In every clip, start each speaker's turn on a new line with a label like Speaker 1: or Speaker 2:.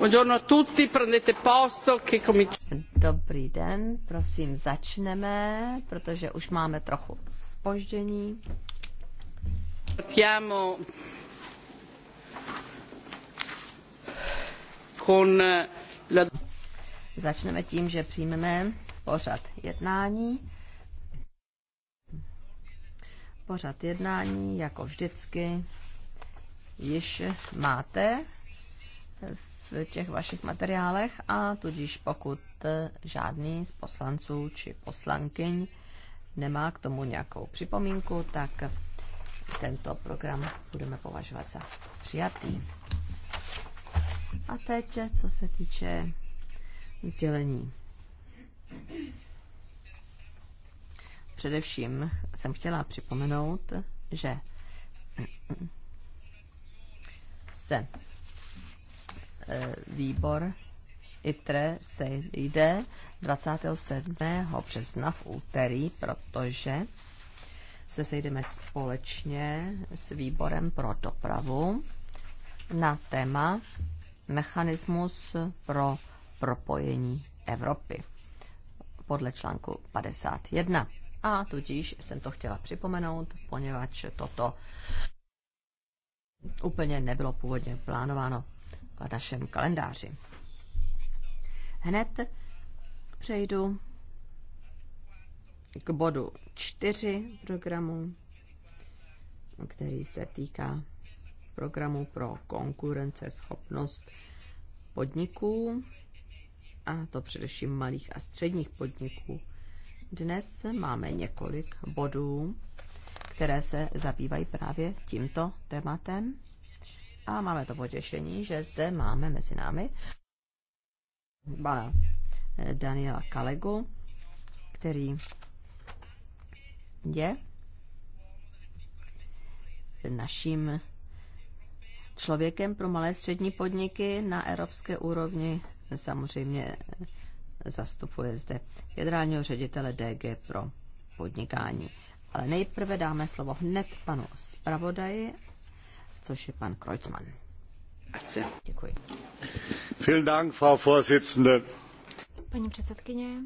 Speaker 1: Buongiorno a tutti, prendete
Speaker 2: posto che Dobrý den, prosím začneme, protože už máme trochu spoždění. Partiamo con eh, la... Začneme tím, že přijmeme pořad jednání. Pořad jednání, jako vždycky, již máte těch vašich materiálech a tudíž pokud eh, žádný z poslanců či poslankyň nemá k tomu nějakou připomínku, tak tento program budeme považovat za přijatý. A teď, eh, co se týče sdělení. Především jsem chtěla připomenout, že se Eh, výbor ITRE se jde 27. března v úterý, protože se sejdeme společně s výborem pro dopravu na téma mechanismus pro propojení Evropy podle článku 51. A tudíž jsem to chtěla připomenout, poněvadž toto úplně nebylo původně plánováno v našem kalendáři. Hned přejdu k bodu čtyři programu, který se týká programu pro konkurenceschopnost podniků, a to především malých a středních podniků. Dnes máme několik bodů, které se zabývají právě tímto tématem a máme to potěšení, že zde máme mezi námi pana Daniela Kalegu, který je naším člověkem pro malé střední podniky na evropské úrovni. Samozřejmě zastupuje zde generálního ředitele DG pro podnikání. Ale nejprve dáme slovo hned panu zpravodaji což je pan Kreuzmann. Děkuji. Vielen Dank, Frau Vorsitzende.
Speaker 3: Paní předsedkyně,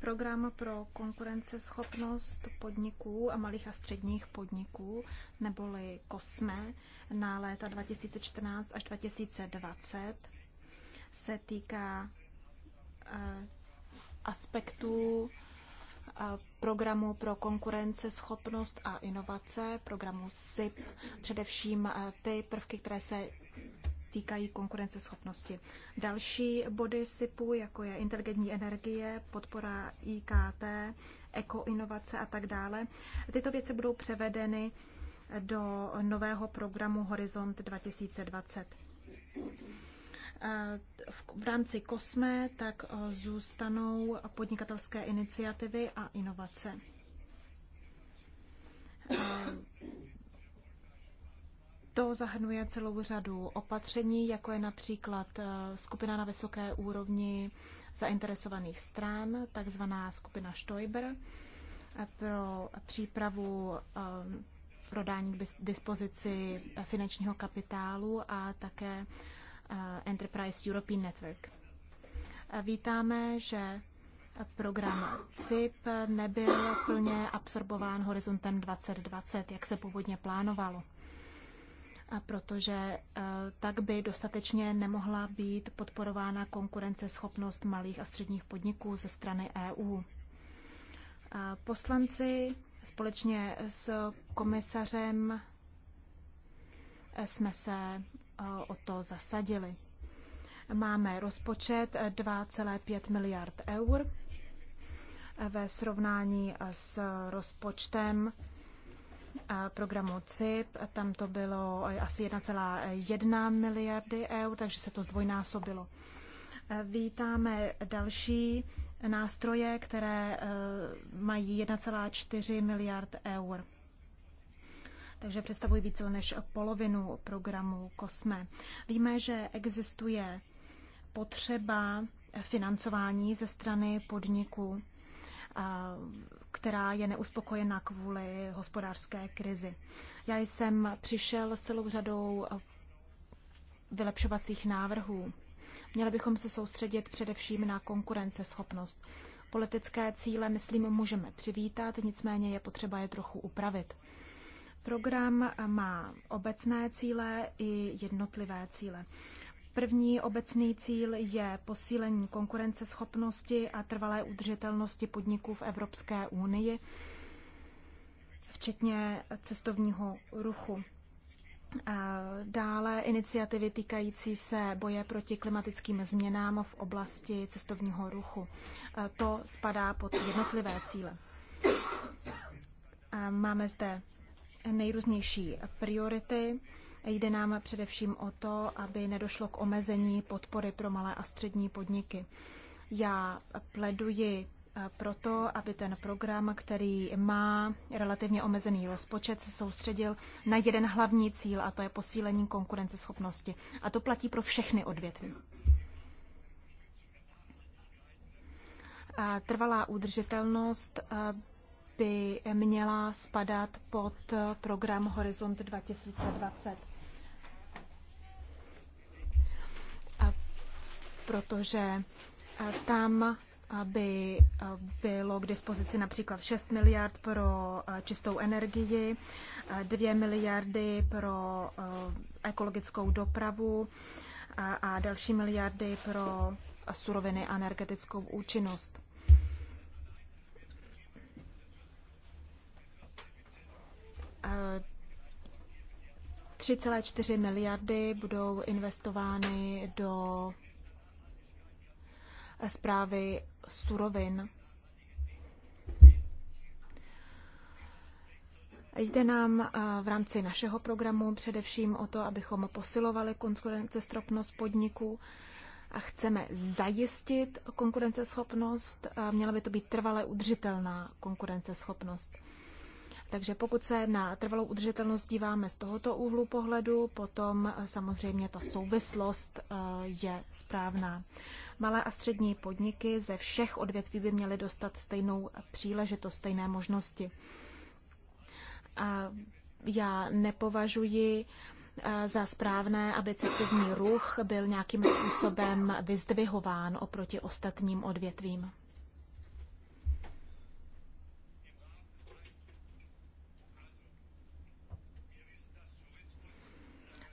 Speaker 3: program pro konkurenceschopnost podniků a malých a středních podniků, neboli COSME, na léta 2014 až 2020 se týká eh, aspektů programu pro konkurenceschopnost a inovace, programu SIP, především eh, ty prvky, které se týkají konkurenceschopnosti. Další body SIPu, jako je inteligentní energie, podpora IKT, ekoinovace a tak dále, tyto věci budou převedeny do nového programu Horizont 2020 v rámci kosme tak zůstanou podnikatelské iniciativy a inovace. To zahrnuje celou řadu opatření, jako je například e, skupina na vysoké úrovni zainteresovaných stran, takzvaná skupina Stoiber, e, pro přípravu e, prodání k dispozici finančního kapitálu a také Eh, Enterprise European Network. Eh, vítáme, že program CIP nebyl plně absorbován horizontem 2020, jak se původně plánovalo. A protože eh, tak by dostatečně nemohla být podporována konkurenceschopnost malých a středních podniků ze strany EU. A poslanci společně s komisařem jsme se o to zasadili. Máme rozpočet 2,5 eh, miliard eur eh, ve srovnání eh, s rozpočtem programu CIP. Tam to bylo asi 1,1 miliardy eur, takže se to zdvojnásobilo. Vítáme další nástroje, které mají 1,4 miliard eur takže představují více než polovinu programu COSME. Víme, že existuje potřeba financování ze strany podniku, která je neuspokojena kvůli hospodářské krizi. Já jsem přišel s celou řadou vylepšovacích návrhů. Měli bychom se soustředit především na konkurenceschopnost. Politické cíle, myslím, můžeme přivítat, nicméně je potřeba je trochu upravit. Program má obecné cíle i jednotlivé cíle. První obecný cíl je posílení konkurenceschopnosti a trvalé udržitelnosti podniků v Evropské unii, včetně cestovního ruchu. Dále iniciativy týkající se boje proti klimatickým změnám v oblasti cestovního ruchu. To spadá pod jednotlivé cíle. Máme zde nejrůznější priority. Jde nám především o to, aby nedošlo k omezení podpory pro malé a střední podniky. Já pleduji eh, proto, aby ten program, který má relativně omezený rozpočet, se soustředil na jeden hlavní cíl, a to je posílení konkurenceschopnosti. A to platí pro všechny odvětví. Trvalá udržitelnost eh, by měla spadat pod program Horizont 2020. A protože tam by bylo k dispozici například 6 miliard pro čistou energii, 2 miliardy pro ekologickou dopravu a další miliardy pro suroviny a energetickou účinnost. 3,4 miliardy budou investovány do zprávy surovin. Jde nám eh, v rámci našeho programu především o to, abychom posilovali konkurenceschopnost podniků a chceme zajistit konkurenceschopnost. Eh, měla by to být trvale udržitelná konkurenceschopnost. Takže pokud se na trvalou udržitelnost díváme z tohoto úhlu pohledu, potom eh, samozřejmě ta souvislost eh, je správná. Malé a střední podniky ze všech odvětví by měly dostat stejnou příležitost, stejné možnosti. Já nepovažuji eh, za správné, aby cestovní ruch byl nějakým způsobem vyzdvihován oproti ostatním odvětvím.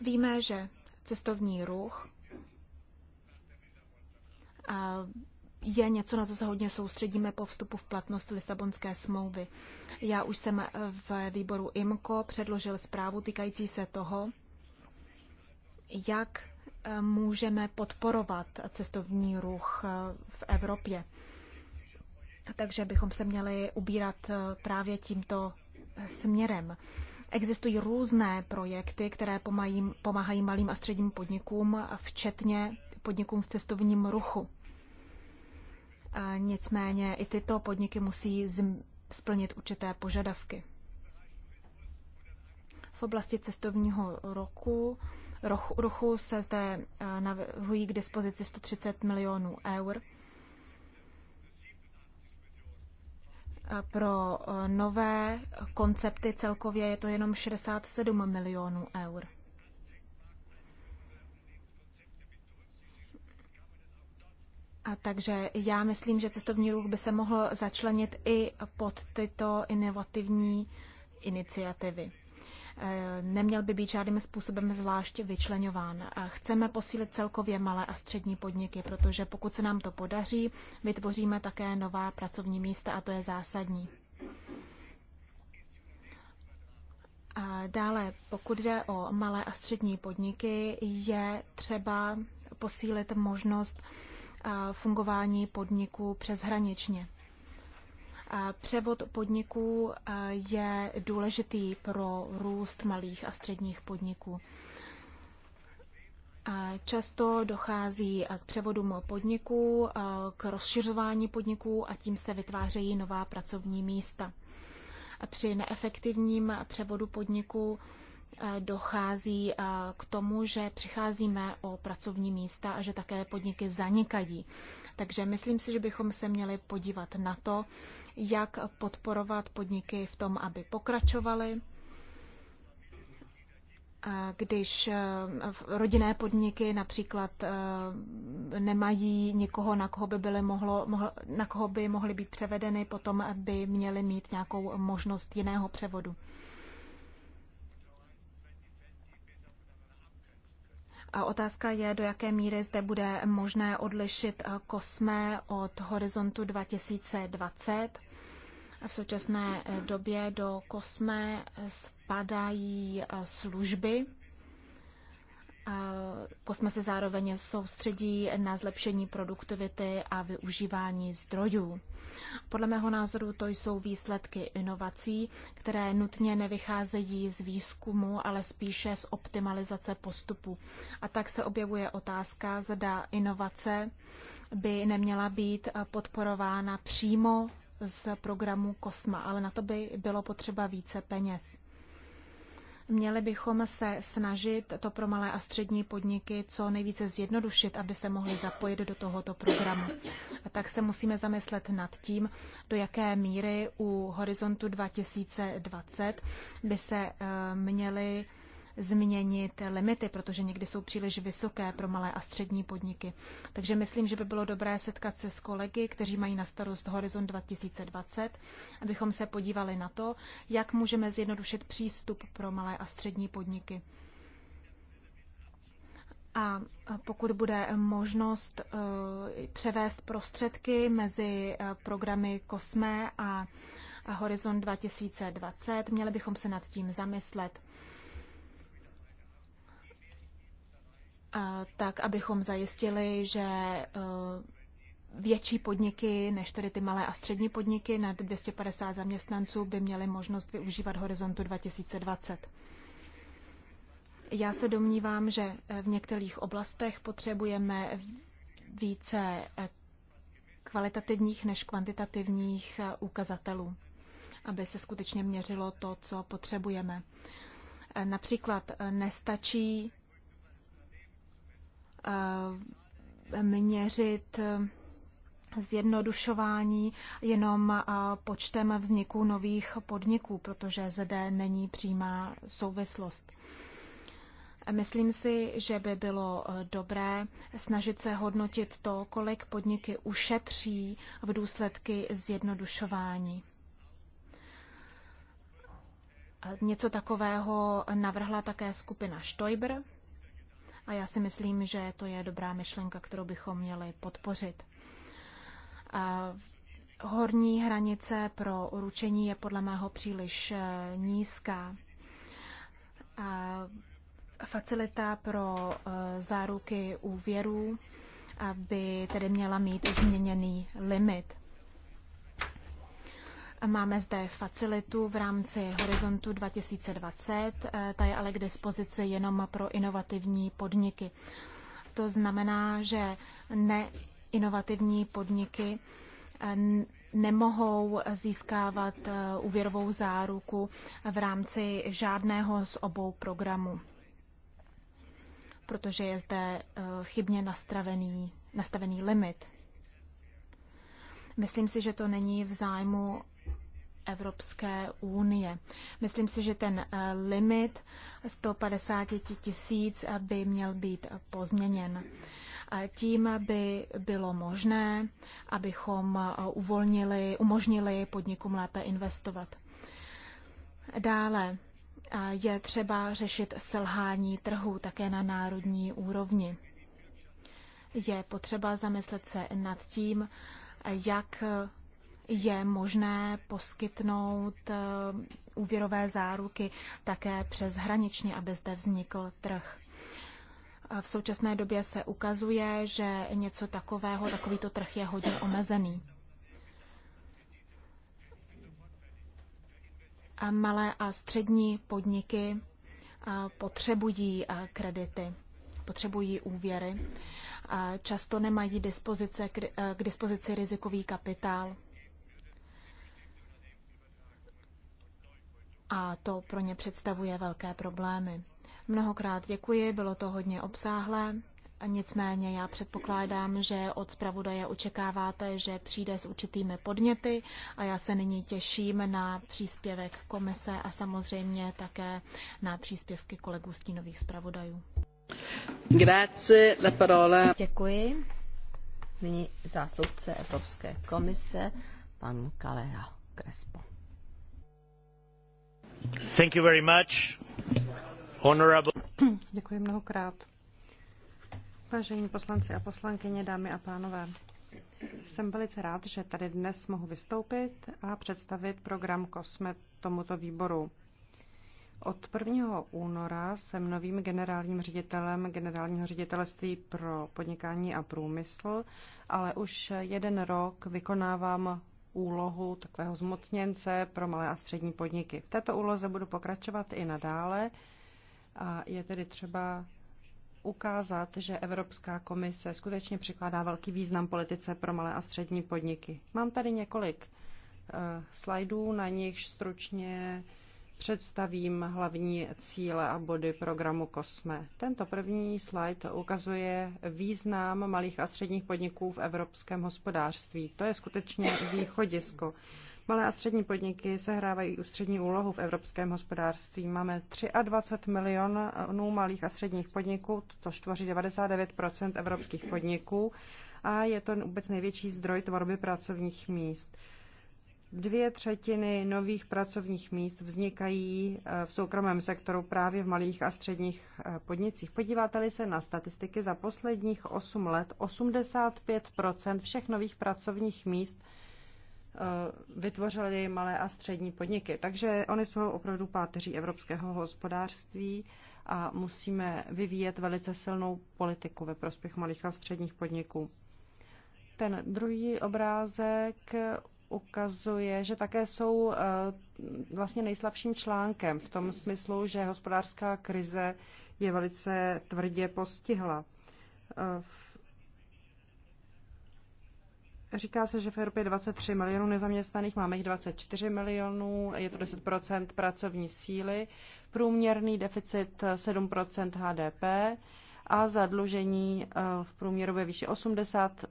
Speaker 3: Víme, že cestovní ruch je něco, na co se hodně soustředíme po vstupu v platnost Lisabonské smlouvy. Já už jsem v výboru IMCO předložil zprávu týkající se toho, jak e, můžeme podporovat cestovní ruch e, v Evropě. Takže bychom se měli ubírat e, právě tímto směrem. Existují různé projekty, které pomají, pomáhají malým a středním podnikům, včetně podnikům v cestovním ruchu. A nicméně i tyto podniky musí splnit určité požadavky. V oblasti cestovního roku ruchu se zde navrhují k dispozici 130 milionů eur Pro eh, nové koncepty celkově je to jenom 67 milionů eur. A takže já myslím, že cestovní ruch by se mohl začlenit i pod tyto inovativní iniciativy neměl by být žádným způsobem zvlášť vyčleňován. Chceme posílit celkově malé a střední podniky, protože pokud se nám to podaří, vytvoříme také nová pracovní místa a to je zásadní. A dále, pokud jde o malé a střední podniky, je třeba posílit možnost fungování podniků přeshraničně. Převod podniků eh, je důležitý pro růst malých a středních podniků. Často dochází k převodům podniků, eh, k rozšiřování podniků a tím se vytvářejí nová pracovní místa. Při neefektivním převodu podniků eh, dochází k tomu, že přicházíme o pracovní místa a že také podniky zanikají. Takže myslím si, že bychom se měli podívat na to, jak podporovat podniky v tom, aby pokračovaly. Když e, rodinné podniky například e, nemají nikoho, na koho by, byly mohlo, na koho by mohly být převedeny, potom by měly mít nějakou možnost jiného převodu. A otázka je, do jaké míry zde bude možné odlišit e, kosmé od horizontu 2020 v současné eh, době do kosme eh, spadají eh, služby. Kosme se zároveň soustředí na zlepšení produktivity a využívání zdrojů. Podle mého názoru to jsou výsledky inovací, které nutně nevycházejí z výzkumu, ale spíše z optimalizace postupu. A tak se objevuje otázka, zda inovace by neměla být podporována přímo z programu Kosma, ale na to by bylo potřeba více peněz. Měli bychom se snažit to pro malé a střední podniky co nejvíce zjednodušit, aby se mohli zapojit do tohoto programu. A tak se musíme zamyslet nad tím, do jaké míry u Horizontu 2020 by se eh, měly změnit limity, protože někdy jsou příliš vysoké pro malé a střední podniky. Takže myslím, že by bylo dobré setkat se s kolegy, kteří mají na starost Horizon 2020, abychom se podívali na to, jak můžeme zjednodušit přístup pro malé a střední podniky. A pokud bude možnost eh, převést prostředky mezi eh, programy COSME a Horizon 2020, měli bychom se nad tím zamyslet. tak abychom zajistili, že e, větší podniky než tedy ty malé a střední podniky nad 250 zaměstnanců by měly možnost využívat horizontu 2020. Já se domnívám, že v některých oblastech potřebujeme více e, kvalitativních než kvantitativních e, ukazatelů, aby se skutečně měřilo to, co potřebujeme. Například nestačí Eh, měřit eh, zjednodušování jenom eh, počtem vzniku nových podniků, protože zde není přímá souvislost. Myslím si, že by bylo dobré snažit se hodnotit to, kolik podniky ušetří v důsledky zjednodušování. Něco takového navrhla také skupina Stoiber a já si myslím, že to je dobrá myšlenka, kterou bychom měli podpořit. A horní hranice pro ručení je podle mého příliš eh, nízká. A facilita pro eh, záruky úvěrů by tedy měla mít změněný limit. Máme zde facilitu v rámci Horizontu 2020, eh, ta je ale k dispozici jenom pro inovativní podniky. To znamená, že neinovativní podniky eh, nemohou získávat eh, úvěrovou záruku v rámci žádného z obou programů, protože je zde chybně nastavený, nastavený limit. Myslím si, že to není v zájmu Evropské unie. Myslím si, že ten eh, limit 150 tisíc eh, by měl být pozměněn. Tím by bylo možné, abychom eh, uvolnili, umožnili podnikům lépe investovat. Dále je třeba řešit selhání trhu také na národní úrovni. Je potřeba zamyslet se nad tím, jak je možné poskytnout eh, úvěrové záruky také přes hraničně, aby zde vznikl trh. V současné době se ukazuje, že něco takového, takovýto trh je hodně omezený. A malé a střední podniky eh, potřebují eh, kredity, potřebují úvěry. Často nemají dispozice, k dispozici rizikový kapitál. a to pro ně představuje velké problémy. Mnohokrát děkuji, bylo to hodně obsáhlé. Nicméně já předpokládám, že od zpravodaje očekáváte, že přijde s určitými podněty a já se nyní těším na příspěvek komise a samozřejmě také na příspěvky kolegů stínových zpravodajů. la parola.
Speaker 2: Děkuji. Nyní zástupce Evropské komise, pan Kalea Crespo.
Speaker 1: Děkuji mnohokrát. Vážení poslanci a poslankyně, dámy a pánové, jsem velice rád, že tady dnes mohu vystoupit a představit program COSME tomuto výboru. Od 1. února jsem novým generálním ředitelem generálního ředitelství pro podnikání a průmysl, ale už jeden rok vykonávám úlohu takového zmocněnce pro malé a střední podniky. V této úloze budu pokračovat i nadále a je tedy třeba ukázat, že Evropská komise skutečně přikládá velký význam politice pro malé a střední podniky. Mám tady několik eh, slajdů, na nich stručně představím hlavní cíle a body programu COSME. Tento první slide ukazuje význam malých a středních podniků v evropském hospodářství. To je skutečně východisko. Malé a střední podniky sehrávají ústřední úlohu v evropském hospodářství. Máme 23 milionů malých a středních podniků, což tvoří 99 evropských podniků a je to vůbec největší zdroj tvorby pracovních míst. Dvě třetiny nových pracovních míst vznikají eh, v soukromém sektoru právě v malých a středních eh, podnicích. Podíváte-li se na statistiky za posledních 8 let, 85 všech nových pracovních míst eh, vytvořily malé a střední podniky. Takže oni jsou opravdu páteří evropského hospodářství a musíme vyvíjet velice silnou politiku ve prospěch malých a středních podniků. Ten druhý obrázek ukazuje, že také jsou eh, vlastně nejslabším článkem v tom smyslu, že hospodářská krize je velice tvrdě postihla. Eh, říká se, že v Evropě 23 milionů nezaměstnaných, máme jich 24 milionů, je to 10 pracovní síly, průměrný deficit 7 eh, HDP a zadlužení v průměru ve výši 80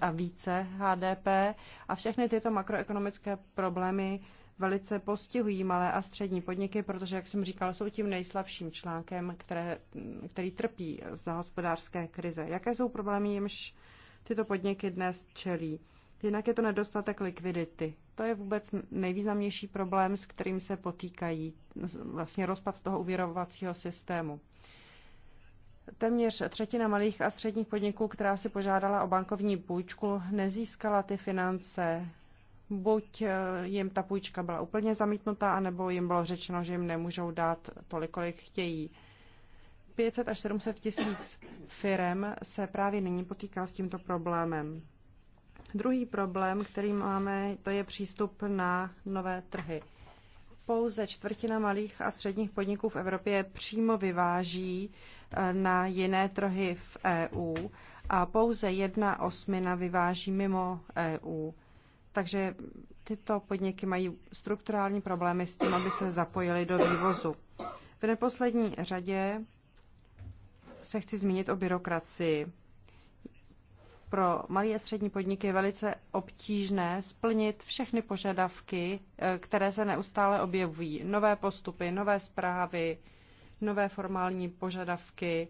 Speaker 1: a více HDP a všechny tyto makroekonomické problémy velice postihují malé a střední podniky, protože, jak jsem říkal, jsou tím nejslabším článkem, které, který trpí z hospodářské krize. Jaké jsou problémy, jimž tyto podniky dnes čelí? Jinak je to nedostatek likvidity. To je vůbec nejvýznamnější problém, s kterým se potýkají vlastně rozpad toho uvěrovacího systému. Téměř třetina malých a středních podniků, která si požádala o bankovní půjčku, nezískala ty finance. Buď eh, jim ta půjčka byla úplně zamítnutá, anebo jim bylo řečeno, že jim nemůžou dát tolik, kolik chtějí. 500 až 700 tisíc firem se právě nyní potýká s tímto problémem. Druhý problém, který máme, to je přístup na nové trhy pouze čtvrtina malých a středních podniků v Evropě přímo vyváží eh, na jiné trhy v EU a pouze jedna osmina vyváží mimo EU. Takže tyto podniky mají strukturální problémy s tím, aby se zapojili do vývozu. V neposlední řadě se chci zmínit o byrokracii pro malé a střední podniky velice obtížné splnit všechny požadavky, eh, které se neustále objevují. Nové postupy, nové zprávy, nové formální požadavky.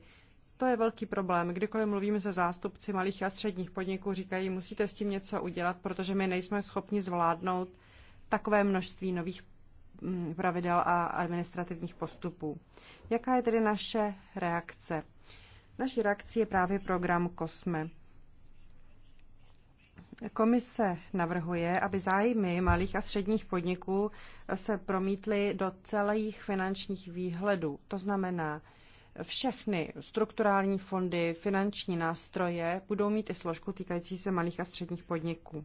Speaker 1: To je velký problém. Kdykoliv mluvíme se zástupci malých a středních podniků, říkají, musíte s tím něco udělat, protože my nejsme schopni zvládnout takové množství nových mm, pravidel a administrativních postupů. Jaká je tedy naše reakce? Naší reakcí je právě program COSME. Komise navrhuje, aby zájmy malých a středních podniků se promítly do celých finančních výhledů. To znamená, všechny strukturální fondy, finanční nástroje budou mít i složku týkající se malých a středních podniků.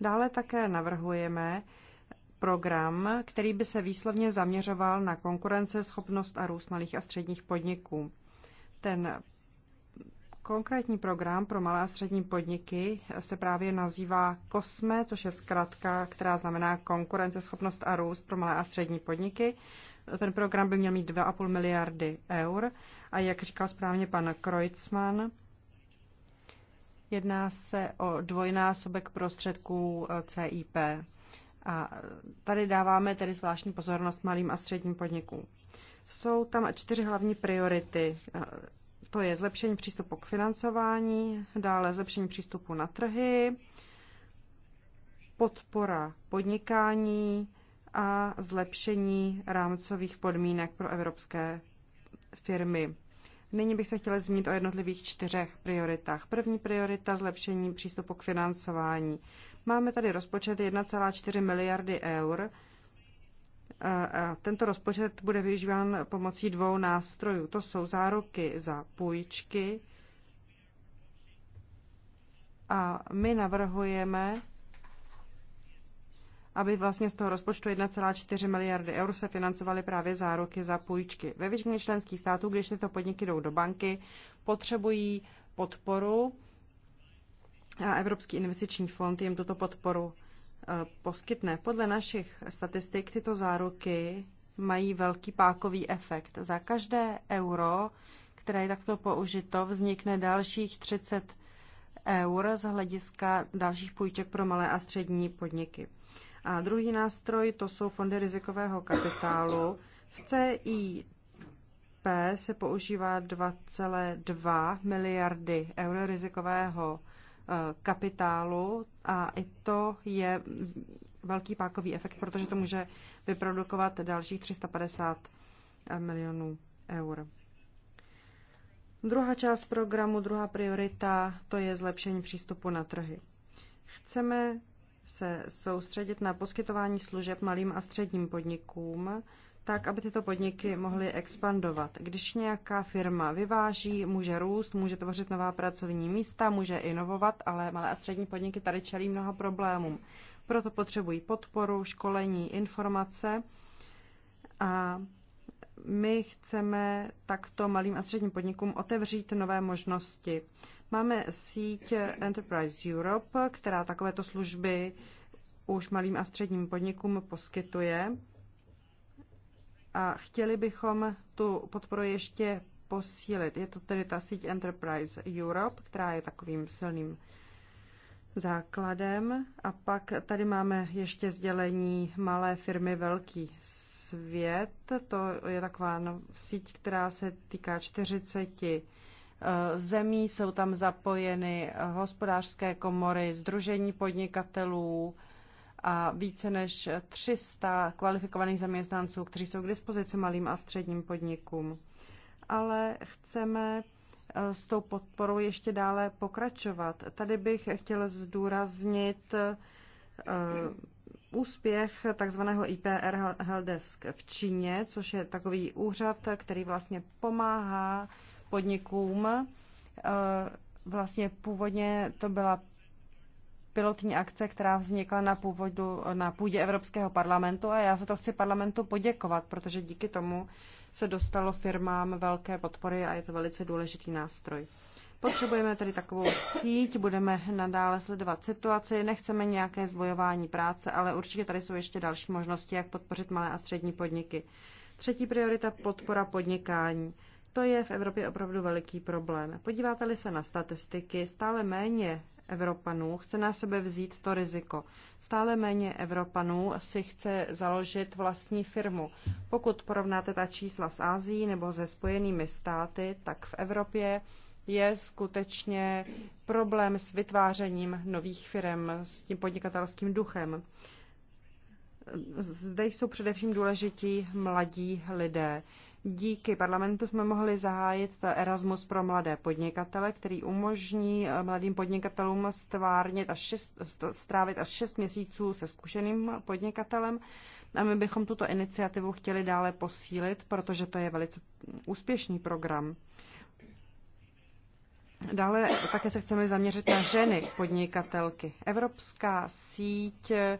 Speaker 1: Dále také navrhujeme program, který by se výslovně zaměřoval na konkurenceschopnost a růst malých a středních podniků. Ten Konkrétní program pro malé a střední podniky se právě nazývá COSME, což je zkratka, která znamená konkurenceschopnost a růst pro malé a střední podniky. Ten program by měl mít 2,5 miliardy eur a jak říkal správně pan Kreutzmann, jedná se o dvojnásobek prostředků eh, CIP. A tady dáváme tedy zvláštní pozornost malým a středním podnikům. Jsou tam čtyři hlavní priority. Eh, to je zlepšení přístupu k financování, dále zlepšení přístupu na trhy, podpora podnikání a zlepšení rámcových podmínek pro evropské firmy. Nyní bych se chtěla zmínit o jednotlivých čtyřech prioritách. První priorita zlepšení přístupu k financování. Máme tady rozpočet 1,4 miliardy eur a tento rozpočet bude využíván pomocí dvou nástrojů. To jsou záruky za půjčky a my navrhujeme, aby vlastně z toho rozpočtu 1,4 miliardy eur se financovaly právě záruky za půjčky. Ve většině členských států, když tyto podniky jdou do banky, potřebují podporu a Evropský investiční fond jim tuto podporu Eh, poskytne. Podle našich statistik tyto záruky mají velký pákový efekt. Za každé euro, které je takto použito, vznikne dalších 30 eur z hlediska dalších půjček pro malé a střední podniky. A druhý nástroj to jsou fondy rizikového kapitálu. V CIP se používá 2,2 miliardy euro rizikového kapitálu Eh, kapitálu a i to je velký pákový efekt, protože to může vyprodukovat dalších 350 eh, milionů eur. Druhá část programu, druhá priorita, to je zlepšení přístupu na trhy. Chceme se soustředit na poskytování služeb malým a středním podnikům, tak, aby tyto podniky mohly expandovat. Když nějaká firma vyváží, může růst, může tvořit nová pracovní místa, může inovovat, ale malé a střední podniky tady čelí mnoha problémům. Proto potřebují podporu, školení, informace a my chceme takto malým a středním podnikům otevřít nové možnosti. Máme síť Enterprise Europe, která takovéto služby už malým a středním podnikům poskytuje a chtěli bychom tu podporu ještě posílit. Je to tedy ta síť Enterprise Europe, která je takovým silným základem. A pak tady máme ještě sdělení malé firmy Velký svět. To je taková no, síť, která se týká 40 eh, zemí. Jsou tam zapojeny hospodářské komory, združení podnikatelů, a více než 300 kvalifikovaných zaměstnanců, kteří jsou k dispozici malým a středním podnikům. Ale chceme eh, s tou podporou ještě dále pokračovat. Tady bych chtěl zdůraznit eh, úspěch takzvaného IPR Heldesk v Číně, což je takový úřad, který vlastně pomáhá podnikům. Eh, vlastně původně to byla pilotní akce, která vznikla na, původu, na půdě Evropského parlamentu a já za to chci parlamentu poděkovat, protože díky tomu se dostalo firmám velké podpory a je to velice důležitý nástroj. Potřebujeme tedy takovou síť, budeme nadále sledovat situaci, nechceme nějaké zdvojování práce, ale určitě tady jsou ještě další možnosti, jak podpořit malé a střední podniky. Třetí priorita podpora podnikání. To je v Evropě opravdu veliký problém. Podíváte-li se na statistiky, stále méně Evropanů chce na sebe vzít to riziko. Stále méně Evropanů si chce založit vlastní firmu. Pokud porovnáte ta čísla s Ázií nebo se Spojenými státy, tak v Evropě je skutečně problém s vytvářením nových firm, s tím podnikatelským duchem. Zde jsou především důležití mladí lidé. Díky parlamentu jsme mohli zahájit Erasmus pro mladé podnikatele, který umožní eh, mladým podnikatelům stvárnit až šest, strávit až 6 měsíců se zkušeným podnikatelem. A my bychom tuto iniciativu chtěli dále posílit, protože to je velice úspěšný program. Dále také se chceme zaměřit na ženy podnikatelky. Evropská síť eh,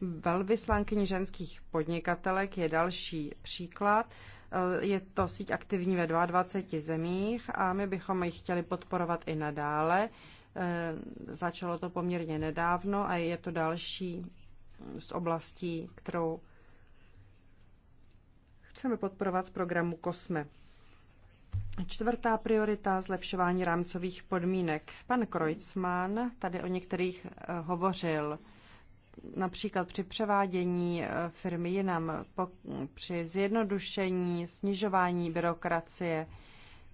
Speaker 1: velvyslankyní ženských podnikatelek je další příklad. Eh, je to síť aktivní ve 22 zemích a my bychom ji chtěli podporovat i nadále. Eh, začalo to poměrně nedávno a je to další z oblastí, kterou chceme podporovat z programu COSME. Čtvrtá priorita zlepšování rámcových podmínek. Pan Kreuzmann tady o některých eh, hovořil například při převádění eh, firmy jinam, po, při zjednodušení, snižování byrokracie.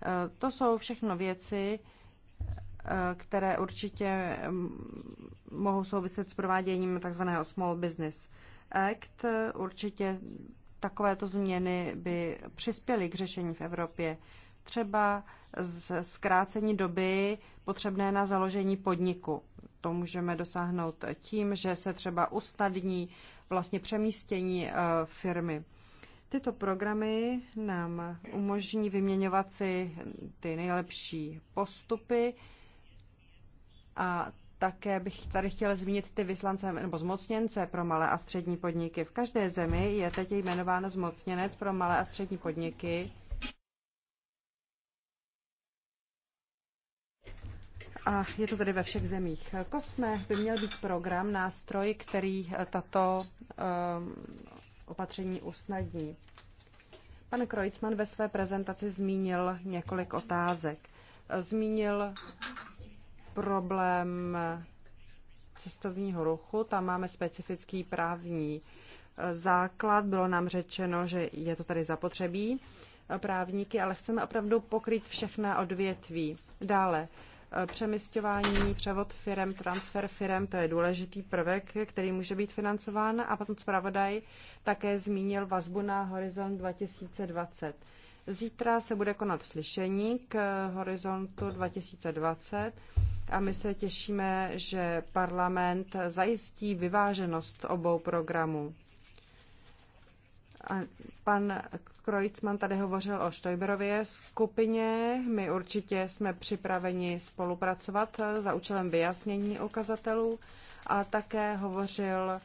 Speaker 1: Eh, to jsou všechno věci, eh, které určitě mm, mohou souviset s prováděním tzv. Small Business Act. Určitě takovéto změny by přispěly k řešení v Evropě. Třeba zkrácení doby potřebné na založení podniku. To můžeme dosáhnout tím, že se třeba usnadní vlastně přemístění eh, firmy. Tyto programy nám umožní vyměňovat si ty nejlepší postupy a také bych tady chtěla zmínit ty vyslance nebo zmocněnce pro malé a střední podniky. V každé zemi je teď jmenován zmocněnec pro malé a střední podniky a je to tedy ve všech zemích. Kosme by měl být program, nástroj, který tato ehm, opatření usnadní. Pan Krojcman ve své prezentaci zmínil několik otázek. Zmínil problém cestovního ruchu, tam máme specifický právní eh, základ, bylo nám řečeno, že je to tady zapotřebí eh, právníky, ale chceme opravdu pokryt všechna odvětví. Dále, přemysťování, převod firem, transfer firem, to je důležitý prvek, který může být financován. A potom zpravodaj také zmínil vazbu na Horizont 2020. Zítra se bude konat slyšení k Horizontu 2020 a my se těšíme, že parlament zajistí vyváženost obou programů. A pan Kreutzmann tady hovořil o Štojberově skupině. My určitě jsme připraveni spolupracovat za účelem vyjasnění ukazatelů a také hovořil eh,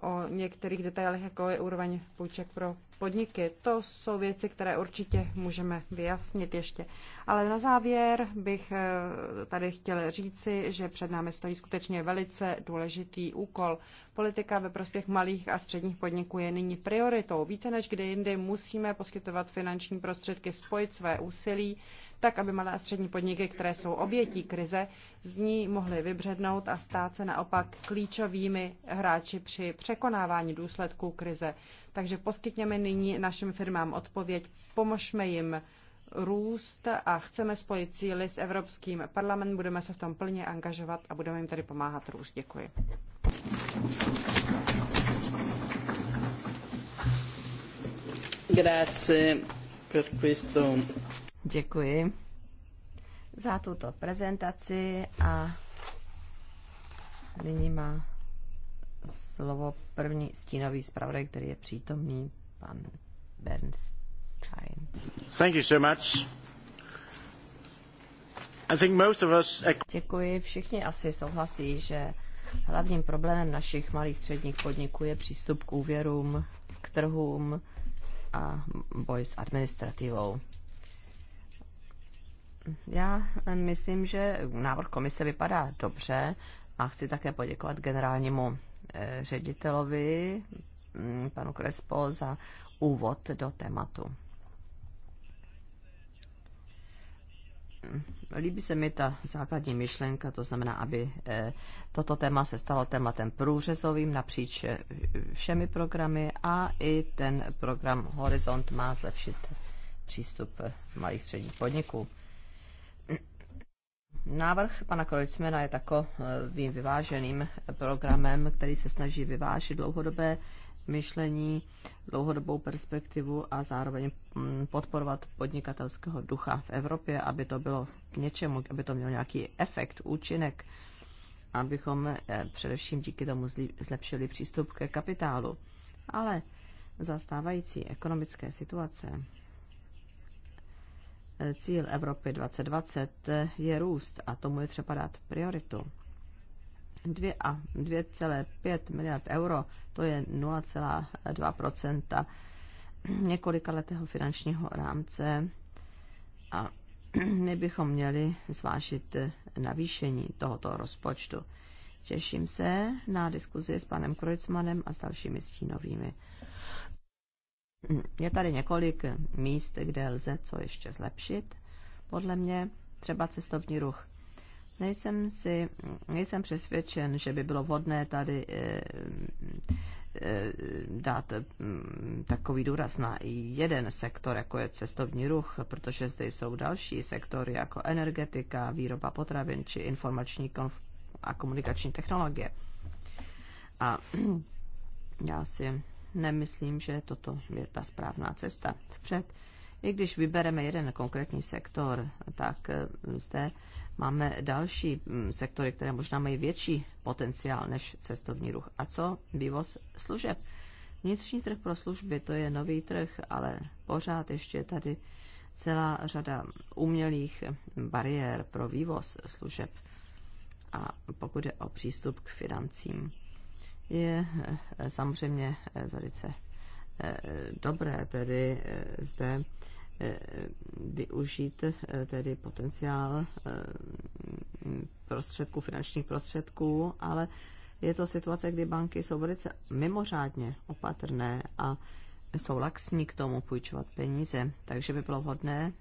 Speaker 1: o některých detailech, jako je úroveň půjček pro podniky. To jsou věci, které určitě můžeme vyjasnit ještě. Ale na závěr bych eh, tady chtěl říci, že před námi stojí skutečně velice důležitý úkol. Politika ve prospěch malých a středních podniků je nyní prioritou. Více než kdy jindy musíme poskytovat finanční prostředky, spojit své úsilí, tak aby malé a střední podniky, které jsou obětí krize, z ní mohly vybřednout a stát se naopak klíčovými hráči při překonávání důsledků krize. Takže poskytněme nyní našim firmám odpověď, pomožme jim růst a chceme spojit síly s Evropským parlamentem, budeme se v tom plně angažovat a budeme jim tady pomáhat růst. Děkuji.
Speaker 2: Grazie per questo. Děkuji za tuto prezentaci a nyní má slovo první stínový zpravodaj, který je přítomný, pan Bernstein. Thank you so much. I think most of us... Děkuji. Všichni asi souhlasí, že hlavním problémem našich malých středních podniků je přístup k úvěrům, k trhům a boj s administrativou. Já myslím, že návrh komise vypadá dobře a chci také poděkovat generálnímu Eh, ředitelovi, mm, panu Krespo, za úvod do tématu. Mm, líbí se mi ta základní myšlenka, to znamená, aby eh, toto téma se stalo tématem průřezovým napříč eh, všemi programy a i ten program Horizont má zlepšit přístup malých středních podniků. Návrh pana Krojcmena je takovým vyváženým programem, který se snaží vyvážit dlouhodobé myšlení, dlouhodobou perspektivu a zároveň mm, podporovat podnikatelského ducha v Evropě, aby to bylo k něčemu, aby to mělo nějaký efekt, účinek, abychom eh, především díky tomu zlepšili přístup ke kapitálu. Ale zastávající ekonomické situace Cíl Evropy 2020 je růst a tomu je třeba dát prioritu. 2,5 miliard euro, to je 0,2 několikaletého finančního rámce a my bychom měli zvážit navýšení tohoto rozpočtu. Těším se na diskuzi s panem Krojcmanem a s dalšími stínovými. Je tady několik míst, kde lze co ještě zlepšit. Podle mě třeba cestovní ruch. Nejsem, si, nejsem přesvědčen, že by bylo vhodné tady e, e, dát hm, takový důraz na jeden sektor, jako je cestovní ruch, protože zde jsou další sektory, jako energetika, výroba potravin či informační konf- a komunikační technologie. A já si nemyslím, že toto je ta správná cesta vpřed. I když vybereme jeden konkrétní sektor, tak eh, zde máme další hm, sektory, které možná mají větší potenciál než cestovní ruch. A co vývoz služeb? Vnitřní trh pro služby, to je nový trh, ale pořád ještě tady celá řada umělých hm, bariér pro vývoz služeb a pokud je o přístup k financím je eh, samozřejmě eh, velice eh, dobré tedy zde využít tedy potenciál prostředků, finančních prostředků, ale je to situace, kdy banky jsou velice mimořádně opatrné a jsou laxní k tomu půjčovat peníze, takže by bylo vhodné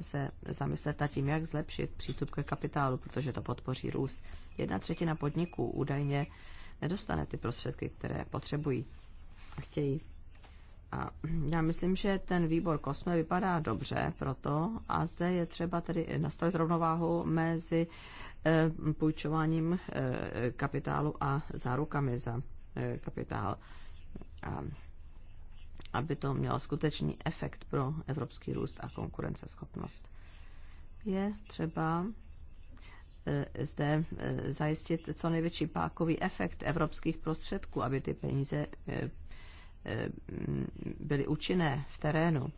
Speaker 2: se zamyslet nad tím, jak zlepšit přístup ke kapitálu, protože to podpoří růst. Jedna třetina podniků údajně nedostane ty prostředky, které potřebují a chtějí. A já myslím, že ten výbor Kosme vypadá dobře proto a zde je třeba tedy nastavit rovnováhu mezi eh, půjčováním eh, kapitálu a zárukami za eh, kapitál. A aby to mělo skutečný efekt pro evropský růst a konkurenceschopnost. Je třeba Eh, zde eh, zajistit co největší pákový efekt evropských prostředků, aby ty peníze eh, byly účinné v terénu,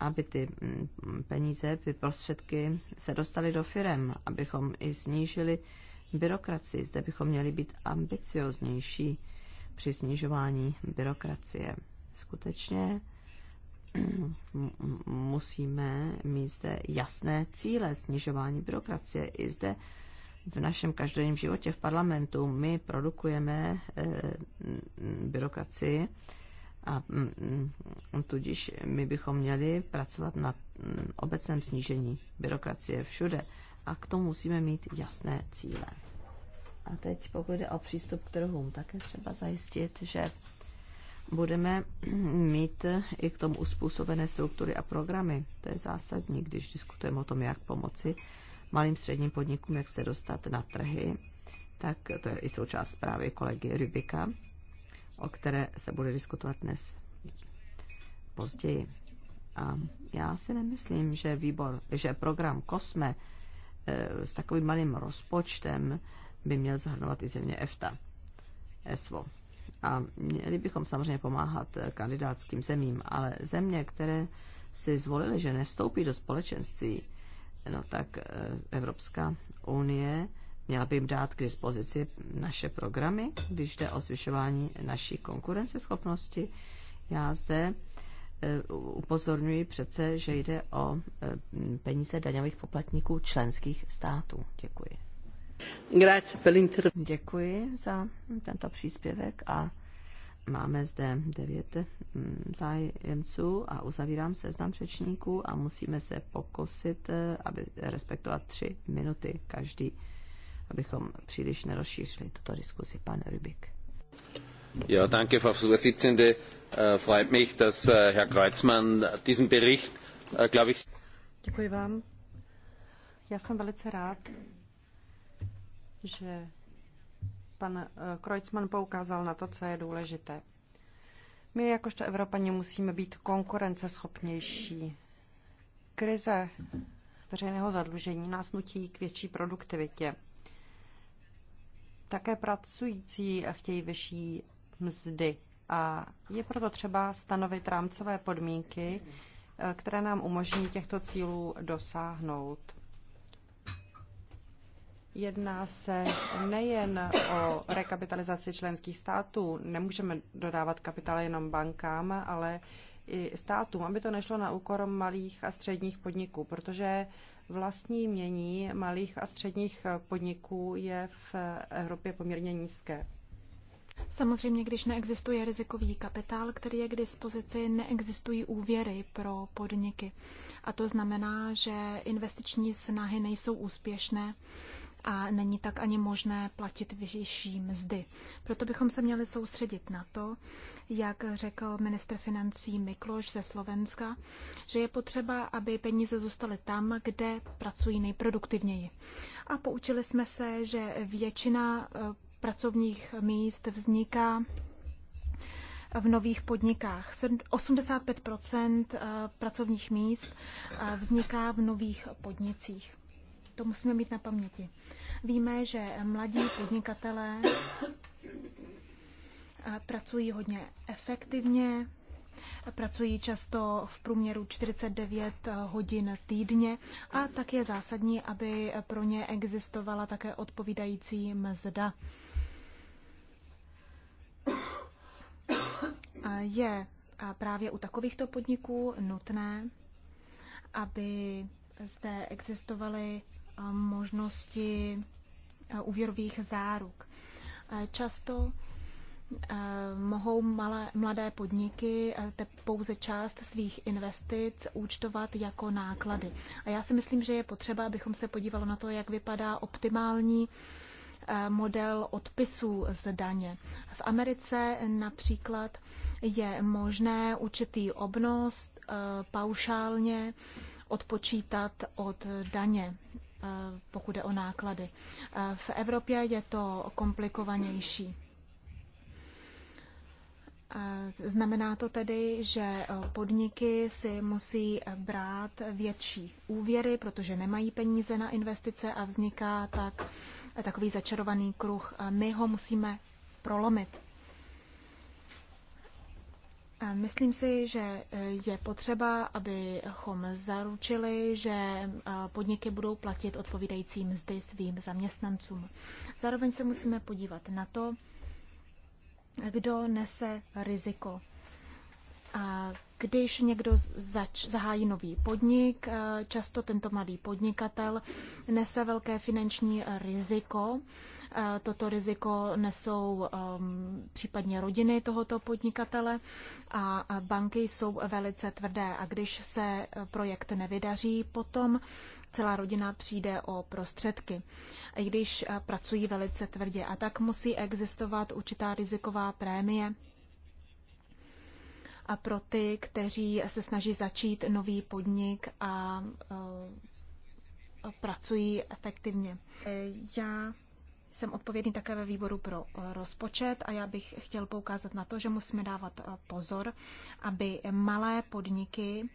Speaker 2: aby ty mm, peníze, ty prostředky se dostaly do firem, abychom i snížili byrokracii. Zde bychom měli být ambicioznější při snižování byrokracie. Skutečně musíme mít zde jasné cíle snižování byrokracie. I zde v našem každodenním životě v parlamentu my produkujeme eh, byrokracii a mm, tudíž my bychom měli pracovat na mm, obecném snížení byrokracie všude a k tomu musíme mít jasné cíle. A teď pokud jde o přístup k trhům, tak je třeba zajistit, že budeme mít i k tomu uspůsobené struktury a programy. To je zásadní, když diskutujeme o tom, jak pomoci malým středním podnikům, jak se dostat na trhy, tak to je i součást zprávy kolegy Rybika, o které se bude diskutovat dnes později. A já si nemyslím, že výbor, že program Kosme eh, s takovým malým rozpočtem by měl zahrnovat i země EFTA, ESVO. A měli bychom samozřejmě pomáhat kandidátským zemím, ale země, které si zvolili, že nevstoupí do společenství, no tak e, Evropská unie měla by jim dát k dispozici naše programy, když jde o zvyšování naší konkurenceschopnosti. Já zde e, upozorňuji přece, že jde o e, peníze daňových poplatníků členských států. Děkuji. Děkuji za tento příspěvek a máme zde devět mm, zájemců a uzavírám seznam řečníků a musíme se pokusit, eh, aby respektovat tři minuty každý, abychom příliš nerozšířili tuto diskusi. Pan Rybik.
Speaker 1: Ja, danke, Frau Vorsitzende. Äh, freut mich, dass äh, Herr Kreuzmann diesen Bericht, äh, glaube ich... Děkuji vám. Já jsem velice rád, že pan eh, Kreuzmann poukázal na to, co je důležité. My jakožto Evropaně musíme být konkurenceschopnější. Krize veřejného zadlužení nás nutí k větší produktivitě. Také pracující chtějí vyšší mzdy a je proto třeba stanovit rámcové podmínky, eh, které nám umožní těchto cílů dosáhnout. Jedná se nejen o rekapitalizaci členských států, nemůžeme dodávat kapitál jenom bankám, ale i státům, aby to nešlo na úkor malých a středních podniků, protože vlastní mění malých a středních podniků je v Evropě poměrně nízké.
Speaker 3: Samozřejmě, když neexistuje rizikový kapitál, který je k dispozici, neexistují úvěry pro podniky. A to znamená, že investiční snahy nejsou úspěšné a není tak ani možné platit vyšší mzdy. Proto bychom se měli soustředit na to, jak řekl ministr financí Mikloš ze Slovenska, že je potřeba, aby peníze zůstaly tam, kde pracují nejproduktivněji. A poučili jsme se, že většina eh, pracovních míst vzniká eh, v nových podnikách. 85 eh, pracovních míst vzniká v nových podnicích. To musíme mít na paměti. Víme, že mladí podnikatelé
Speaker 2: eh,
Speaker 3: pracují hodně efektivně, pracují často v průměru 49 eh, hodin týdně a tak je zásadní, aby pro ně existovala také odpovídající mzda. Je právě u takovýchto podniků nutné, aby zde existovaly možnosti úvěrových záruk. Často mohou malé, mladé podniky pouze část svých investic účtovat jako náklady. A já si myslím, že je potřeba, abychom se podívali na to, jak vypadá optimální model odpisů z daně. V Americe například je možné určitý obnos paušálně odpočítat od daně Eh, pokud jde o náklady. Eh, v Evropě je to komplikovanější. Eh, znamená to tedy, že podniky si musí brát větší úvěry, protože nemají peníze na investice a vzniká tak takový začarovaný kruh. My ho musíme prolomit. Myslím si, že eh, je potřeba, abychom zaručili, že eh, podniky budou platit odpovídající mzdy svým zaměstnancům. Zároveň se musíme podívat na to, kdo nese riziko. Když někdo zač, zahájí nový podnik, eh, často tento mladý podnikatel nese velké finanční riziko, Eh, toto riziko nesou ehm, případně rodiny tohoto podnikatele a banky jsou velice tvrdé. A když se eh, projekt nevydaří, potom celá rodina přijde o prostředky. I když eh, pracují velice tvrdě a tak musí existovat určitá riziková prémie a pro ty, kteří se snaží začít nový podnik a, a, a pracují efektivně. Já jsem odpovědný také ve výboru pro eh, rozpočet a já bych chtěl poukázat na to, že musíme dávat eh, pozor, aby malé podniky,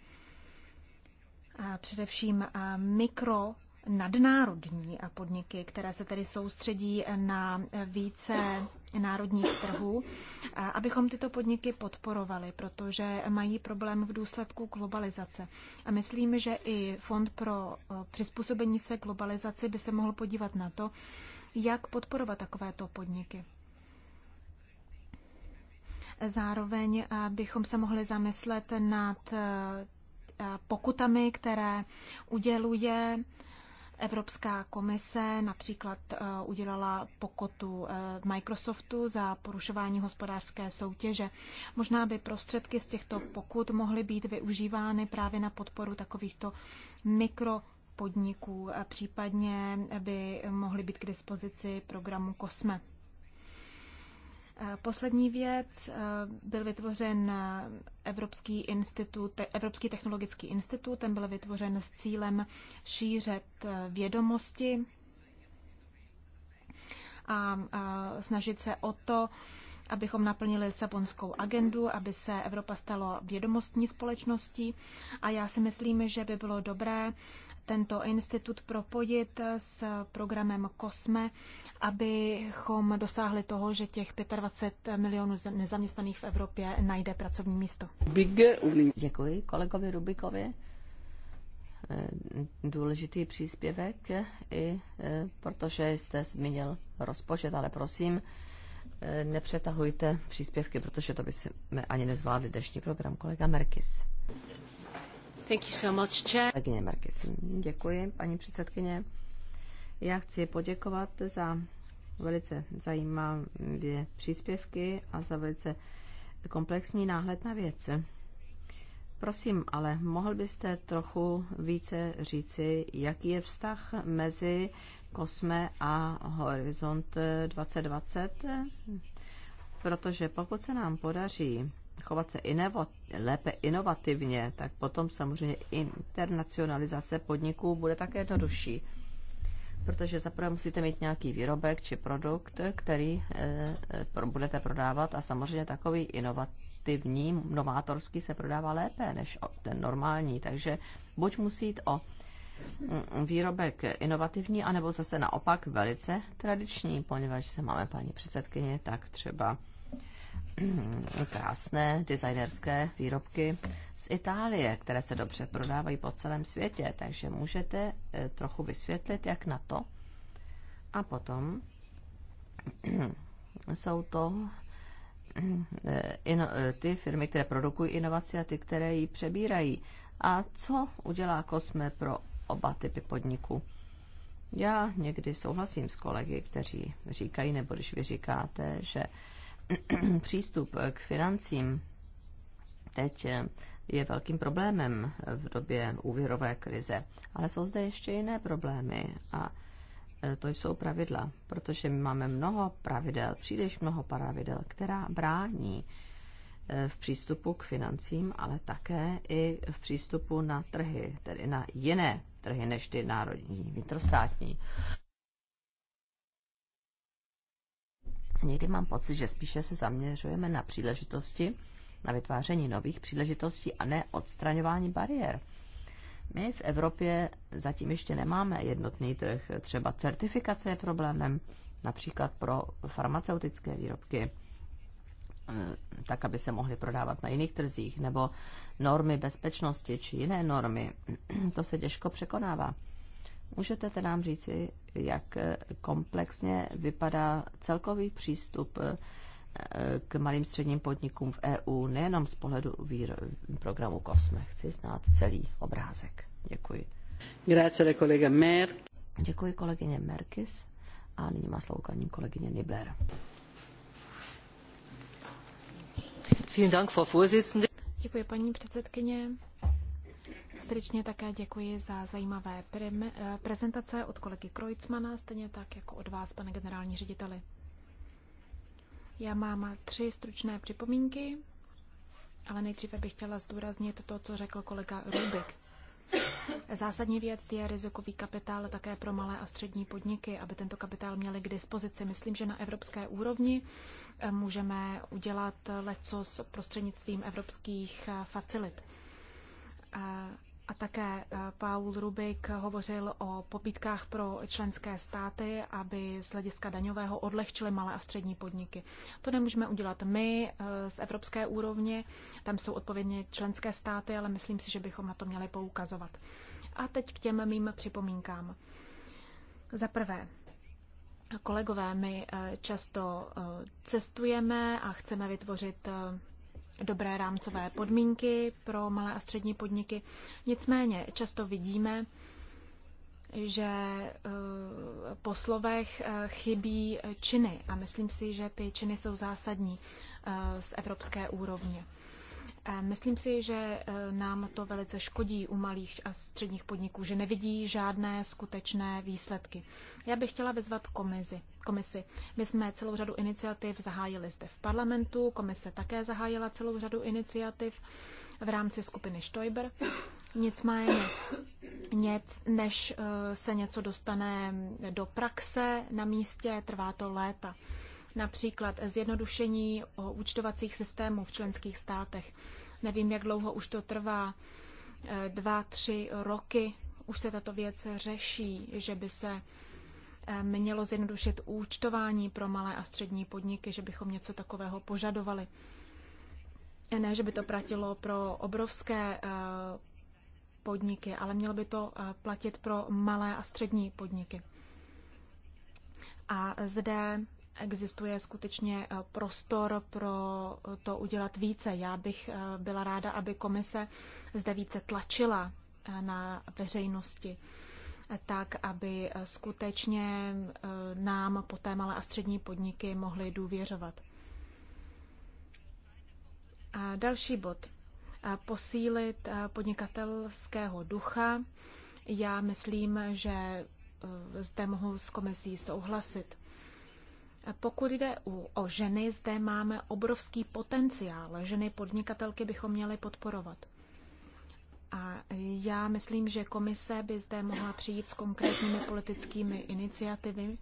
Speaker 3: eh, především mikro nadnárodní podniky, které se tedy soustředí na více národních trhů, abychom tyto podniky podporovali, protože mají problém v důsledku globalizace. A myslím, že i Fond pro přizpůsobení se globalizaci by se mohl podívat na to, jak podporovat takovéto podniky. Zároveň eh, bychom se mohli zamyslet nad eh, pokutami, které uděluje Evropská komise například eh, udělala pokotu Microsoftu za porušování hospodářské soutěže. Možná by prostředky z těchto pokut mohly být využívány právě na podporu takovýchto mikro podniků, a případně by mohly být k dispozici programu COSME. Eh, poslední věc, eh, byl vytvořen eh, Evropský, institut, Evropský technologický institut, ten byl vytvořen s cílem šířet vědomosti a snažit se o to, abychom naplnili Lisabonskou agendu, aby se Evropa stala vědomostní společností. A já si myslím, že by bylo dobré tento institut propojit s programem COSME, abychom dosáhli toho, že těch 25 milionů nezaměstnaných v Evropě najde pracovní místo. Děkuji kolegovi Rubikovi.
Speaker 2: Eh, důležitý příspěvek, eh, i eh, protože jste zmínil rozpočet, ale prosím, nepřetahujte příspěvky, protože to by jsme ani nezvládli dnešní program. Kolega Merkis. Thank you so much, Chair. Děkuji, paní předsedkyně. Já chci poděkovat za velice zajímavé příspěvky a za velice komplexní náhled na věc. Prosím, ale mohl byste trochu více říci, jaký je vztah mezi Kosme a Horizont 2020? Protože pokud se nám podaří chovat se inovo, lépe inovativně, tak potom samozřejmě internacionalizace podniků bude také jednodušší. Protože zaprvé musíte mít nějaký výrobek či produkt, který e, pro, budete prodávat a samozřejmě takový inovativní, novátorský se prodává lépe než ten normální. Takže buď musí jít o mm, výrobek inovativní, anebo zase naopak velice tradiční, poněvadž se máme paní předsedkyně, tak třeba krásné designerské výrobky z Itálie, které se dobře prodávají po celém světě. Takže můžete eh, trochu vysvětlit, jak na to. A potom jsou to eh, ino, eh, ty firmy, které produkují inovaci a ty, které ji přebírají. A co udělá Kosme pro oba typy podniků? Já někdy souhlasím s kolegy, kteří říkají, nebo když vy říkáte, že přístup k financím teď je velkým problémem v době úvěrové krize. Ale jsou zde ještě jiné problémy a e, to jsou pravidla, protože my máme mnoho pravidel, příliš mnoho pravidel, která brání e, v přístupu k financím, ale také i v přístupu na trhy, tedy na jiné trhy než ty národní, vnitrostátní. Někdy mám pocit, že spíše se zaměřujeme na příležitosti, na vytváření nových příležitostí a ne odstraňování bariér. My v Evropě zatím ještě nemáme jednotný trh. Třeba certifikace je problémem, například pro farmaceutické výrobky, eh, tak aby se mohly prodávat na jiných trzích, nebo normy bezpečnosti či jiné normy. To se těžko překonává. Můžete tedy nám říci, jak komplexně vypadá celkový přístup eh, k malým středním podnikům v EU, nejenom z pohledu výro- programu COSME. Chci znát celý obrázek. Děkuji. Grazie, kolega Mer. Děkuji kolegyně Merkis a nyní má slovo kolegyně Nibler.
Speaker 3: Děkuji paní předsedkyně. Srdečně také děkuji za zajímavé eh, prezentace od kolegy Krojcmana, stejně tak jako od vás, pane generální řediteli. Já mám tři stručné připomínky, ale nejdříve bych chtěla zdůraznit to, co řekl kolega Rubik. Zásadní věc je rizikový kapitál také pro malé a střední podniky, aby tento kapitál měli k dispozici. Myslím, že na evropské úrovni eh, můžeme udělat s prostřednictvím evropských eh, facilit. A také e, Paul Rubik hovořil o pobítkách pro členské státy, aby z hlediska daňového odlehčili malé a střední podniky. To nemůžeme udělat my e, z evropské úrovně, tam jsou odpovědně členské státy, ale myslím si, že bychom na to měli poukazovat. A teď k těm mým připomínkám. Za prvé, kolegové, my e, často cestujeme a chceme vytvořit dobré rámcové podmínky pro malé a střední podniky. Nicméně často vidíme, že eh, po slovech eh, chybí činy a myslím si, že ty činy jsou zásadní eh, z evropské úrovně. Myslím si, že e, nám to velice škodí u malých a středních podniků, že nevidí žádné skutečné výsledky. Já bych chtěla vyzvat komisi. komisi. My jsme celou řadu iniciativ zahájili zde v parlamentu, komise také zahájila celou řadu iniciativ v rámci skupiny Stoiber. Nicméně, nic, než e, se něco dostane do praxe na místě, trvá to léta například zjednodušení o účtovacích systémů v členských státech. Nevím, jak dlouho už to trvá, eh, dva, tři roky už se tato věc řeší, že by se eh, mělo zjednodušit účtování pro malé a střední podniky, že bychom něco takového požadovali. Eh, ne, že by to platilo pro obrovské podniky, ale mělo by to platit pro malé a střední podniky. A zde existuje skutečně eh, prostor pro eh, to udělat více. Já bych eh, byla ráda, aby komise zde více tlačila na veřejnosti, tak aby skutečně nám poté malé a střední podniky mohly důvěřovat. A další bod. Posílit podnikatelského ducha. Já myslím, že zde mohu s komisí souhlasit. Pokud jde o ženy, zde máme obrovský potenciál. Ženy podnikatelky bychom měli podporovat. A já myslím, že komise by zde mohla přijít s konkrétními politickými iniciativy,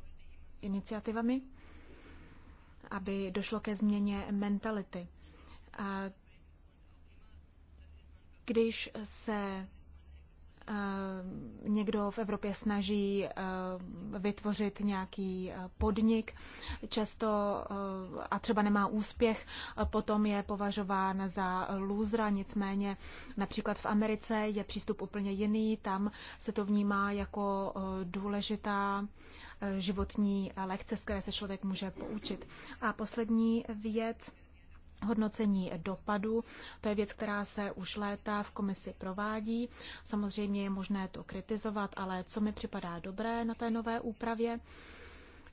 Speaker 3: iniciativami, aby došlo ke změně mentality. A když se Eh, někdo v Evropě snaží eh, vytvořit nějaký eh, podnik, často a třeba nemá úspěch, potom je považován za lůzra, nicméně například v Americe je přístup úplně jiný, tam se to vnímá jako důležitá životní lekce, z které se člověk může poučit. A poslední věc, Hodnocení dopadu, to je věc, která se už léta v komisi provádí. Samozřejmě je možné to kritizovat, ale co mi připadá dobré na té nové úpravě,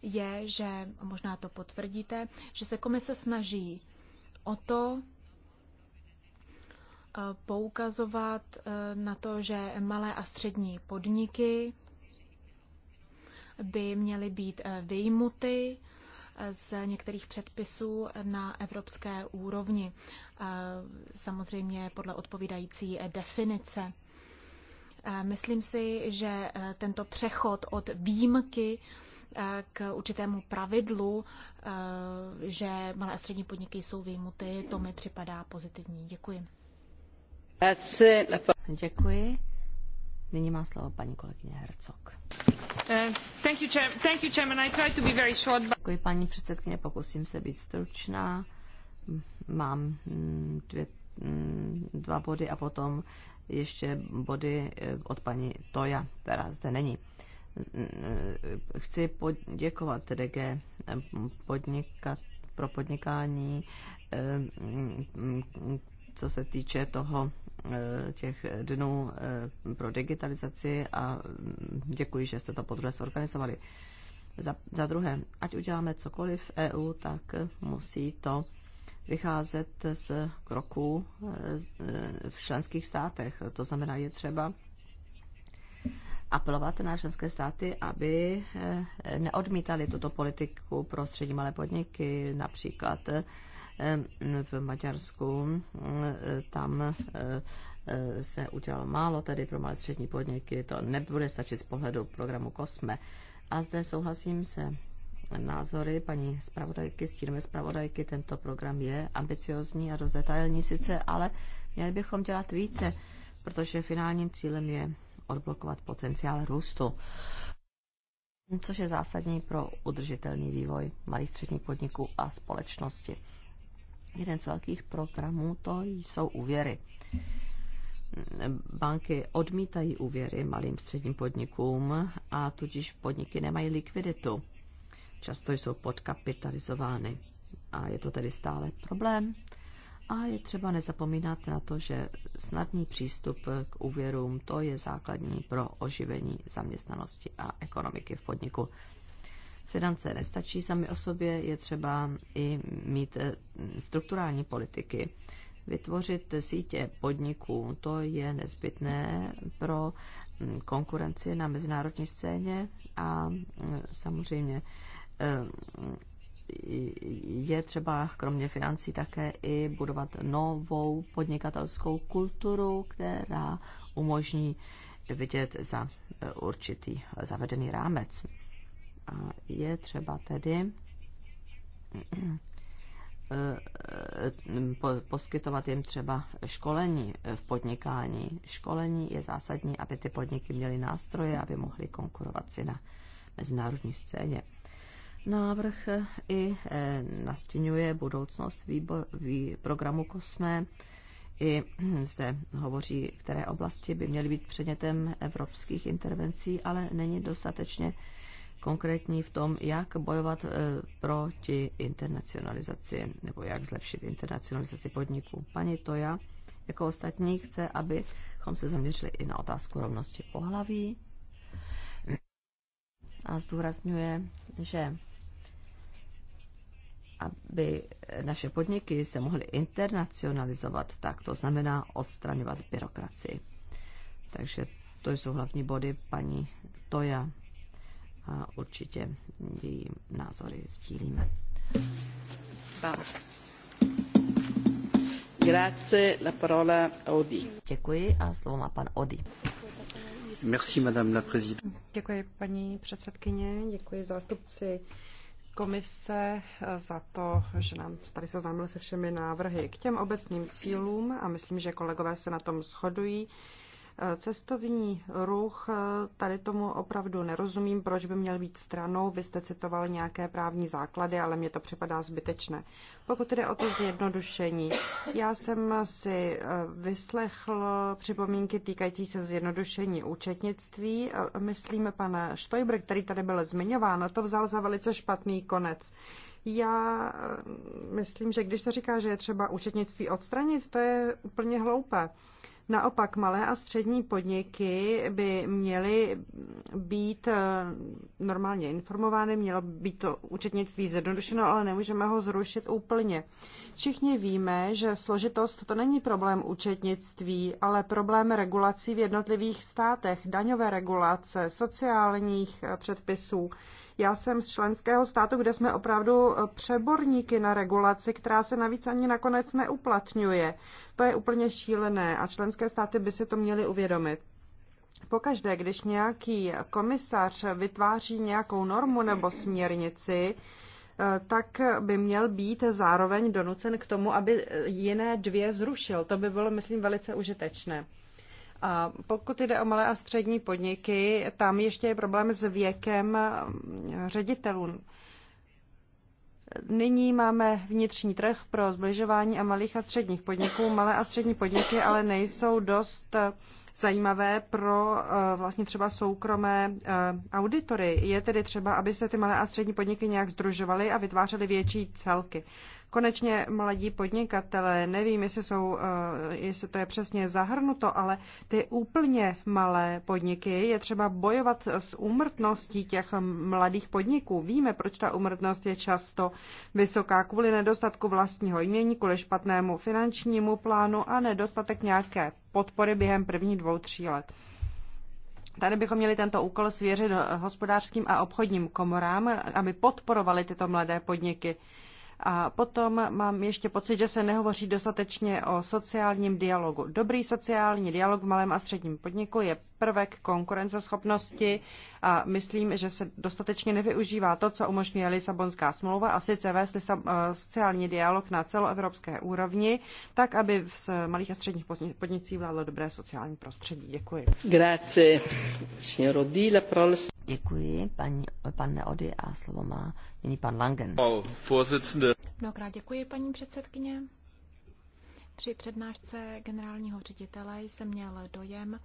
Speaker 3: je, že, možná to potvrdíte, že se komise snaží o to, eh, poukazovat eh, na to, že malé a střední podniky by měly být eh, vyjmuty z některých předpisů na evropské úrovni, e, samozřejmě podle odpovídající definice. E, myslím si, že e, tento přechod od výjimky k určitému pravidlu, že malé a střední podniky jsou výjimuty, to mi připadá pozitivní. Děkuji.
Speaker 2: Děkuji. Nyní má slovo paní kolegyně Hercog.
Speaker 3: Eh, Děkuji,
Speaker 2: paní předsedkyně, pokusím se být stručná. Mám mm, dvě, mm, dva body a potom ještě body eh, od paní Toja, která zde není. Mm, eh, chci poděkovat DG eh, podnikat, pro podnikání, co se týče toho Eh, těch dnů eh, pro digitalizaci a mm, děkuji, že jste to podruhé zorganizovali. Za, za druhé, ať uděláme cokoliv v EU, tak musí to vycházet z kroků eh, v členských státech. To znamená, je třeba apelovat na členské státy, aby neodmítali tuto politiku pro střední malé podniky, například v Maďarsku, tam se udělalo málo, tedy pro malé střední podniky to nebude stačit z pohledu programu COSME. A zde souhlasím se názory paní zpravodajky, stínové zpravodajky. Tento program je ambiciozní a dost detailní sice, ale měli bychom dělat více, protože finálním cílem je odblokovat potenciál růstu, což je zásadní pro udržitelný vývoj malých středních podniků a společnosti. Jeden z velkých programů to jsou úvěry. Banky odmítají úvěry malým středním podnikům a tudíž podniky nemají likviditu. Často jsou podkapitalizovány a je to tedy stále problém. A je třeba nezapomínat na to, že snadný přístup k úvěrům to je základní pro oživení zaměstnanosti a ekonomiky v podniku. Finance nestačí sami o sobě, je třeba i mít eh, strukturální politiky. Vytvořit sítě podniků, to je nezbytné pro hm, konkurenci na mezinárodní scéně a hm, samozřejmě eh, je třeba kromě financí také i budovat novou podnikatelskou kulturu, která umožní vidět za eh, určitý zavedený rámec. A je třeba tedy eh, poskytovat jim třeba školení v podnikání. Školení je zásadní, aby ty podniky měly nástroje, aby mohly konkurovat si na mezinárodní scéně. Návrh eh, i eh, nastínuje budoucnost výbo- vý- programu Kosme. I hm, zde hovoří, které oblasti by měly být předmětem evropských intervencí, ale není dostatečně konkrétní v tom, jak bojovat eh, proti internacionalizaci nebo jak zlepšit internacionalizaci podniků. Paní Toja, jako ostatní, chce, abychom se zaměřili i na otázku rovnosti pohlaví a zdůrazňuje, že aby naše podniky se mohly internacionalizovat, tak to znamená odstraňovat byrokracii. Takže to jsou hlavní body paní Toja a určitě její názory sdílíme. Grazie, la parola Odi. Děkuji a slovo má pan Odi.
Speaker 1: Merci, madame la présidente. Děkuji, paní předsedkyně, děkuji zástupci komise za to, že nám tady seznámili se všemi návrhy k těm obecným cílům a myslím, že kolegové se na tom shodují. Cestovní ruch, tady tomu opravdu nerozumím, proč by měl být stranou. Vy jste citoval nějaké právní základy, ale mně to připadá zbytečné. Pokud jde o to zjednodušení, já jsem si eh, vyslechl připomínky týkající se zjednodušení účetnictví. Eh, myslím, pan Štojbr, který tady byl zmiňován, to vzal za velice špatný konec. Já eh, myslím, že když se říká, že je třeba účetnictví odstranit, to je úplně hloupé. Naopak malé a střední podniky by měly být eh, normálně informovány, mělo být to účetnictví zjednodušeno, ale nemůžeme ho zrušit úplně. Všichni víme, že složitost to není problém účetnictví, ale problém regulací v jednotlivých státech, daňové regulace, sociálních eh, předpisů. Já jsem z členského státu, kde jsme opravdu eh, přeborníky na regulaci, která se navíc ani nakonec neuplatňuje. To je úplně šílené a členské státy by si to měly uvědomit. Pokaždé, když nějaký komisař vytváří nějakou normu nebo směrnici, eh, tak by měl být zároveň donucen k tomu, aby jiné dvě zrušil. To by bylo, myslím, velice užitečné. A pokud jde o malé a střední podniky, tam ještě je problém s věkem eh, ředitelů. Nyní máme vnitřní trh pro zbližování a malých a středních podniků. Malé a střední podniky ale nejsou dost eh, zajímavé pro eh, vlastně třeba soukromé auditory. Je tedy třeba, aby se ty malé a střední podniky nějak združovaly a vytvářely větší celky. Konečně mladí podnikatelé, nevím, jestli, jsou, eh, jestli to je přesně zahrnuto, ale ty úplně malé podniky je třeba bojovat s úmrtností těch mladých podniků. Víme, proč ta úmrtnost je často vysoká kvůli nedostatku vlastního jmění, kvůli špatnému finančnímu plánu a nedostatek nějaké podpory během první dvou, tří let. Tady bychom měli tento úkol svěřit hospodářským a obchodním komorám, aby podporovali tyto mladé podniky. A potom mám ještě pocit, že se nehovoří dostatečně o sociálním dialogu. Dobrý sociální dialog v malém a středním podniku je prvek konkurenceschopnosti a myslím, že se dostatečně nevyužívá to, co umožňuje Lisabonská smlouva a sice vést eh, sociální dialog na celoevropské úrovni, tak aby v malých a středních podnicích vládlo dobré sociální prostředí. Děkuji.
Speaker 2: Grazie, signor Odila. Děkuji, paní, pan Neody, a slovo má nyní pan Langen.
Speaker 3: Mnohokrát děkuji, paní předsedkyně. Při přednášce generálního ředitele jsem měl dojem,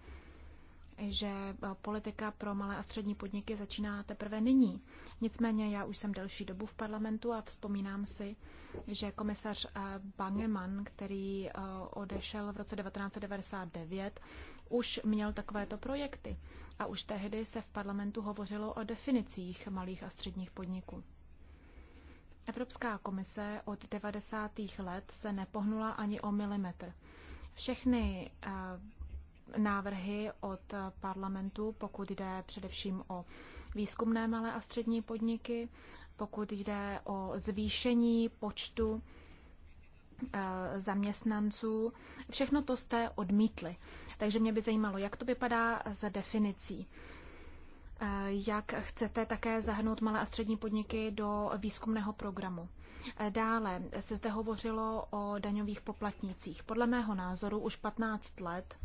Speaker 3: že politika pro malé a střední podniky začíná teprve nyní. Nicméně já už jsem delší dobu v parlamentu a vzpomínám si, že komisař eh, Bangeman, který eh, odešel v roce 1999, už měl takovéto projekty a už tehdy se v parlamentu hovořilo o definicích malých a středních podniků. Evropská komise od 90. let se nepohnula ani o milimetr. Všechny eh, návrhy od parlamentu, pokud jde především o výzkumné malé a střední podniky, pokud jde o zvýšení počtu eh, zaměstnanců, všechno to jste odmítli. Takže mě by zajímalo, jak to vypadá s definicí. Eh, jak chcete také zahrnout malé a střední podniky do výzkumného programu? Eh, dále se zde hovořilo o daňových poplatnících. Podle mého názoru už 15 let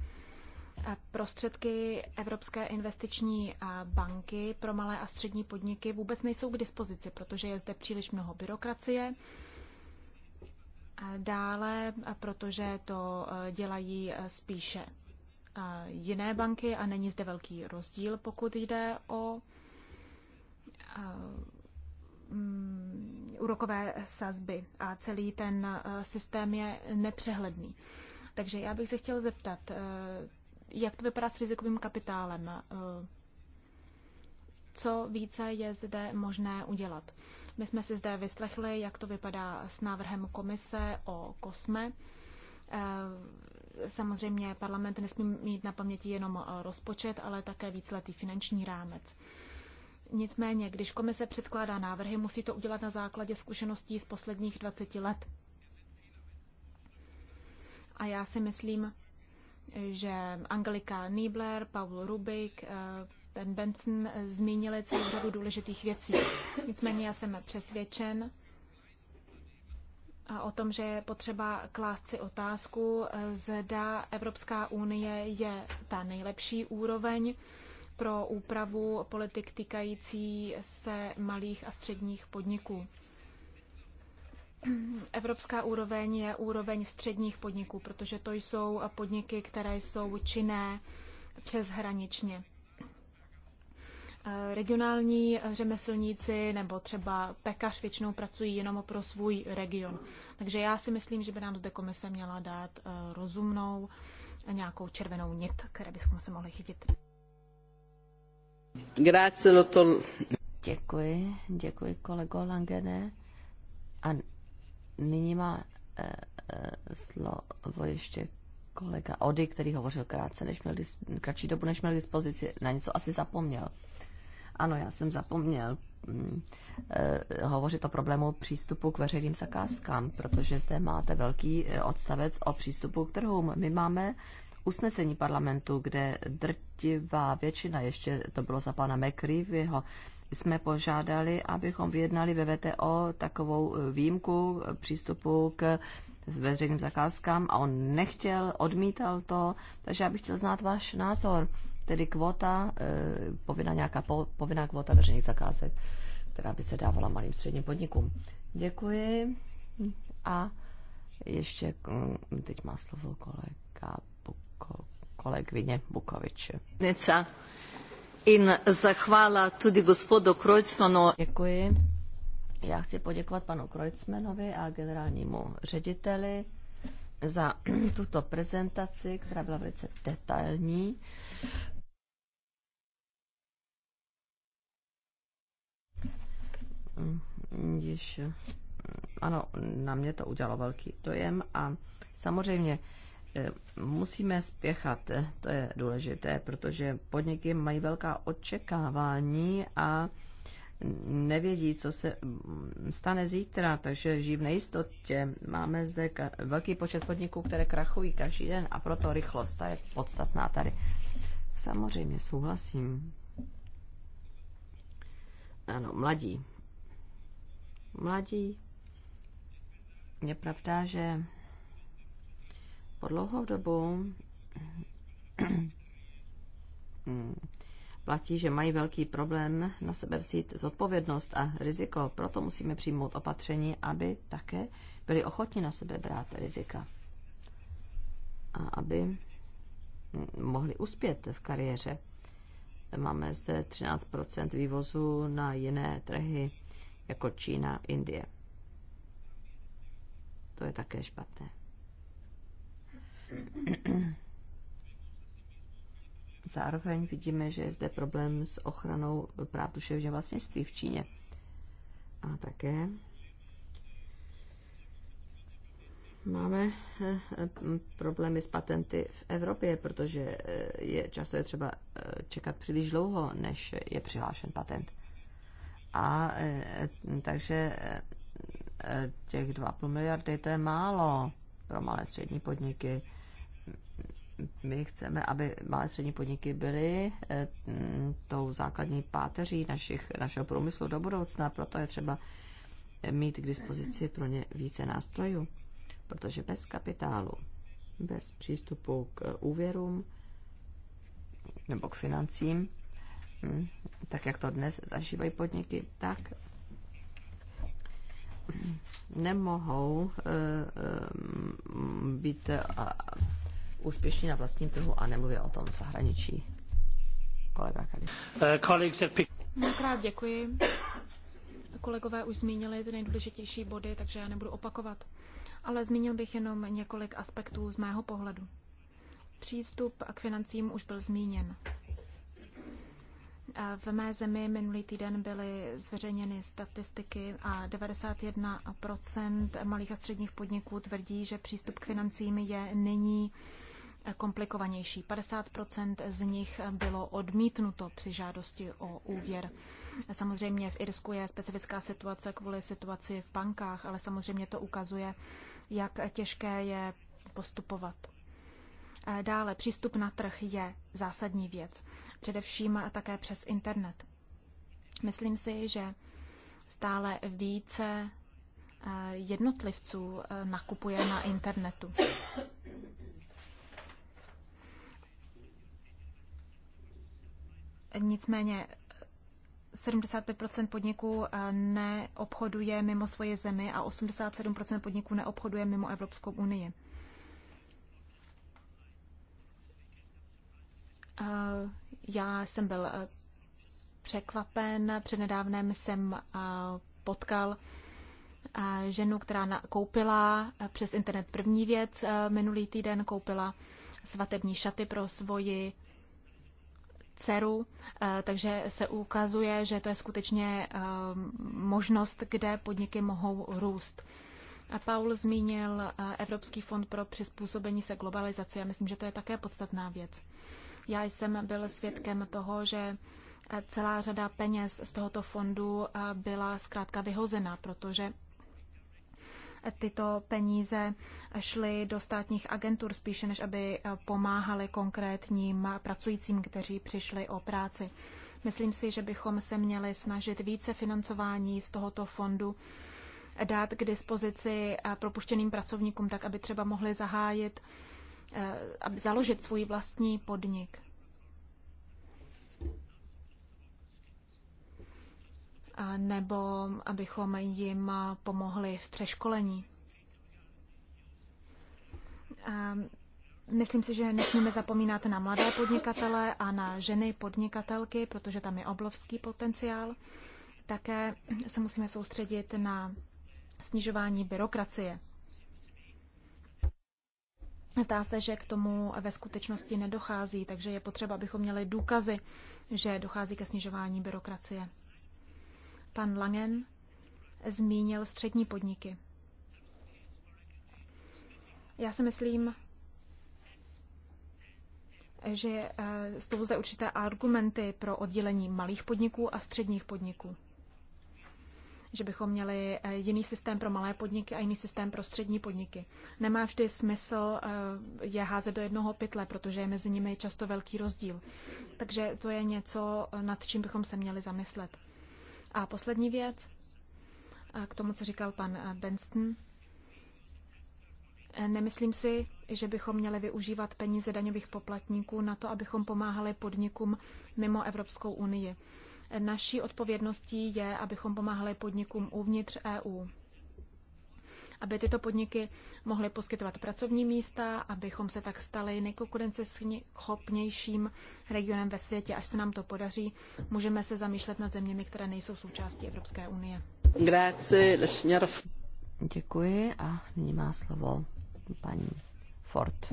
Speaker 3: eh, Prostředky Evropské investiční banky pro malé a střední podniky vůbec nejsou k dispozici, protože je zde příliš mnoho byrokracie. Dále, protože to dělají spíše jiné banky a není zde velký rozdíl, pokud jde o mm, úrokové sazby a celý ten systém je nepřehledný. Takže já bych se chtěl zeptat, jak to vypadá s rizikovým kapitálem? Co více je zde možné udělat? My jsme si zde vyslechli, jak to vypadá s návrhem komise o kosme samozřejmě parlament nesmí mít na paměti jenom eh, rozpočet, ale také víceletý finanční rámec. Nicméně, když komise předkládá návrhy, musí to udělat na základě zkušeností z posledních 20 let. A já si myslím, že Angelika Niebler, Paul Rubik, eh, Ben Benson eh, zmínili celou řadu důležitých věcí. Nicméně já jsem přesvědčen, o tom, že je potřeba klást si otázku, zda Evropská unie je ta nejlepší úroveň pro úpravu politik týkající se malých a středních podniků. Evropská úroveň je úroveň středních podniků, protože to jsou podniky, které jsou činné přeshraničně. Eh, regionální řemeslníci nebo třeba pekař většinou pracují jenom pro svůj region. Takže já si myslím, že by nám zde komise měla dát eh, rozumnou eh, nějakou červenou nit, které bychom se mohli chytit.
Speaker 2: Děkuji, děkuji kolego Langene. A nyní má e, e, slovo ještě kolega Ody, který hovořil krátce, než měl, kratší dobu, než měl dispozici. Na něco asi zapomněl. Ano, já jsem zapomněl mm, eh, hovořit o problému přístupu k veřejným zakázkám, protože zde máte velký eh, odstavec o přístupu k trhům. My máme usnesení parlamentu, kde drtivá většina, ještě to bylo za pana jeho jsme požádali, abychom vyjednali ve VTO takovou eh, výjimku přístupu k veřejným zakázkám a on nechtěl, odmítal to, takže já bych chtěl znát váš názor tedy kvota, eh, povinná nějaká povinná kvota veřejných zakázek, která by se dávala malým středním podnikům. Děkuji. A ještě hm, teď má slovo kolega Buko, kolegvině Bukovič. Nica. In zachvála tudi gospodu Krojcmanu. Děkuji. Já chci poděkovat panu Krojcmanovi a generálnímu řediteli za tuto prezentaci, která byla velice detailní když eh, ano, na mě to udělalo velký dojem a samozřejmě eh, musíme spěchat, eh, to je důležité, protože podniky mají velká očekávání a nevědí, co se mm, stane zítra, takže žijí v nejistotě. Máme zde velký počet podniků, které krachují každý den a proto rychlost ta je podstatná tady. Samozřejmě souhlasím. Ano, mladí mladí. Je pravda, že po dlouhou dobu platí, že mají velký problém na sebe vzít zodpovědnost a riziko. Proto musíme přijmout opatření, aby také byli ochotni na sebe brát rizika. A aby mohli uspět v kariéře. Máme zde 13 vývozu na jiné trhy jako Čína, Indie. To je také špatné. Zároveň vidíme, že je zde problém s ochranou práv duševního vlastnictví v Číně. A také máme eh, problémy s patenty v Evropě, protože eh, je, často je třeba eh, čekat příliš dlouho, než je přihlášen patent. A e, e, takže e, těch 2,5 miliardy to je málo pro malé střední podniky. My chceme, aby malé střední podniky byly tou základní páteří našich, našeho průmyslu do budoucna, proto je třeba mít k dispozici pro ně více nástrojů, protože bez kapitálu, bez přístupu k úvěrům nebo k financím, Hm, tak jak to dnes zažívají podniky, tak nemohou eh, eh, být eh, úspěšní na vlastním trhu a nemluví o tom v zahraničí. Kolega Kady.
Speaker 3: Mnohokrát děkuji. Kolegové už zmínili ty nejdůležitější body, takže já nebudu opakovat. Ale zmínil bych jenom několik aspektů z mého pohledu. Přístup k financím už byl zmíněn. V mé zemi minulý týden byly zveřejněny statistiky a 91 malých a středních podniků tvrdí, že přístup k financím je nyní komplikovanější. 50 z nich bylo odmítnuto při žádosti o úvěr. Samozřejmě v Irsku je specifická situace kvůli situaci v bankách, ale samozřejmě to ukazuje, jak těžké je postupovat. Dále přístup na trh je zásadní věc především a také přes internet. Myslím si, že stále více eh, jednotlivců eh, nakupuje na internetu. Nicméně 75 podniků eh, neobchoduje mimo svoje zemi a 87 podniků neobchoduje mimo Evropskou unii. Já jsem byl eh, překvapen. Přednedávném jsem eh, potkal eh, ženu, která koupila přes internet první věc. Minulý týden koupila svatební šaty pro svoji dceru, takže se ukazuje, že to je skutečně možnost, kde podniky mohou růst. A Paul zmínil Evropský fond pro přizpůsobení se globalizaci Já myslím, že to je také podstatná věc. Já jsem byl svědkem toho, že celá řada peněz z tohoto fondu eh, byla zkrátka vyhozena, protože tyto peníze šly do státních agentur spíše, než aby eh, pomáhali konkrétním pracujícím, kteří přišli o práci. Myslím si, že bychom se měli snažit více financování z tohoto fondu dát k dispozici eh, propuštěným pracovníkům, tak aby třeba mohli zahájit Eh, aby založit svůj vlastní podnik. nebo abychom jim pomohli v přeškolení. Myslím si, že nesmíme zapomínat na mladé podnikatele a na ženy podnikatelky, protože tam je obrovský potenciál. Také se musíme soustředit na snižování byrokracie. Zdá se, že k tomu ve skutečnosti nedochází, takže je potřeba, abychom měli důkazy, že dochází ke snižování byrokracie. Pan Langen zmínil střední podniky. Já si myslím, že eh, jsou zde určité argumenty pro oddělení malých podniků a středních podniků že bychom měli eh, jiný systém pro malé podniky a jiný systém pro střední podniky. Nemá vždy smysl eh, je házet do jednoho pytle, protože je mezi nimi často velký rozdíl. Takže to je něco, eh, nad čím bychom se měli zamyslet. A poslední věc, k tomu, co říkal pan Benston. Nemyslím si, že bychom měli využívat peníze daňových poplatníků na to, abychom pomáhali podnikům mimo Evropskou unii. Naší odpovědností je, abychom pomáhali podnikům uvnitř EU aby tyto podniky mohly poskytovat pracovní místa, abychom se tak stali nejkonkurenceschopnějším regionem ve světě. Až se nám to podaří, můžeme se zamýšlet nad zeměmi, které nejsou součástí Evropské unie.
Speaker 2: Děkuji a nyní má slovo paní Ford.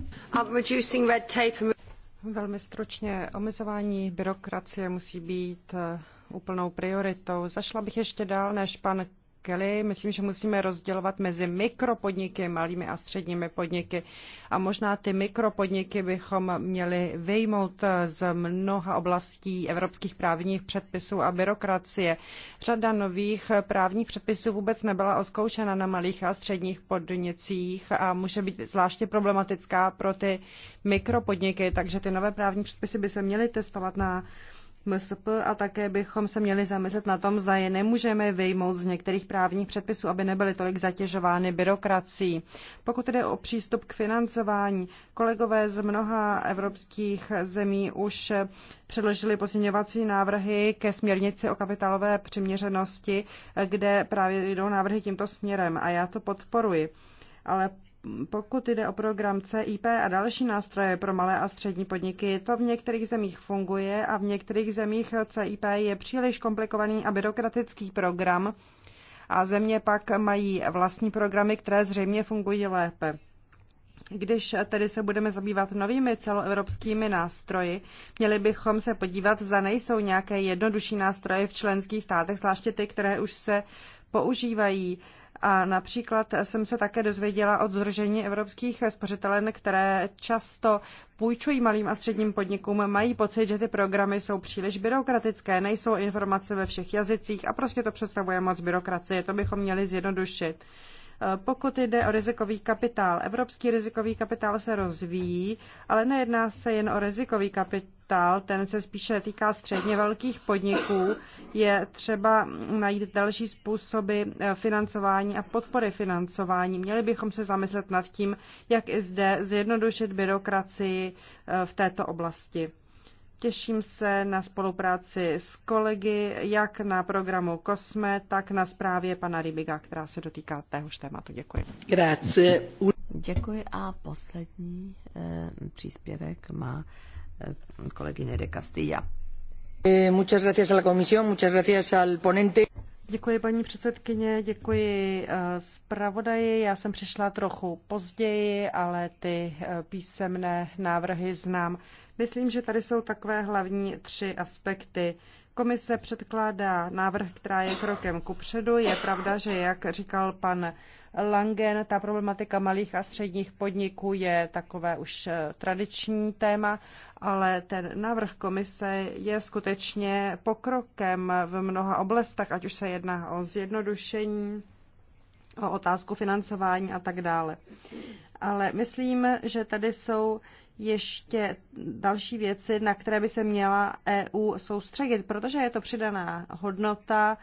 Speaker 1: Velmi stručně, omezování byrokracie musí být eh, úplnou prioritou. Zašla bych ještě dál než pan Kelly. Myslím, že musíme rozdělovat mezi mikropodniky, malými a středními podniky. A možná ty mikropodniky bychom měli vyjmout z mnoha oblastí evropských právních předpisů a byrokracie. Řada nových právních předpisů vůbec nebyla oskoušena na malých a středních podnicích a může být zvláště problematická pro ty mikropodniky, takže ty nové právní předpisy by se měly testovat na MSP a také bychom se měli zamyslet na tom, zda je nemůžeme vyjmout z některých právních předpisů, aby nebyly tolik zatěžovány byrokracií. Pokud jde o přístup k financování, kolegové z mnoha evropských zemí už předložili pozměňovací návrhy ke směrnici o kapitálové přiměřenosti, kde právě jdou návrhy tímto směrem a já to podporuji. Ale pokud jde o program CIP a další nástroje pro malé a střední podniky, to v některých zemích funguje a v některých zemích CIP je příliš komplikovaný a byrokratický program a země pak mají vlastní programy, které zřejmě fungují lépe. Když tedy se budeme zabývat novými celoevropskými nástroji, měli bychom se podívat, zda nejsou nějaké jednodušší nástroje v členských státech, zvláště ty, které už se používají. A například jsem se také dozvěděla od Združení evropských spořitelen, které často půjčují malým a středním podnikům, mají pocit, že ty programy jsou příliš byrokratické, nejsou informace ve všech jazycích a prostě to představuje moc byrokracie. To bychom měli zjednodušit. Eh, pokud jde o rizikový kapitál, evropský rizikový kapitál se rozvíjí, ale nejedná se jen o rizikový kapitál ptal, ten se spíše týká středně velkých podniků. Je třeba najít další způsoby eh, financování a podpory financování. Měli bychom se zamyslet nad tím, jak i zde zjednodušit byrokracii eh, v této oblasti. Těším se na spolupráci s kolegy, jak na programu COSME, tak na zprávě pana Rybiga, která se dotýká téhož tématu. Děkuji. Grazie.
Speaker 2: Děkuji a poslední eh, příspěvek má kolegyně de Castilla. Eh, děkuji paní předsedkyně,
Speaker 1: děkuji eh, zpravodaji. Já jsem přišla trochu později, ale ty eh, písemné návrhy znám. Myslím, že tady jsou takové hlavní tři aspekty. Komise předkládá návrh, která je krokem kupředu. Je pravda, že jak říkal pan Langen. Ta problematika malých a středních podniků je takové už eh, tradiční téma, ale ten návrh komise je skutečně pokrokem v mnoha oblastech, ať už se jedná o zjednodušení, o otázku financování a tak dále. Ale myslím, že tady jsou ještě další věci, na které by se měla EU soustředit, protože je to přidaná hodnota,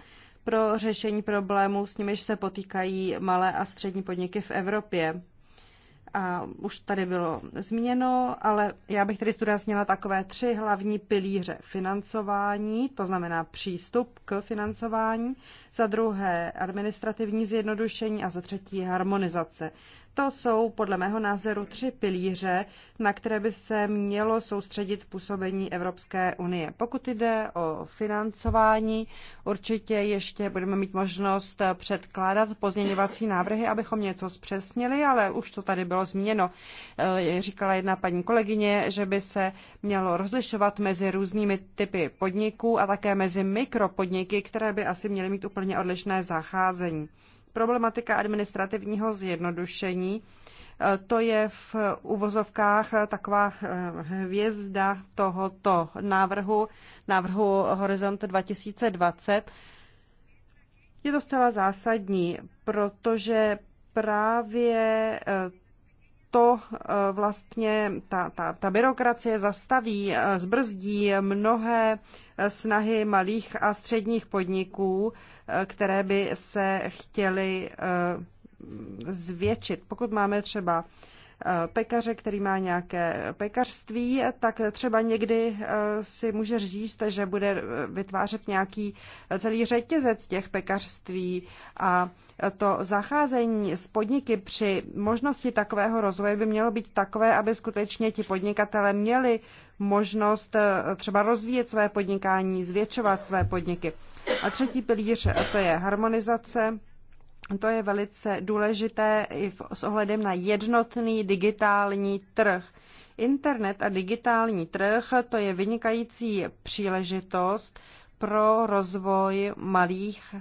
Speaker 1: pro řešení problémů, s nimiž se potýkají malé a střední podniky v Evropě. A už tady bylo zmíněno, ale já bych tady zdůraznila takové tři hlavní pilíře financování, to znamená přístup k financování, za druhé administrativní zjednodušení a za třetí harmonizace. To jsou podle mého názoru tři pilíře, na které by se mělo soustředit působení Evropské unie. Pokud jde o financování, určitě ještě budeme mít možnost předkládat pozměňovací návrhy, abychom něco zpřesnili, ale už to tady bylo zmíněno. Eh, říkala jedna paní kolegyně, že by se mělo rozlišovat mezi různými typy podniků a také mezi mikropodniky, které by asi měly mít úplně odlišné zacházení problematika administrativního zjednodušení, e, to je v uvozovkách taková e, hvězda tohoto návrhu, návrhu Horizont 2020. Je to zcela zásadní, protože právě e, to eh, vlastně ta, ta, ta byrokracie zastaví, eh, zbrzdí mnohé eh, snahy malých a středních podniků, které by se chtěly zvětšit. Pokud máme třeba pekaře, který má nějaké pekařství, tak třeba někdy eh, si může říct, že bude eh, vytvářet nějaký eh, celý řetězec těch pekařství a to zacházení s podniky při možnosti takového rozvoje by mělo být takové, aby skutečně ti podnikatele měli možnost třeba rozvíjet své podnikání, zvětšovat své podniky. A třetí pilíř to je harmonizace to je velice důležité i s ohledem na jednotný digitální trh. Internet a digitální trh to je vynikající příležitost pro rozvoj malých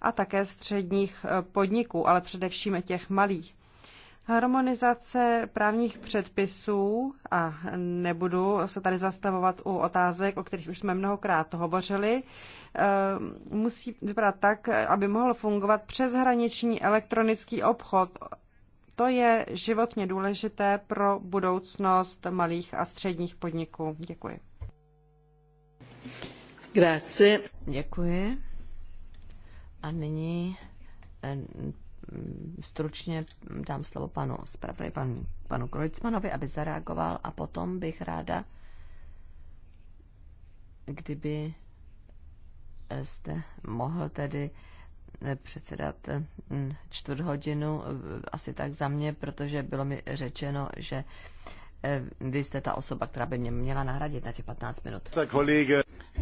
Speaker 1: a také středních eh, podniků, ale především těch malých. Harmonizace právních předpisů, a nebudu se tady zastavovat u otázek, o kterých už jsme mnohokrát hovořili, eh, musí vypadat tak, aby mohl fungovat přeshraniční elektronický obchod. To je životně důležité pro budoucnost malých a středních podniků. Děkuji.
Speaker 2: Grazie. Děkuji. A nyní eh, stručně dám slovo panu zpravodaj, pan, panu Krojcmanovi, aby zareagoval a potom bych ráda, kdyby eh, jste mohl tedy eh, předsedat hm, čtvrt hodinu, eh, asi tak za mě, protože bylo mi řečeno, že vy jste ta osoba, která by mě měla nahradit na těch 15 minut.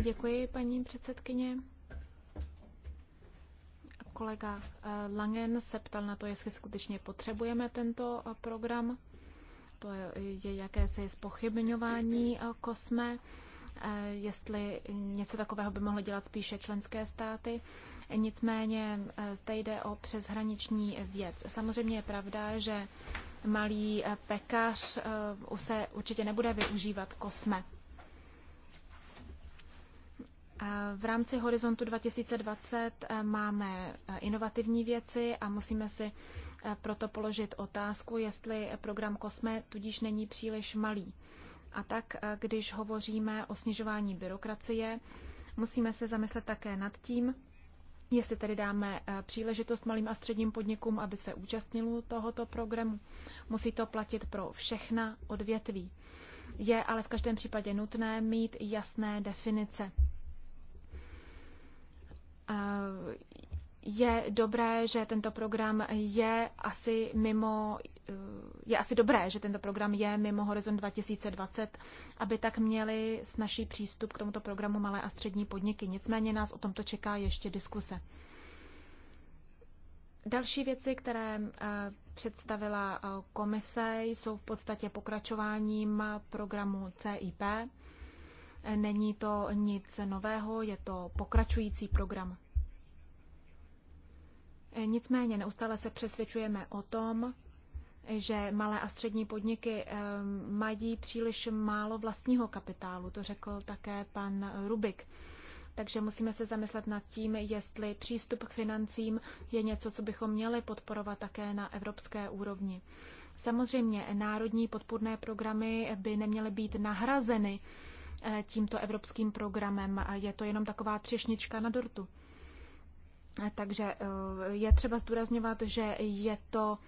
Speaker 3: Děkuji, paní předsedkyně. Kolega eh, Langen se ptal na to, jestli skutečně potřebujeme tento eh, program. To je jakési spochybňování eh, kosme, jestli něco takového by mohlo dělat spíše členské státy. Nicméně zde jde o přeshraniční věc. Samozřejmě je pravda, že malý pekař se určitě nebude využívat kosme. V rámci Horizontu 2020 eh, máme eh, inovativní věci a musíme si eh, proto položit otázku, jestli program COSME tudíž není příliš malý. A tak, když hovoříme o snižování byrokracie, musíme se zamyslet také nad tím, jestli tedy dáme příležitost malým a středním podnikům, aby se účastnilo tohoto programu. Musí to platit pro všechna odvětví. Je ale v každém případě nutné mít jasné definice Eh, je dobré, že tento program je asi mimo eh, je asi dobré, že tento program je mimo Horizont 2020, aby tak měli snažší přístup k tomuto programu malé a střední podniky. Nicméně nás o tomto čeká ještě diskuse. Další věci, které eh, představila komise, jsou v podstatě pokračováním programu CIP. Není to nic nového, je to pokračující program. Nicméně neustále se přesvědčujeme o tom, že malé a střední podniky mají příliš málo vlastního kapitálu. To řekl také pan Rubik. Takže musíme se zamyslet nad tím, jestli přístup k financím je něco, co bychom měli podporovat také na evropské úrovni. Samozřejmě národní podpůrné programy by neměly být nahrazeny Eh, tímto evropským programem. Je to jenom taková třešnička na dortu. Eh, takže eh, je třeba zdůrazňovat, že je to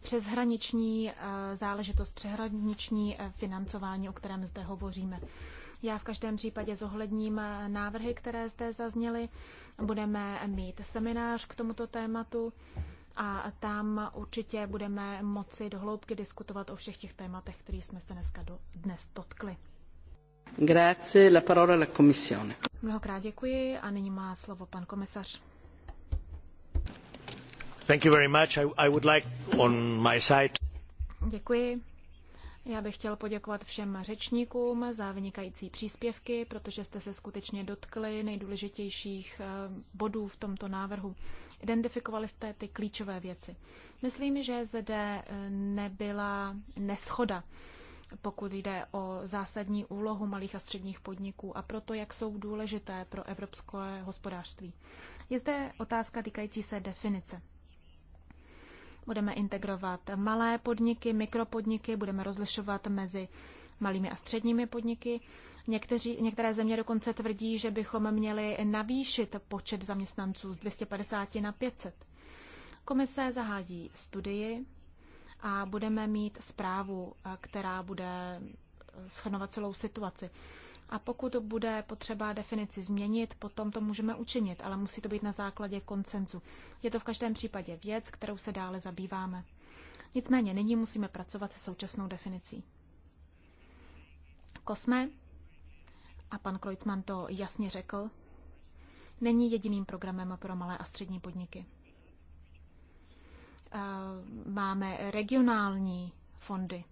Speaker 3: přeshraniční záležitost, přeshraniční financování, o kterém zde hovoříme. Já v každém případě zohledním návrhy, které zde zazněly. Budeme mít seminář k tomuto tématu a tam určitě budeme moci dohloubky diskutovat o všech těch tématech, které jsme se dneska do, dnes dotkli.
Speaker 2: Grazie, la parola alla Commissione.
Speaker 3: Mnohokrát děkuji a nyní má slovo pan komisař.
Speaker 2: Thank you very much. I, I would like on my side.
Speaker 3: Děkuji. Já bych chtěl poděkovat všem řečníkům za vynikající příspěvky, protože jste se skutečně dotkli nejdůležitějších eh, bodů v tomto návrhu. Identifikovali jste ty klíčové věci. Myslím, že zde eh, nebyla neschoda pokud jde o zásadní úlohu malých a středních podniků a proto, jak jsou důležité pro evropské hospodářství. Je zde otázka týkající se definice. Budeme integrovat malé podniky, mikropodniky, budeme rozlišovat mezi malými a středními podniky. Někteří, některé země dokonce tvrdí, že bychom měli navýšit počet zaměstnanců z 250 na 500. Komise zahádí studii a budeme mít zprávu, eh, která bude eh, schrnovat celou situaci. A pokud bude potřeba definici změnit, potom to můžeme učinit, ale musí to být na základě koncenzu. Je to v každém případě věc, kterou se dále zabýváme. Nicméně nyní musíme pracovat se současnou definicí. Kosme, a pan Kreutzmann to jasně řekl, není jediným programem pro malé a střední podniky máme regionální fondy,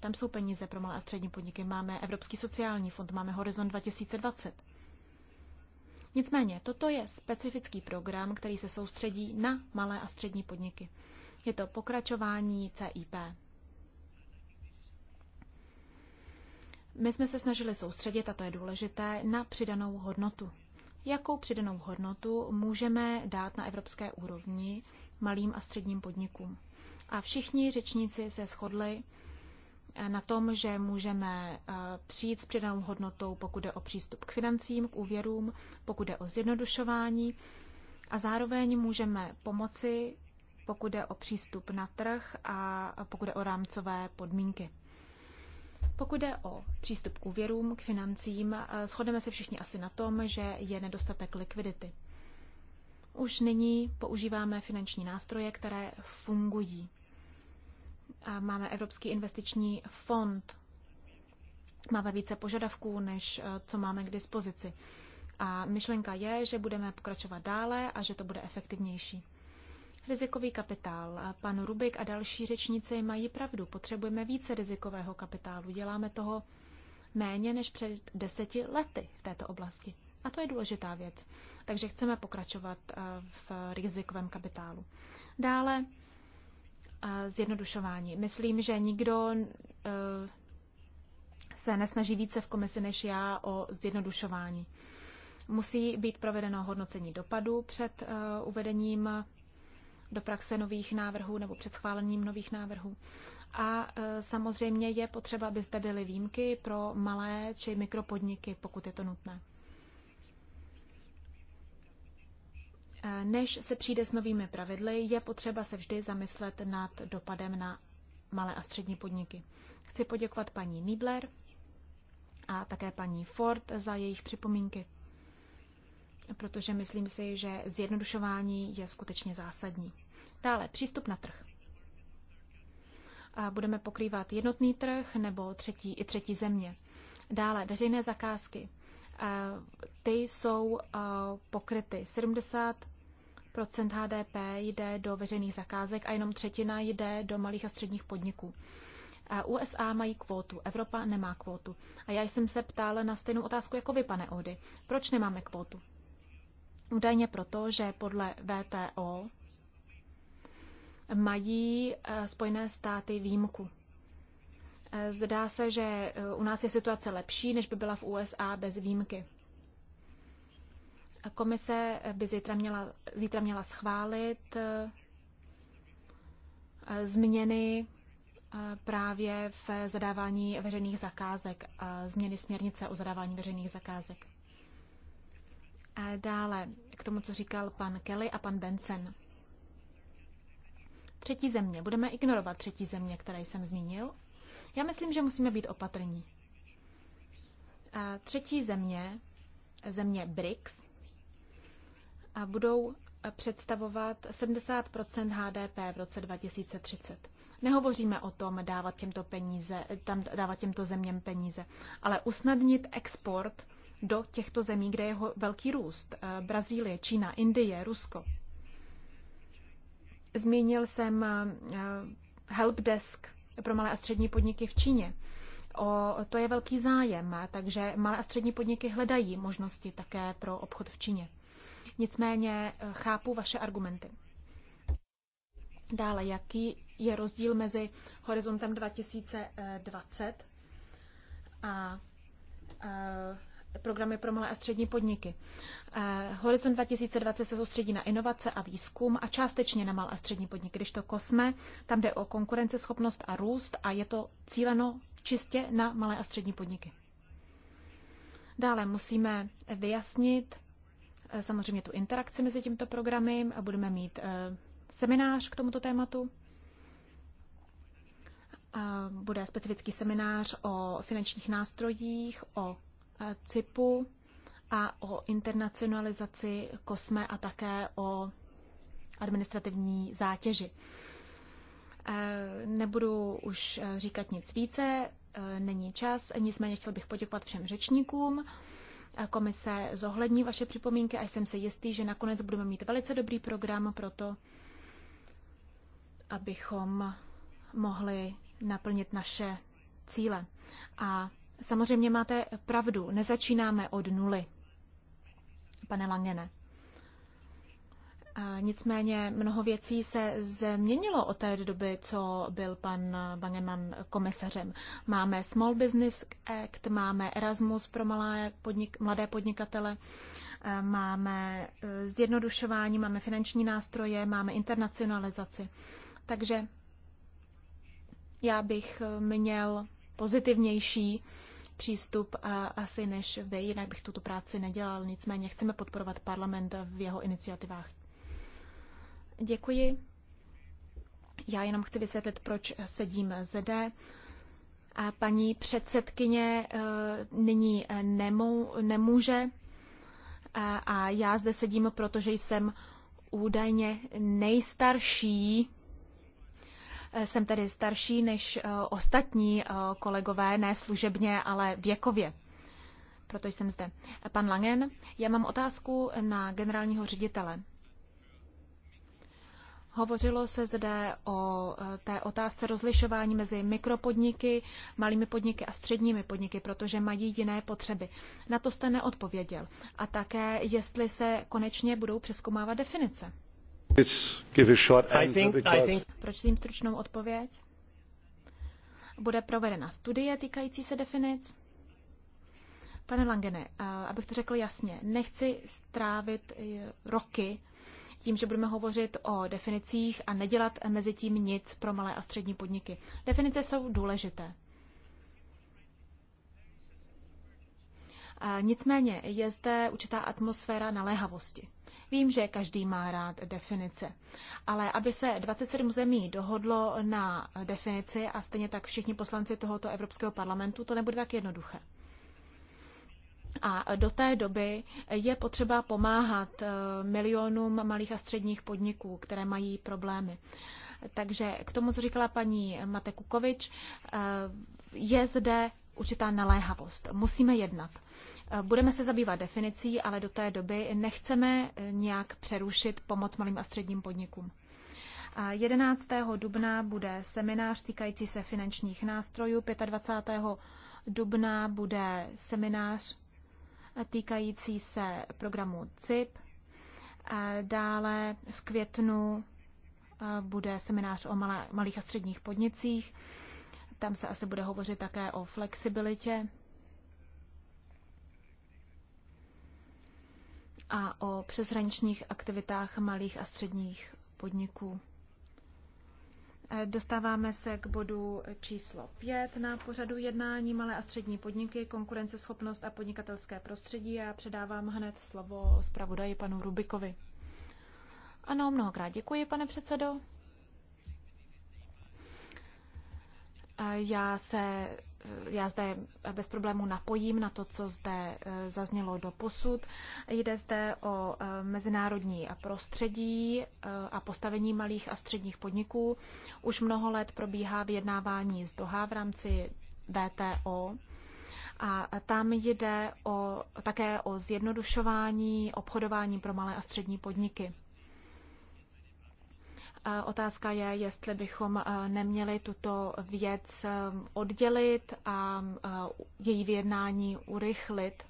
Speaker 3: tam jsou peníze pro malé a střední podniky, máme Evropský sociální fond, máme Horizon 2020. Nicméně, toto je specifický program, který se soustředí na malé a střední podniky. Je to pokračování CIP. My jsme se snažili soustředit, a to je důležité, na přidanou hodnotu. Jakou přidanou hodnotu můžeme dát na evropské úrovni malým a středním podnikům. A všichni řečníci se shodli eh, na tom, že můžeme eh, přijít s přidanou hodnotou, pokud jde o přístup k financím, k úvěrům, pokud jde o zjednodušování a zároveň můžeme pomoci, pokud jde o přístup na trh a pokud jde o rámcové podmínky. Pokud jde o přístup k úvěrům, k financím, eh, shodneme se všichni asi na tom, že je nedostatek likvidity. Už nyní používáme finanční nástroje, které fungují. Máme Evropský investiční fond, máme více požadavků, než eh, co máme k dispozici. A myšlenka je, že budeme pokračovat dále a že to bude efektivnější. Rizikový kapitál. Pan Rubik a další řečníci mají pravdu. Potřebujeme více rizikového kapitálu. Děláme toho méně než před deseti lety v této oblasti. A to je důležitá věc. Takže chceme pokračovat eh, v rizikovém kapitálu. Dále eh, zjednodušování. Myslím, že nikdo eh, se nesnaží více v komisi než já o zjednodušování. Musí být provedeno hodnocení dopadu před uvedením do praxe nových návrhů nebo před schválením nových návrhů. A samozřejmě je potřeba, aby zde byly výjimky pro malé či mikropodniky, pokud je to nutné. Než se přijde s novými pravidly, je potřeba se vždy zamyslet nad dopadem na malé a střední podniky. Chci poděkovat paní Nibler a také paní Ford za jejich připomínky, protože myslím si, že zjednodušování je skutečně zásadní. Dále přístup na trh. A budeme pokrývat jednotný trh nebo třetí i třetí země. Dále veřejné zakázky ty jsou pokryty. 70 HDP jde do veřejných zakázek a jenom třetina jde do malých a středních podniků. USA mají kvótu, Evropa nemá kvótu. A já jsem se ptala na stejnou otázku jako vy, pane Ody. Proč nemáme kvótu? Údajně proto, že podle VTO mají eh, Spojené státy výjimku. Eh, zdá se, že eh, u nás je situace lepší, než by byla v USA bez výjimky. Komise by zítra měla, zítra měla schválit eh, změny eh, právě v zadávání veřejných zakázek, změny směrnice o zadávání veřejných zakázek. Dále k tomu, co říkal pan Kelly a pan Benson. Třetí země. Budeme ignorovat třetí země, které jsem zmínil. Já myslím, že musíme být opatrní. Třetí země, země BRICS, budou představovat 70 HDP v roce 2030. Nehovoříme o tom dávat těmto, peníze, tam dávat těmto zeměm peníze, ale usnadnit export do těchto zemí, kde je velký růst. Eh, Brazílie, Čína, Indie, Rusko. Zmínil jsem eh, helpdesk pro malé a střední podniky v Číně. O, to je velký zájem, takže malé a střední podniky hledají možnosti také pro obchod v Číně. Nicméně eh, chápu vaše argumenty. Dále, jaký je rozdíl mezi horizontem 2020 a eh, programy pro malé a střední podniky. Eh, horizont 2020 se soustředí na inovace a výzkum a částečně na malé a střední podniky. Když to kosme, tam jde o konkurenceschopnost a růst a je to cíleno čistě na malé a střední podniky. Dále musíme vyjasnit Eh, samozřejmě tu interakci mezi tímto programy a eh, budeme mít eh, seminář k tomuto tématu. Bude specifický seminář o finančních nástrojích, o CIPu a o internacionalizaci kosme a také o administrativní zátěži. Nebudu už říkat nic více, není čas, nicméně chtěl bych poděkovat všem řečníkům. Komise zohlední vaše připomínky a jsem se jistý, že nakonec budeme mít velice dobrý program pro to, abychom mohli naplnit naše cíle. A samozřejmě máte pravdu, nezačínáme od nuly, pane Langene. Nicméně mnoho věcí se změnilo od té doby, co byl pan Bangeman komisařem. Máme Small Business Act, máme Erasmus pro malé podnik, mladé podnikatele, eh, máme eh, zjednodušování, máme finanční nástroje, máme internacionalizaci. Takže já bych eh, měl pozitivnější přístup a asi než vy, jinak bych tuto práci nedělal. Nicméně chceme podporovat parlament v jeho iniciativách. Děkuji. Já jenom chci vysvětlit, proč sedím zde. A paní předsedkyně eh, nyní eh, nemů, nemůže a já zde sedím, protože jsem údajně nejstarší. Eh, jsem tedy starší než ostatní kolegové, ne služebně, ale věkově. Proto jsem zde. Pan Langen, já mám otázku na generálního ředitele. Hovořilo se zde o e, té otázce rozlišování mezi mikropodniky, malými podniky a středními podniky, protože mají jiné potřeby. Na to jste neodpověděl. A také, jestli se konečně budou přeskoumávat definice. Proč tím stručnou odpověď? Bude provedena studie týkající se definic? Pane Langene, e, abych to řekl jasně, nechci strávit e, roky tím, že budeme hovořit o definicích a nedělat mezi tím nic pro malé a střední podniky. Definice jsou důležité. nicméně je zde určitá atmosféra naléhavosti. Vím, že každý má rád definice, ale aby se 27 zemí dohodlo na definici a stejně tak všichni poslanci tohoto Evropského parlamentu, to nebude tak jednoduché. A do té doby je potřeba pomáhat eh, milionům malých a středních podniků, které mají problémy. Takže k tomu, co říkala paní Mate Kukovič, eh, je zde určitá naléhavost. Musíme jednat. Eh, budeme se zabývat definicí, ale do té doby nechceme nějak přerušit pomoc malým a středním podnikům. 11. dubna bude seminář týkající se finančních nástrojů, 25. dubna bude seminář týkající se programu CIP. Dále v květnu bude seminář o malé, malých a středních podnicích. Tam se asi bude hovořit také o flexibilitě a o přeshraničních aktivitách malých a středních podniků. Dostáváme se k bodu číslo 5 na pořadu jednání malé a střední podniky, konkurenceschopnost a podnikatelské prostředí. Já předávám hned slovo zpravodaji panu Rubikovi. Ano, mnohokrát děkuji, pane předsedo. Já se já zde bez problému napojím na to, co zde e, zaznělo do posud. Jde zde o e, mezinárodní prostředí e, a postavení malých a středních podniků. Už mnoho let probíhá vyjednávání z Doha v rámci VTO. A tam jde o, také o zjednodušování obchodování pro malé a střední podniky. Otázka je, jestli bychom eh, neměli tuto věc eh, oddělit a eh, její vyjednání urychlit.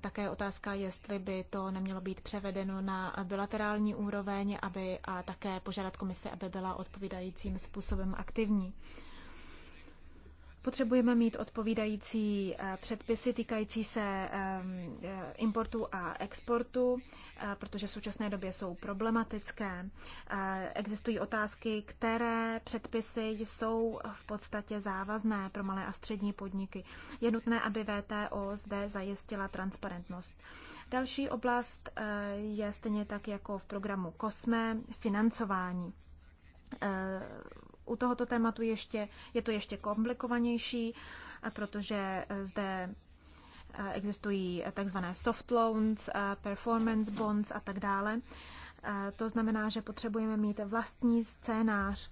Speaker 3: Také otázka, jestli by to nemělo být převedeno na bilaterální úroveň, aby a také požádat komise, aby byla odpovídajícím způsobem aktivní. Potřebujeme mít odpovídající eh, předpisy týkající se ehm, eh, importu a exportu, eh, protože v současné době jsou problematické. Existují otázky, které předpisy jsou v podstatě závazné pro malé a střední podniky. Je nutné, aby VTO zde zajistila transparentnost. Další oblast je stejně tak jako v programu COSME financování u tohoto tématu ještě, je to ještě komplikovanější, eh, protože eh, zde eh, existují takzvané soft loans, performance bonds a tak dále. To znamená, že potřebujeme mít vlastní scénář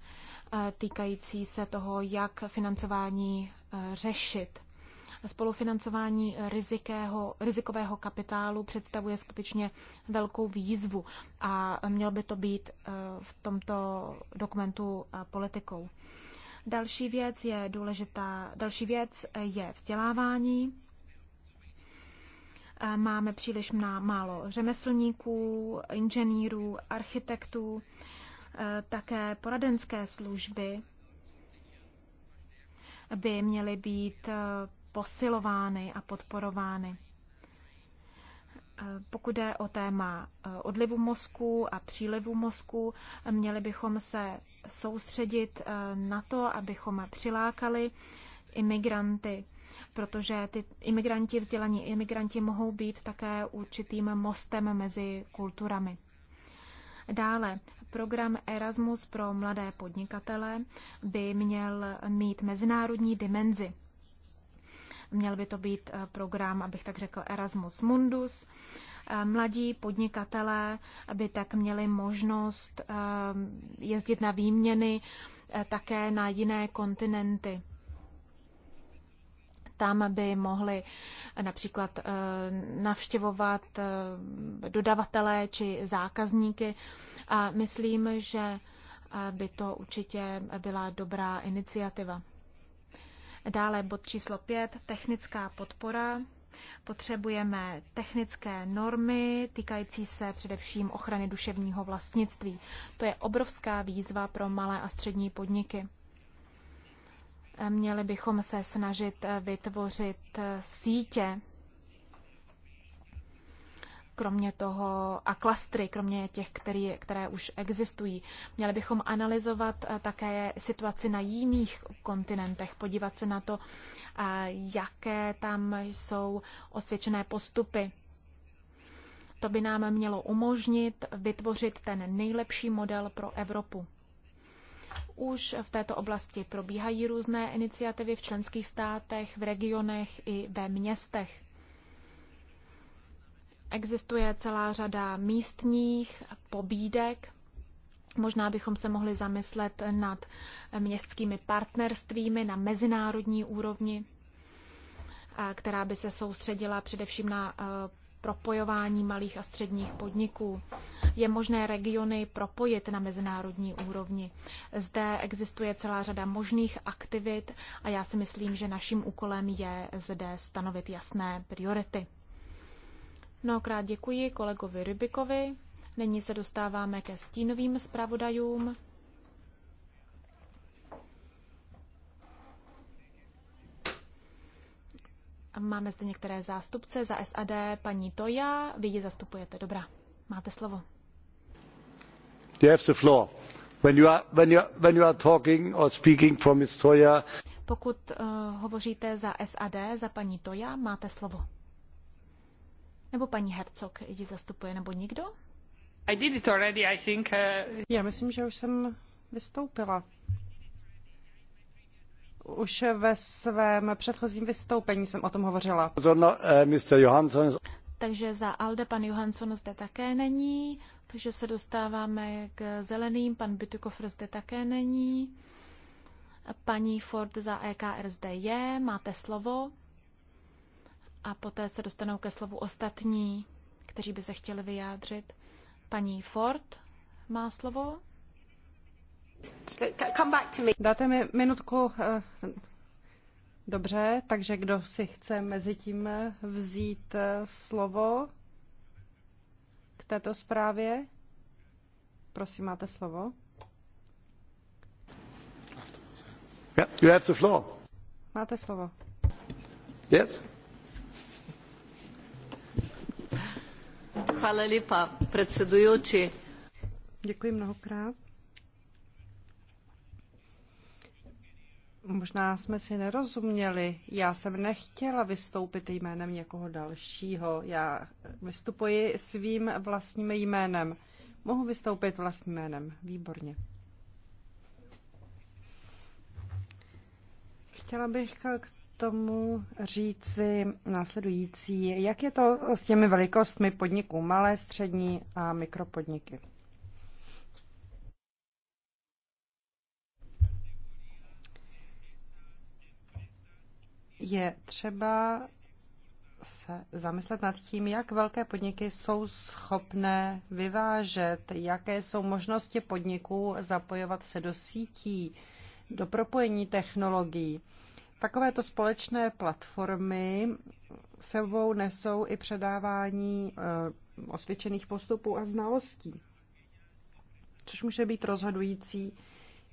Speaker 3: týkající se toho, jak financování řešit spolufinancování rizikého, rizikového kapitálu představuje skutečně velkou výzvu a měl by to být eh, v tomto dokumentu eh, politikou. Další věc je důležitá, další věc je vzdělávání. Eh, máme příliš na málo řemeslníků, inženýrů, architektů, také poradenské služby by měly být posilovány a podporovány. E, pokud jde o téma e, odlivu mozku a přílivu mozku, měli bychom se soustředit e, na to, abychom přilákali imigranty, protože ty imigranti, vzdělaní imigranti mohou být také určitým mostem mezi kulturami. Dále, program Erasmus pro mladé podnikatele by měl mít mezinárodní dimenzi. Měl by to být eh, program, abych tak řekl, Erasmus Mundus. Eh, mladí podnikatelé by tak měli možnost eh, jezdit na výměny také na jiné kontinenty. Tam by mohli například navštěvovat dodavatele či zákazníky. A myslím, že by to určitě byla dobrá iniciativa. Dále bod číslo 5, technická podpora. Potřebujeme technické normy týkající se především ochrany duševního vlastnictví. To je obrovská výzva pro malé a střední podniky. Měli bychom se snažit vytvořit sítě kromě toho a klastry, kromě těch, který, které už existují. Měli bychom analyzovat eh, také situaci na jiných kontinentech, podívat se na to, eh, jaké tam jsou osvědčené postupy. To by nám mělo umožnit vytvořit ten nejlepší model pro Evropu. Už v této oblasti probíhají různé iniciativy v členských státech, v regionech i ve městech. Existuje celá řada místních pobídek. Možná bychom se mohli zamyslet nad městskými partnerstvími na mezinárodní úrovni, která by se soustředila především na propojování malých a středních podniků. Je možné regiony propojit na mezinárodní úrovni. Zde existuje celá řada možných aktivit a já si myslím, že naším úkolem je zde stanovit jasné priority. Mnohokrát děkuji kolegovi Rybikovi. Nyní se dostáváme ke stínovým zpravodajům. Máme zde některé zástupce za SAD, paní Toja, vy ji zastupujete, dobrá, máte slovo.
Speaker 2: You have
Speaker 1: the floor. When you are, talking or speaking Ms. Toja...
Speaker 3: Pokud uh, hovoříte za SAD, za paní Toja, máte slovo. Nebo paní Hercog ji zastupuje, nebo nikdo? I did it already, I think, uh... Já myslím, že už jsem vystoupila. Už
Speaker 1: ve svém předchozím vystoupení jsem o tom hovořila. uh, eh, Mr. Johansson.
Speaker 3: Takže za Alde pan Johansson zde také není, takže se dostáváme k zeleným, pan Bytukofr zde také není. Paní Ford za EKR zde je, máte slovo a poté se dostanou ke slovu ostatní, kteří by se chtěli vyjádřit. Paní Ford má slovo. Dáte mi minutku. Eh,
Speaker 1: dobře, takže kdo si chce mezi tím eh, vzít eh, slovo k této zprávě? Prosím, máte slovo. Yeah, you have the floor. Máte slovo. Yes. Hvala lepa, predsedujoči. Děkuji mnohokrát. Možná jsme si nerozuměli. Já jsem nechtěla vystoupit jménem někoho dalšího. Já vystupuji svým vlastním jménem. Mohu vystoupit vlastním jménem. Výborně. Chtěla bych k tomu říci následující. Jak je to s těmi velikostmi podniků, malé, střední a mikropodniky? Je třeba se zamyslet nad tím, jak velké podniky jsou schopné vyvážet, jaké jsou možnosti podniků zapojovat se do sítí, do propojení technologií. Takovéto společné platformy sebou nesou i předávání eh, osvědčených postupů a znalostí, což může být rozhodující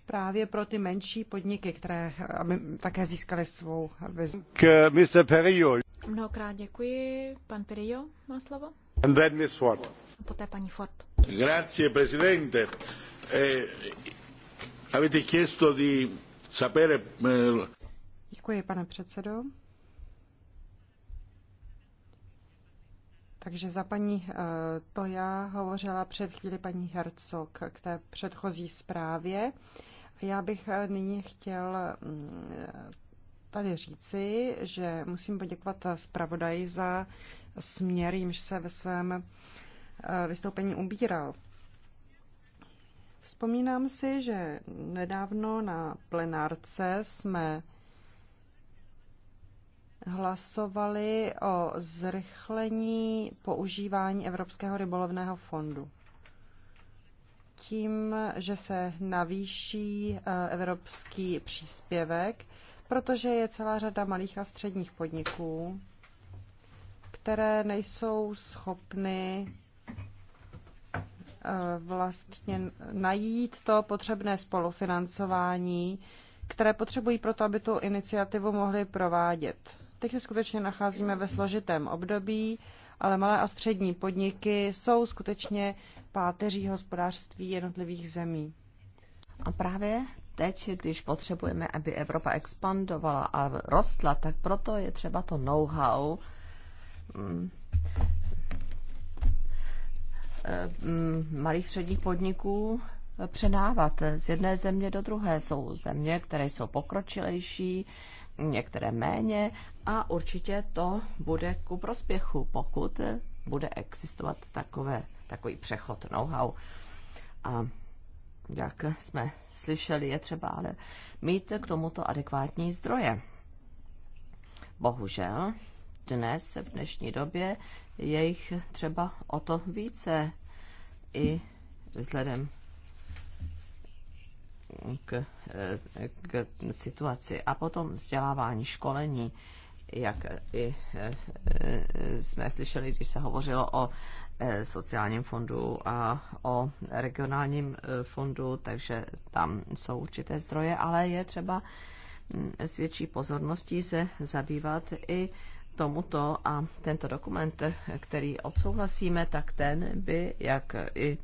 Speaker 1: právě pro ty menší podniky, které eh, aby také získaly svou vizi. K eh, Mr. Perillo.
Speaker 3: Mnohokrát děkuji. Pan Perio má slovo.
Speaker 1: And then Miss Ford.
Speaker 3: A poté paní Ford.
Speaker 1: Grazie, presidente. Eh, avete chiesto di sapere... Eh, Děkuji, pane předsedo. Takže za paní eh, to já hovořila před chvíli paní Hercog k té předchozí zprávě. Já bych eh, nyní chtěl mm, tady říci, že musím poděkovat zpravodaji za směr, jimž se ve svém eh, vystoupení ubíral. Vzpomínám si, že nedávno na plenárce jsme hlasovali o zrychlení používání Evropského rybolovného fondu. Tím, že se navýší e, evropský příspěvek, protože je celá řada malých a středních podniků, které nejsou schopny e, vlastně najít to potřebné spolufinancování, které potřebují proto, aby tu iniciativu mohli provádět. Teď se skutečně nacházíme ve složitém období, ale malé a střední podniky jsou skutečně páteří hospodářství jednotlivých
Speaker 2: zemí. A právě teď, když potřebujeme, aby Evropa expandovala a rostla, tak proto je třeba to know-how mm, eh, mm, malých středních podniků předávat z jedné země do druhé. Jsou země, které jsou pokročilejší, některé méně a určitě to bude ku prospěchu, pokud bude existovat takové, takový přechod know-how. A jak jsme slyšeli, je třeba ale mít k tomuto adekvátní zdroje. Bohužel, dnes, v dnešní době, je jich třeba o to více i vzhledem k, eh, k situaci. A potom vzdělávání, školení, jak i eh, eh, jsme slyšeli, když se hovořilo o sociálním fondu a o regionálním fondu, takže tam jsou určité zdroje, ale je třeba mm, s větší pozorností se zabývat i tomuto a tento dokument, který odsouhlasíme, tak ten by, jak i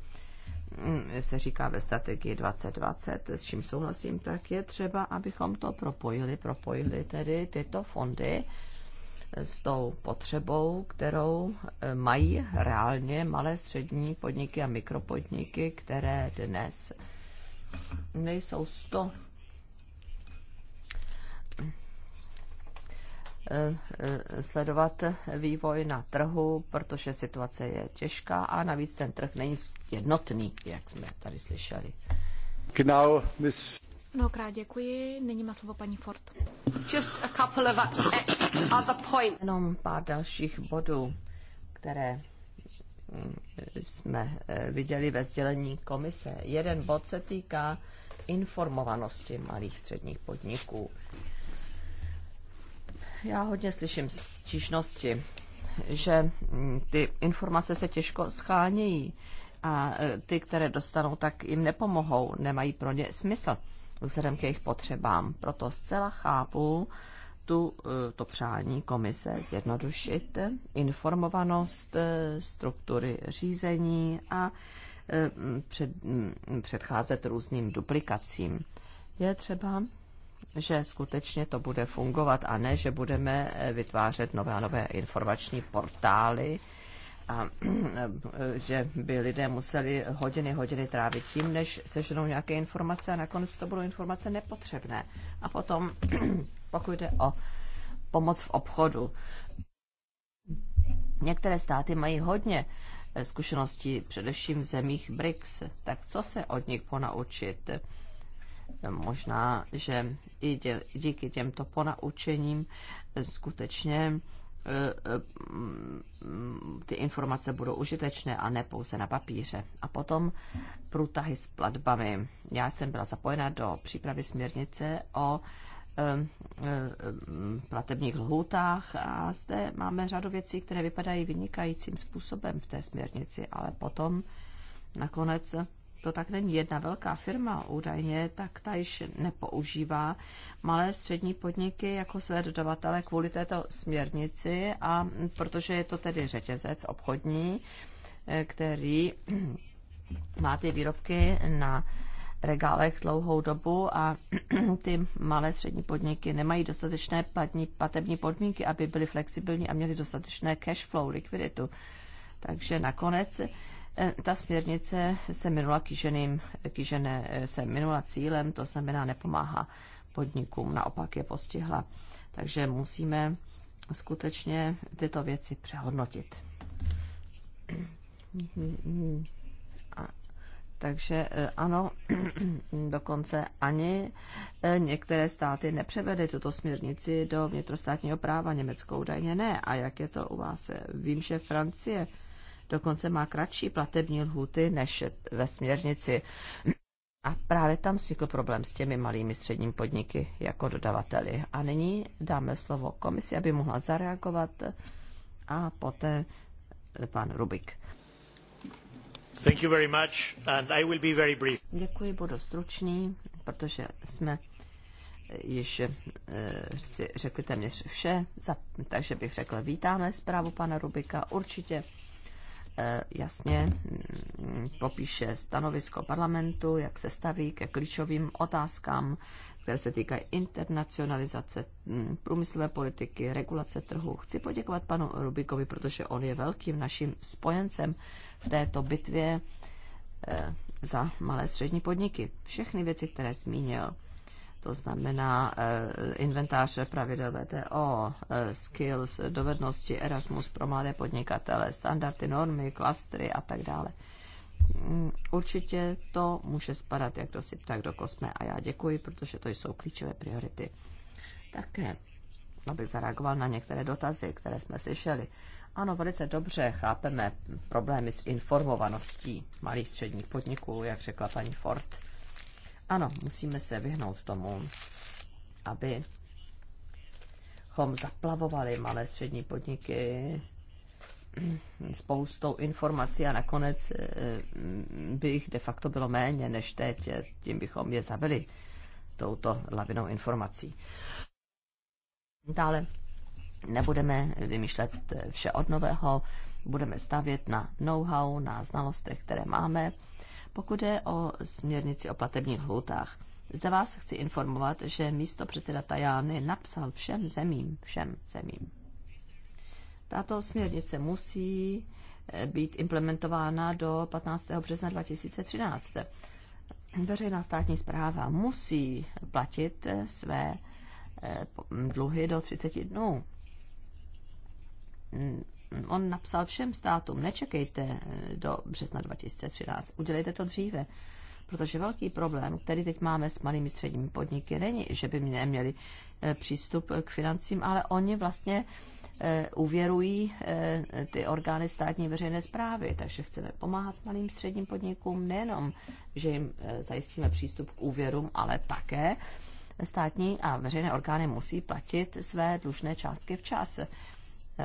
Speaker 2: Mm, se říká ve strategii 2020, s čím souhlasím, tak je třeba, abychom to propojili, propojili tedy tyto fondy s tou potřebou, kterou eh, mají reálně malé střední podniky a mikropodniky, které dnes nejsou 100 Eh, sledovat vývoj na trhu, protože situace je těžká a navíc ten trh není jednotný, jak jsme tady slyšeli. Knau, mis...
Speaker 3: Mnohokrát děkuji. Nyní má slovo paní Ford. Just a couple of other
Speaker 2: point. Jenom pár dalších bodů, které mm, jsme eh, viděli ve sdělení komise. Jeden bod se týká informovanosti malých středních podniků. Já hodně slyším stížnosti, že mm, ty informace se těžko schánějí a e, ty, které dostanou, tak jim nepomohou, nemají pro ně smysl vzhledem k jejich potřebám. Proto zcela chápu tu, e, to přání komise zjednodušit informovanost e, struktury řízení a před, předcházet různým duplikacím. Je třeba že skutečně to bude fungovat a ne, že budeme eh, vytvářet nové a nové informační portály a eh, že by lidé museli hodiny, hodiny trávit tím, než seženou nějaké informace a nakonec to budou informace nepotřebné. A potom, pokud jde o pomoc v obchodu, některé státy mají hodně eh, zkušeností, především v zemích BRICS. Tak co se od nich ponaučit? naučit? Možná, že i dě, díky těmto ponaučením eh, skutečně eh, eh, ty informace budou užitečné a ne pouze na papíře. A potom průtahy s platbami. Já jsem byla zapojena do přípravy směrnice o platebních lhůtách a zde máme řadu věcí, které vypadají vynikajícím způsobem v té směrnici, ale potom nakonec to tak není. Jedna velká firma údajně, tak ta již nepoužívá malé střední podniky jako své dodavatele kvůli této směrnici a protože je to tedy řetězec obchodní, eh, který má ty výrobky na regálech dlouhou dobu a ty malé střední podniky nemají dostatečné platní, platební podmínky, aby byly flexibilní a měly dostatečné cash flow, likviditu. Takže nakonec Eh, ta směrnice se minula kýženým, kýžené, eh, se minula cílem, to znamená nepomáhá podnikům, naopak je postihla. Takže musíme skutečně tyto věci přehodnotit. A, takže eh, ano, dokonce ani některé státy nepřevedly tuto směrnici do vnitrostátního práva, Německou údajně ne. A jak je to u vás? Vím, že Francie dokonce má kratší platební lhuty než ve směrnici. A právě tam vznikl problém s těmi malými středními podniky jako dodavateli. A nyní dáme slovo komisi, aby mohla zareagovat a poté pan Rubik. Thank you very much and I will be very brief. Děkuji, budu stručný, protože jsme již e, řekli téměř vše, za, takže bych řekl, vítáme zprávu pana Rubika. Určitě Eh, jasně mm, popíše stanovisko parlamentu, jak se staví ke klíčovým otázkám, které se týkají internacionalizace mm, průmyslové politiky, regulace trhu. Chci poděkovat panu Rubikovi, protože on je velkým naším spojencem v této bitvě eh, za malé střední podniky. Všechny věci, které zmínil to znamená eh, inventáře pravidel VTO, eh, skills, dovednosti Erasmus pro mladé podnikatele, standardy, normy, klastry a tak dále. Mm, určitě to může spadat jak do SIP, tak do kosme a já děkuji, protože to jsou klíčové priority. Také, abych zareagoval na některé dotazy, které jsme slyšeli. Ano, velice dobře chápeme problémy s informovaností malých středních podniků, jak řekla paní Ford ano, musíme se vyhnout tomu, aby chom zaplavovali malé střední podniky spoustou informací a nakonec eh, by jich de facto bylo méně než teď. Eh, tím bychom je zabili touto lavinou informací. Dále nebudeme vymýšlet vše od nového, budeme stavět na know-how, na znalostech, které máme pokud je o směrnici o platebních lhůtách, zde vás chci informovat, že místo předseda Tajány napsal všem zemím, všem zemím. Tato směrnice musí eh, být implementována do 15. března 2013. Veřejná státní zpráva musí platit eh, své eh, dluhy do 30 dnů on napsal všem státům, nečekejte do března 2013, udělejte to dříve. Protože velký problém, který teď máme s malými středními podniky, není, že by neměli eh, přístup k financím, ale oni vlastně eh, uvěrují eh, ty orgány státní veřejné zprávy. Takže chceme pomáhat malým středním podnikům nejenom, že jim zajistíme přístup k úvěrům, ale také státní a veřejné orgány musí platit své dlužné částky včas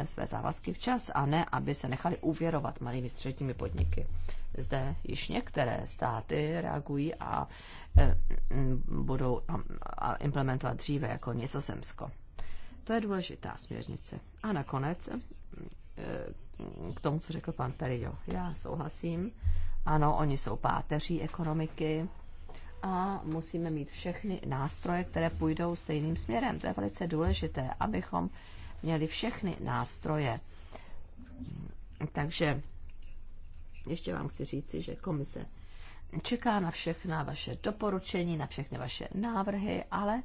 Speaker 2: své závazky včas a ne, aby se nechali uvěrovat malými středními podniky. Zde již některé státy reagují a e, budou a, a implementovat dříve jako Nizozemsko. To je důležitá směrnice. A nakonec e, k tomu, co řekl pan Perio. Já souhlasím. Ano, oni jsou páteří ekonomiky a musíme mít všechny nástroje, které půjdou stejným směrem. To je velice důležité, abychom měli všechny nástroje. Takže ještě vám chci říci, že komise čeká na všechna vaše doporučení, na všechny vaše návrhy, ale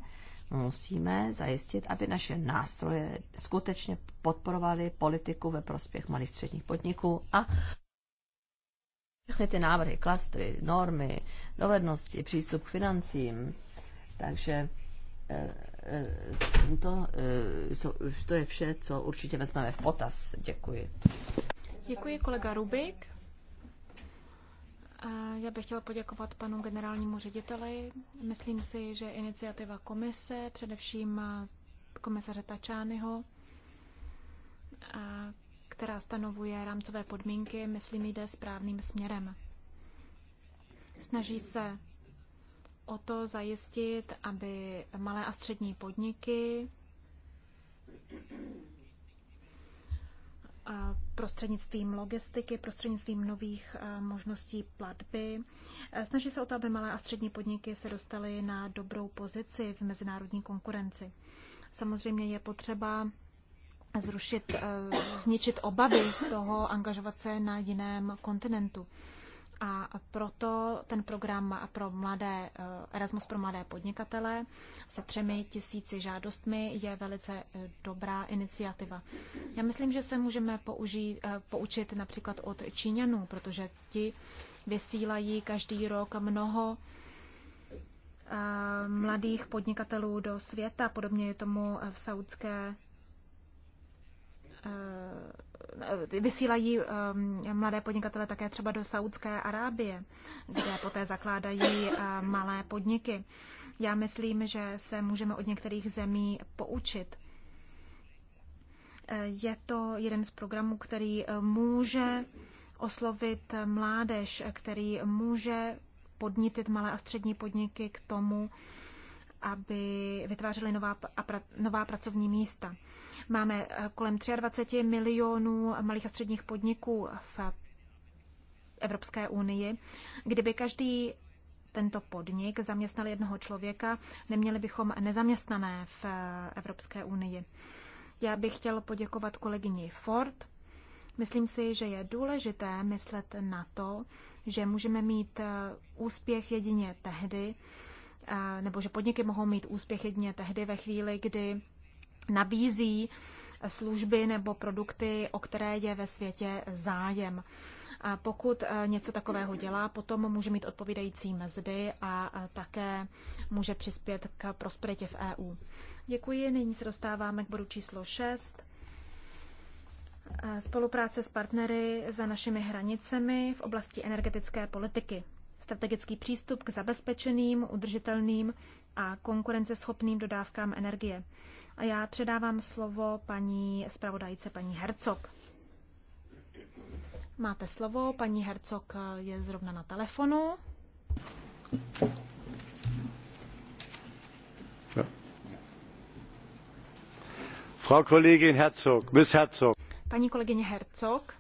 Speaker 2: musíme zajistit, aby naše nástroje skutečně podporovaly politiku ve prospěch malých středních podniků a všechny ty návrhy, klastry, normy, dovednosti, přístup k financím. Takže eh, Eh, to, eh, to je vše, co určitě vezmeme v potaz. Děkuji.
Speaker 3: Děkuji kolega Rubik. Já bych chtěla poděkovat panu generálnímu řediteli. Myslím si, že iniciativa komise, především eh, komisaře Tačányho, která stanovuje rámcové podmínky, myslím, jde správným směrem. Snaží se o to zajistit, aby malé a střední podniky eh, prostřednictvím logistiky, prostřednictvím nových eh, možností platby. Eh, snaží se o to, aby malé a střední podniky se dostaly na dobrou pozici v mezinárodní konkurenci. Samozřejmě je potřeba zrušit, zničit obavy z toho angažovat se na jiném kontinentu. A proto ten program pro mladé, eh, Erasmus pro mladé podnikatele se třemi tisíci žádostmi je velice eh, dobrá iniciativa. Já myslím, že se můžeme použít, eh, poučit například od Číňanů, protože ti vysílají každý rok mnoho mladých podnikatelů do světa. Podobně je tomu v Saudské Eh, vysílají eh, mladé podnikatele také třeba do Saudské Arábie, kde poté zakládají eh, malé podniky. Já myslím, že se můžeme od některých zemí poučit. Je to jeden z programů, který může oslovit mládež, který může podnítit malé a střední podniky k tomu, aby vytvářely nová, nová pracovní místa. Máme eh, kolem 23 milionů malých a středních podniků v Evropské unii. Kdyby každý tento podnik zaměstnal jednoho člověka, neměli bychom nezaměstnané v eh, Evropské unii. Já bych chtěl poděkovat kolegyni Ford. Myslím si, že je důležité myslet na to, že můžeme mít eh, úspěch jedině tehdy, nebo že podniky mohou mít úspěch jedině tehdy ve chvíli, kdy nabízí služby nebo produkty, o které je ve světě zájem. A pokud eh, něco takového dělá, potom může mít odpovídající mzdy a také může přispět k prosperitě v EU. Děkuji, nyní se dostáváme k bodu číslo 6. Eh, spolupráce s partnery za našimi hranicemi v oblasti energetické politiky. Strategický přístup k zabezpečeným, udržitelným a konkurenceschopným dodávkám energie. A já předávám slovo paní zpravodajce, paní Hercok. Máte slovo, paní Hercok je zrovna na telefonu.
Speaker 1: Frau Kollegin Herzog, Miss Herzog.
Speaker 3: Paní kolegyně Herzog,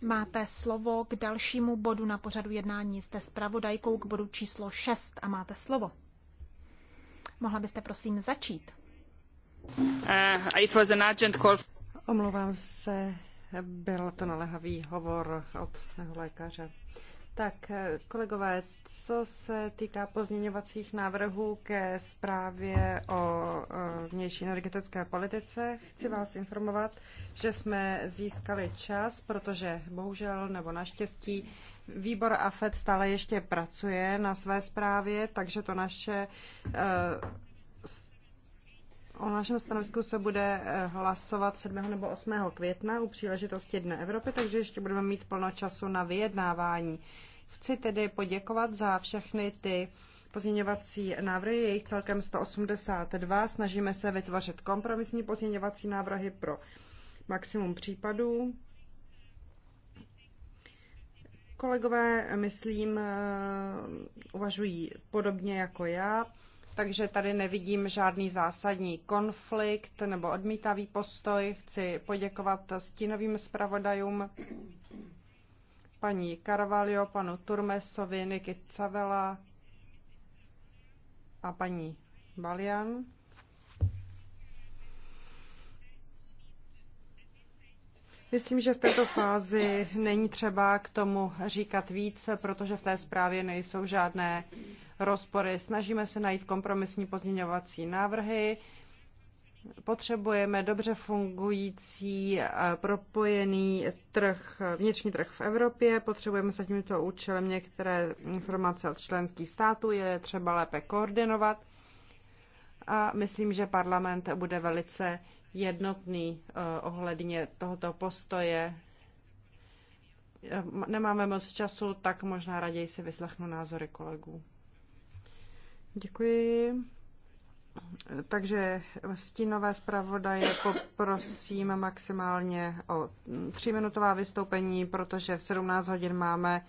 Speaker 3: máte slovo k dalšímu bodu na pořadu jednání. Jste zpravodajkou k bodu číslo 6 a máte slovo. Mohla byste prosím začít?
Speaker 1: Uh, it was an urgent call.
Speaker 3: Omlouvám se, byl to
Speaker 1: hovor od mého lékaře. Tak, kolegové, co se týká pozměňovacích návrhů ke zprávě o vnější energetické politice, chci vás informovat, že jsme získali čas, protože bohužel nebo naštěstí výbor AFED stále ještě pracuje na své zprávě, takže to naše eh, O našem stanovisku se bude eh, hlasovat 7. nebo 8. května u příležitosti Dne Evropy, takže ještě budeme mít plno času na vyjednávání. Chci tedy poděkovat za všechny ty pozměňovací návrhy, je jich celkem 182. Snažíme se vytvořit kompromisní pozměňovací návrhy pro maximum případů. Kolegové, myslím, eh, uvažují podobně jako já takže tady nevidím žádný zásadní konflikt nebo odmítavý postoj. Chci poděkovat stínovým zpravodajům paní Carvalho, panu Turmesovi, Niky Cavela a paní Balian. Myslím, že v této fázi není třeba k tomu říkat více, protože v té zprávě nejsou žádné rozpory. Snažíme se najít kompromisní pozměňovací návrhy. Potřebujeme dobře fungující a eh, propojený trh, vnitřní trh v Evropě, potřebujeme za tímto účelem některé informace od členských států, je třeba lépe koordinovat a myslím, že parlament bude velice jednotný eh, ohledně tohoto postoje. Eh, nemáme moc času, tak možná raději si vyslechnu názory kolegů. Děkuji. Takže stínové zpravodaje poprosím maximálně o tříminutová vystoupení, protože v 17 hodin máme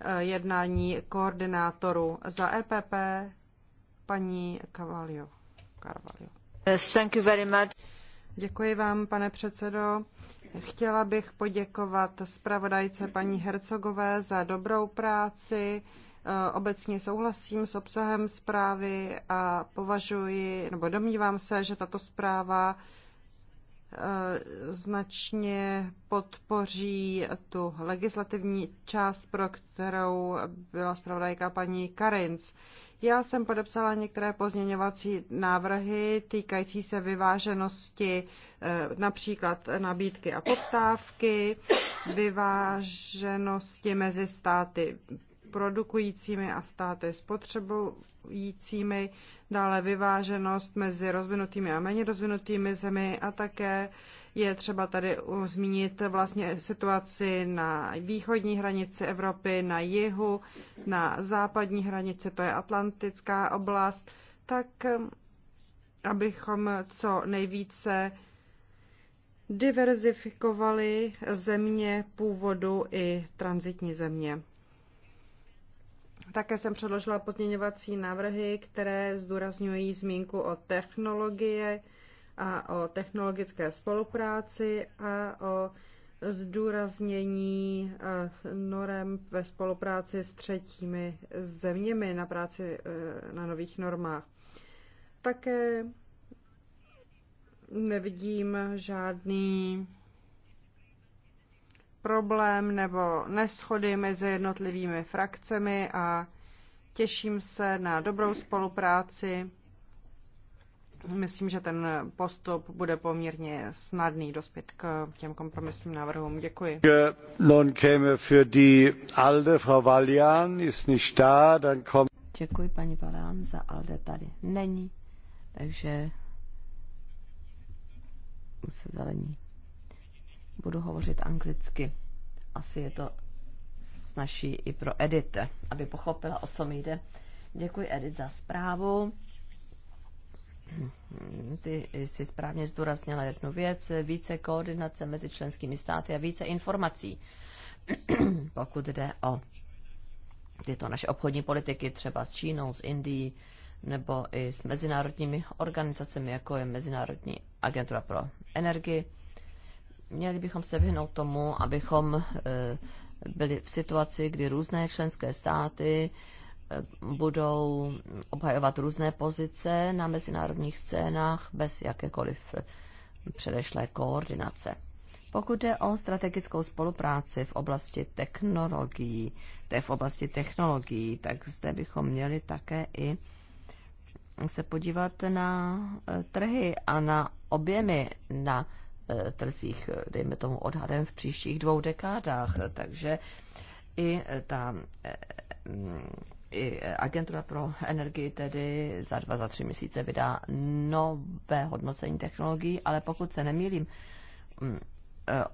Speaker 1: eh, jednání koordinátoru za EPP paní Cavalio. Carvalho. Thank you very much. Děkuji vám, pane předsedo. Chtěla bych poděkovat zpravodajce paní Hercogové za dobrou práci Eh, obecně souhlasím s obsahem zprávy a považuji, nebo domnívám se, že tato zpráva eh, značně podpoří tu legislativní část, pro kterou byla zpravodajka paní Karinc. Já jsem podepsala některé pozměňovací návrhy týkající se vyváženosti eh, například nabídky a poptávky, vyváženosti mezi státy produkujícími a státy spotřebujícími, dále vyváženost mezi rozvinutými a méně rozvinutými zemi a také je třeba tady zmínit vlastně situaci na východní hranici Evropy, na jihu, na západní hranici, to je Atlantická oblast, tak um, abychom co nejvíce diverzifikovali země původu i transitní země. Také jsem předložila pozměňovací návrhy, které zdůrazňují zmínku o technologie a o technologické spolupráci a o zdůraznění eh, norem ve spolupráci s třetími zeměmi na práci eh, na nových normách. Také nevidím žádný problém nebo neschody mezi jednotlivými frakcemi a těším se na dobrou spolupráci. Myslím, že ten postup bude poměrně snadný dospět k těm kompromisním návrhům. Děkuji.
Speaker 2: Děkuji paní Valian za ALDE tady není, takže se zelení. Budu hovořit anglicky. Asi je to snaží i pro Edith, aby pochopila, o co mi jde. Děkuji Edith, za zprávu. Ty jsi správně zdůraznila jednu věc, více koordinace mezi členskými státy a více informací, pokud jde o tyto naše obchodní politiky, třeba s Čínou, s Indií, nebo i s mezinárodními organizacemi, jako je Mezinárodní agentura pro energii Měli bychom se vyhnout tomu, abychom eh, byli v situaci, kdy různé členské státy eh, budou obhajovat různé pozice na mezinárodních scénách bez jakékoliv eh, předešlé koordinace. Pokud jde o strategickou spolupráci v oblasti technologií, to je v oblasti technologií, tak zde bychom měli také i se podívat na trhy a na objemy, na Eh, trzích, eh, dejme tomu odhadem v příštích dvou dekádách. Mhm. Takže i eh, ta mm, i agentura pro energii tedy za dva, za tři měsíce vydá nové hodnocení technologií, ale pokud se nemýlím, mm,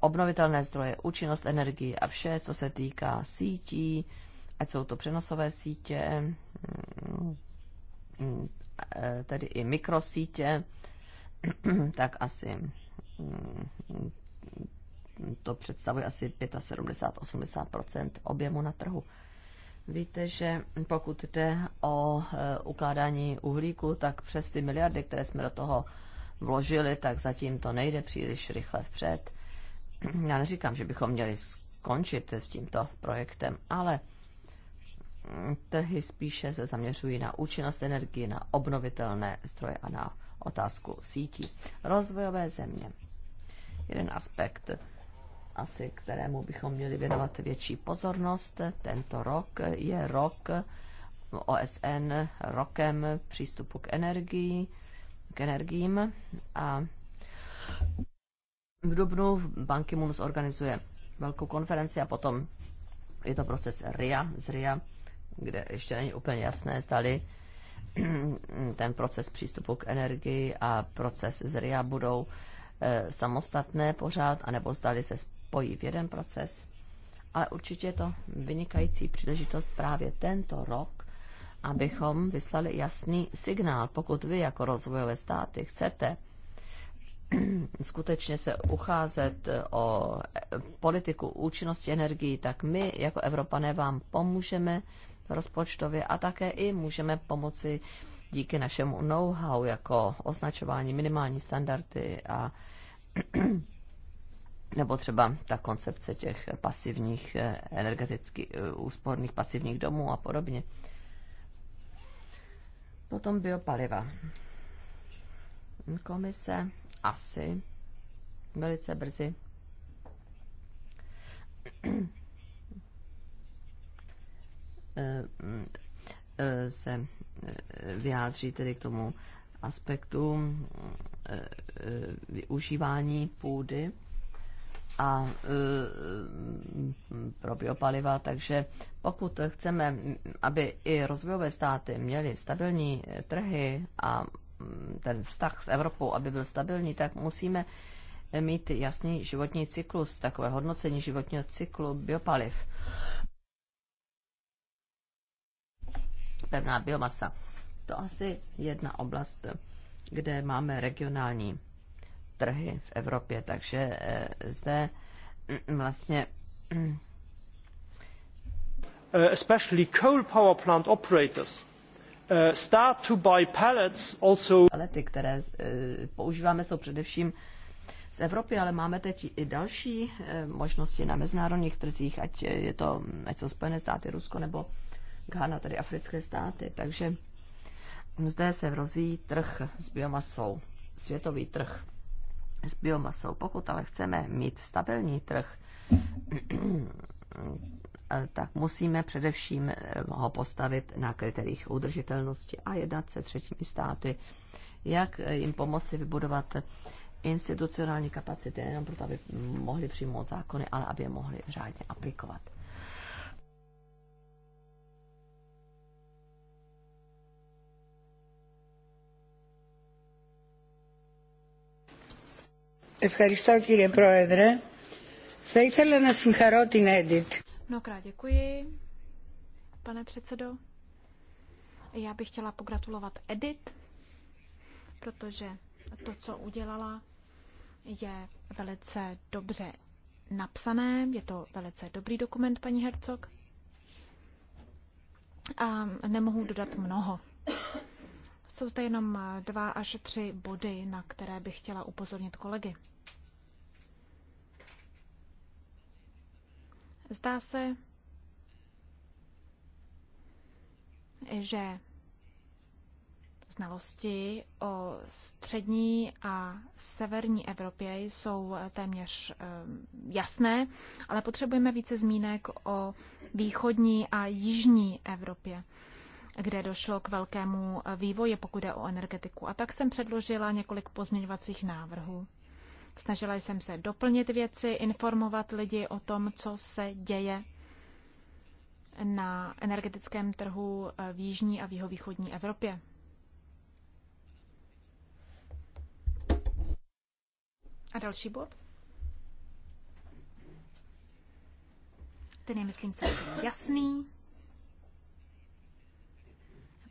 Speaker 2: obnovitelné zdroje, účinnost energii a vše, co se týká sítí, ať jsou to přenosové sítě, mm, tedy i mikrosítě, tak asi to představuje asi 75-80 objemu na trhu. Víte, že pokud jde o e, ukládání uhlíku, tak přes ty miliardy, které jsme do toho vložili, tak zatím to nejde příliš rychle vpřed. Já neříkám, že bychom měli skončit s tímto projektem, ale mm, trhy spíše se zaměřují na účinnost energie, na obnovitelné zdroje a na otázku sítí. Rozvojové země jeden aspekt, asi kterému bychom měli věnovat větší pozornost. Tento rok je rok OSN rokem přístupu k energii, k energiím a v Dubnu v Banky Munus organizuje velkou konferenci a potom je to proces RIA, z RIA, kde ještě není úplně jasné, zdali ten proces přístupu k energii a proces z RIA budou Eh, samostatné pořád, anebo zdali se spojí v jeden proces. Ale určitě je to vynikající příležitost právě tento rok, abychom vyslali jasný signál, pokud vy jako rozvojové státy chcete skutečně se ucházet eh, o eh, politiku účinnosti energii, tak my jako Evropané vám pomůžeme rozpočtově a také i můžeme pomoci díky našemu know-how jako označování minimální standardy a nebo třeba ta koncepce těch pasivních eh, energeticky eh, úsporných pasivních domů a podobně. Potom biopaliva. Komise asi velice brzy eh, Eh, se eh, vyjádří tedy k tomu aspektu eh, využívání půdy a pro biopaliva. Takže pokud chceme, aby i rozvojové státy měly stabilní trhy a mm, ten vztah s Evropou, aby byl stabilní, tak musíme mít jasný životní cyklus, takové hodnocení životního cyklu biopaliv. pevná biomasa. To asi jedna oblast, kde máme regionální trhy v Evropě, takže eh, zde mm, vlastně mm,
Speaker 1: uh, especially coal power plant operators
Speaker 2: uh, start to buy pellets also. Palety, které eh, používáme, jsou především z Evropy, ale máme teď i další eh, možnosti na mezinárodních trzích, ať, je to, ať jsou Spojené státy, Rusko nebo Ghana, tedy africké státy. Takže zde se rozvíjí trh s biomasou, světový trh s biomasou. Pokud ale chceme mít stabilní trh, tak musíme především eh, ho postavit na kritériích udržitelnosti a jednat se třetími státy, jak eh, jim pomoci vybudovat institucionální kapacity, nejenom proto, aby mohli přijmout zákony, ale aby je mohli řádně aplikovat.
Speaker 1: Ευχαριστώ κύριε Πρόεδρε. Θα ήθελα να συγχαρώ την Edit.
Speaker 3: děkuji, pane předsedo. Já bych chtěla pogratulovat Edit, protože to, co udělala, je velice dobře napsané. Je to velice dobrý dokument, paní Hercog. A nemohu dodat mnoho. Jsou zde jenom eh, dva až tři body, na které bych chtěla upozornit kolegy. Zdá se, že znalosti o střední a severní Evropě jsou eh, téměř eh, jasné, ale potřebujeme více zmínek o východní a jižní Evropě kde došlo k velkému vývoji, pokud jde o energetiku. A tak jsem předložila několik pozměňovacích návrhů. Snažila jsem se doplnit věci, informovat lidi o tom, co se děje na energetickém trhu eh, v jižní a v jihovýchodní Evropě. A další bod? Ten je, myslím, celkem jasný.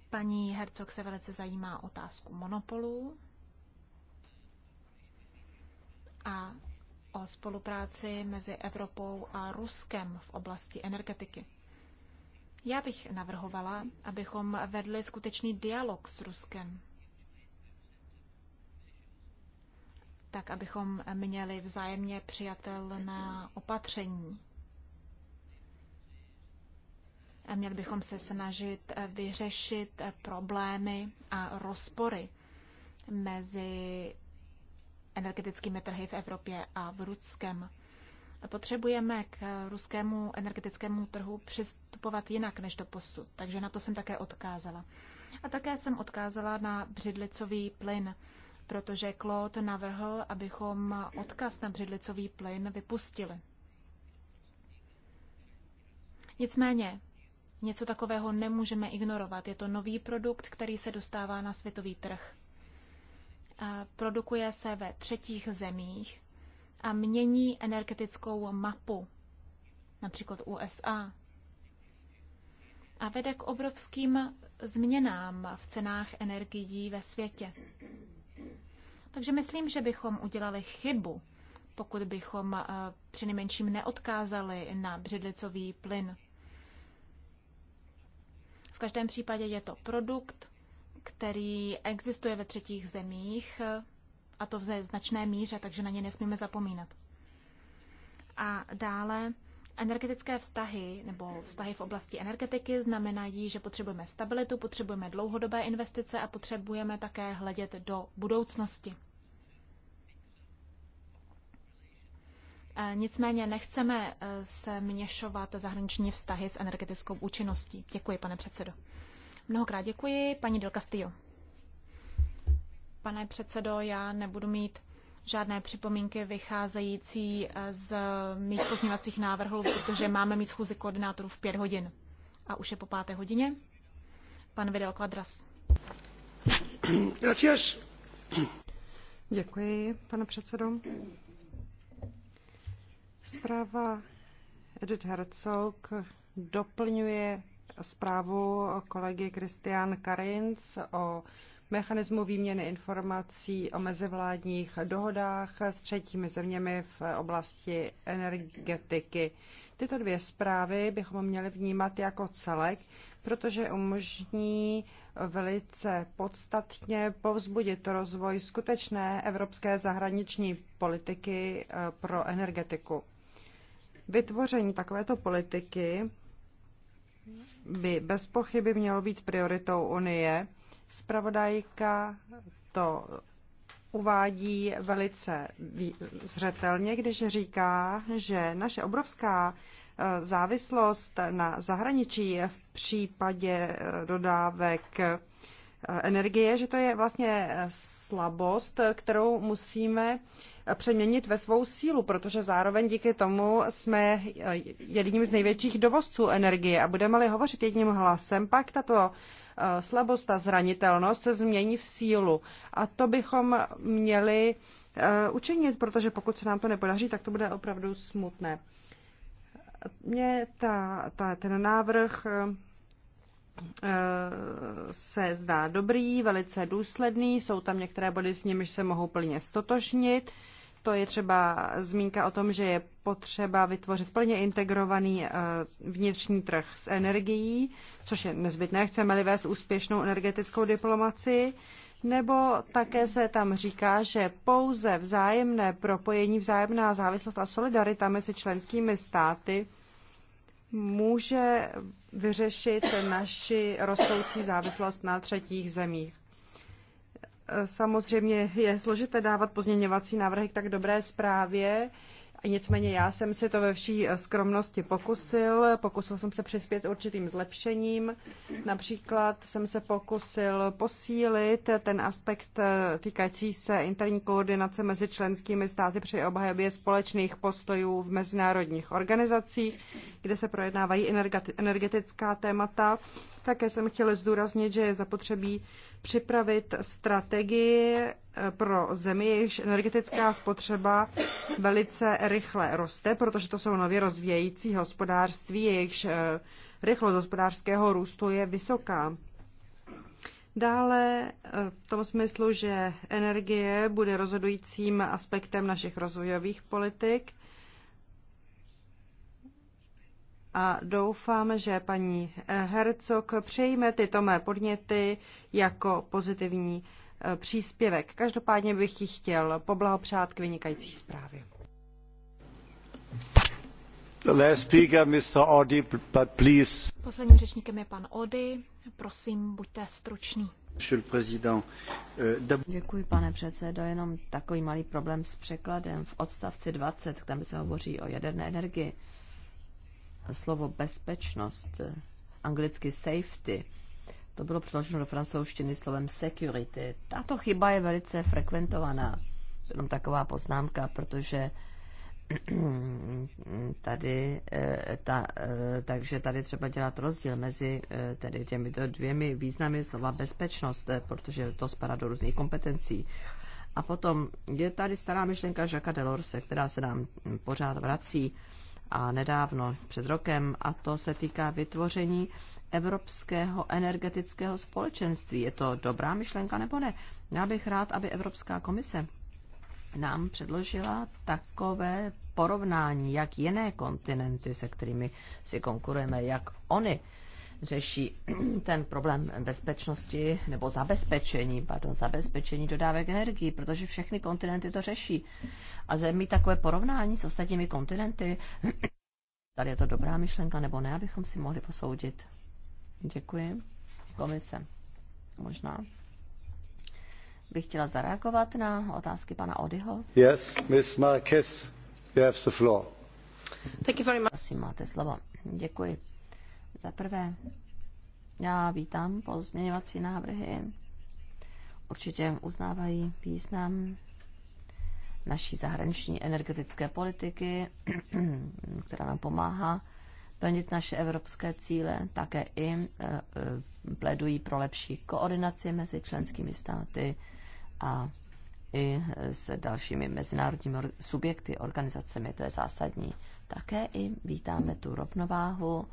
Speaker 3: Paní Hercog se velice zajímá otázku monopolů a o spolupráci mezi Evropou a Ruskem v oblasti energetiky. Já bych navrhovala, abychom vedli skutečný dialog s Ruskem. Tak, abychom měli vzájemně přijatelná opatření. Měli bychom se snažit eh, vyřešit eh, problémy a rozpory mezi energetickými trhy v Evropě a v Ruskem. Potřebujeme k ruskému energetickému trhu přistupovat jinak než do posud, takže na to jsem také odkázala. A také jsem odkázala na břidlicový plyn, protože Claude navrhl, abychom odkaz na břidlicový plyn vypustili. Nicméně Něco takového nemůžeme ignorovat. Je to nový produkt, který se dostává na světový trh. Produkuje se ve třetích zemích a mění energetickou mapu, například USA. A vede k obrovským změnám v cenách energií ve světě. Takže myslím, že bychom udělali chybu, pokud bychom eh, přinejmenším neodkázali na břidlicový plyn. V každém případě je to produkt, který existuje ve třetích zemích, a to v značné míře, takže na ně nesmíme zapomínat. A dále energetické vztahy nebo vztahy v oblasti energetiky znamenají, že potřebujeme stabilitu, potřebujeme dlouhodobé investice a potřebujeme také hledět do budoucnosti. E, nicméně nechceme e, se měšovat zahraniční vztahy s energetickou účinností. Děkuji, pane předsedo. Mnohokrát děkuji, paní Del Castillo. Pane předsedo, já nebudu mít žádné připomínky vycházející e, z mých pozměňovacích návrhů, protože máme mít schůzi koordinátorů v pět hodin. A už je po páté hodině. Pan Vidal Quadras. Děkuji,
Speaker 1: pane předsedo. Zpráva Edith Herzog doplňuje zprávu kolegy Kristian Karinc o mechanismu výměny informací o mezivládních dohodách s třetími zeměmi v oblasti energetiky. Tyto dvě zprávy bychom měli vnímat jako celek, protože umožní velice podstatně povzbudit rozvoj skutečné evropské zahraniční politiky eh, pro energetiku. Vytvoření takovéto politiky by bez pochyby mělo být prioritou Unie. Spravodajka to uvádí velice zřetelně, když říká, že naše obrovská e, závislost na zahraničí v případě e, dodávek e, energie, že to je vlastně slabost, kterou musíme přeměnit ve svou sílu, protože zároveň díky tomu jsme eh, jedním z největších dovozců energie a budeme-li hovořit jedním hlasem, pak tato eh, slabost, a zranitelnost se změní v sílu. A to bychom měli eh, učinit, protože pokud se nám to nepodaří, tak to bude opravdu smutné. Mně ta, ta, ten návrh se zdá dobrý, velice důsledný, jsou tam některé body, s nimiž se mohou plně stotožnit to je třeba zmínka o tom, že je potřeba vytvořit plně integrovaný eh, vnitřní trh s energií, což je nezbytné, chceme-li vést úspěšnou energetickou diplomaci, nebo také se tam říká, že pouze vzájemné propojení, vzájemná závislost a solidarita mezi členskými státy může vyřešit naši rostoucí závislost na třetích zemích. Samozřejmě je složité dávat pozměňovací návrhy k tak dobré zprávě. Nicméně já jsem si to ve vší eh, skromnosti pokusil. Pokusil jsem se přispět určitým zlepšením. Například jsem se pokusil posílit ten aspekt eh, týkající se interní koordinace mezi členskými státy při obhajobě společných postojů v mezinárodních organizacích, kde se projednávají energetická témata. Také jsem chtěl zdůraznit, že je zapotřebí připravit strategii pro zemi, jejichž energetická spotřeba velice rychle roste, protože to jsou nově rozvíjející hospodářství, jejichž eh, rychlost hospodářského růstu je vysoká. Dále eh, v tom smyslu, že energie bude rozhodujícím aspektem našich rozvojových politik a doufám, že paní eh, Hercog přejme tyto mé podněty jako pozitivní Eh, příspěvek. Každopádně bych ji chtěl poblahopřát
Speaker 3: k vynikající zprávě. Posledním řečníkem je pan Ody. Prosím, buďte stručný.
Speaker 2: Eh, Děkuji, pane předsedo. Jenom takový malý problém s překladem. V odstavci 20, tam se hovoří o jaderné energii, slovo bezpečnost, eh, anglicky safety, to bylo přeloženo do francouzštiny slovem security. Tato chyba je velice frekventovaná. Jenom taková poznámka, protože tady, eh, ta, eh, takže tady třeba dělat rozdíl mezi eh, tedy těmi dvěmi významy slova bezpečnost, protože to spadá do různých kompetencí. A potom je tady stará myšlenka Jacques Delorse, která se nám pořád vrací a nedávno, před rokem, a to se týká vytvoření Evropského energetického společenství. Je to dobrá myšlenka nebo ne? Já bych rád, aby Evropská komise nám předložila takové porovnání, jak jiné kontinenty, se kterými si konkurujeme, jak oni řeší ten problém bezpečnosti nebo zabezpečení, pardon, zabezpečení dodávek energii, protože všechny kontinenty to řeší. A zemí takové porovnání s ostatními kontinenty, tady je to dobrá myšlenka nebo ne, abychom si mohli posoudit. Děkuji. Komise. Možná bych chtěla zareagovat na otázky pana Odyho. Yes, Miss Marquez, you have the floor. Thank you very much. Prosím, máte slovo. Děkuji, za prvé, já vítám pozměňovací návrhy. Určitě uznávají význam naší zahraniční energetické politiky, která nám pomáhá plnit naše evropské cíle, také i e, e, pledují pro lepší koordinaci mezi členskými státy a i e, s dalšími mezinárodními subjekty, organizacemi, to je zásadní. Také i vítáme tu rovnováhu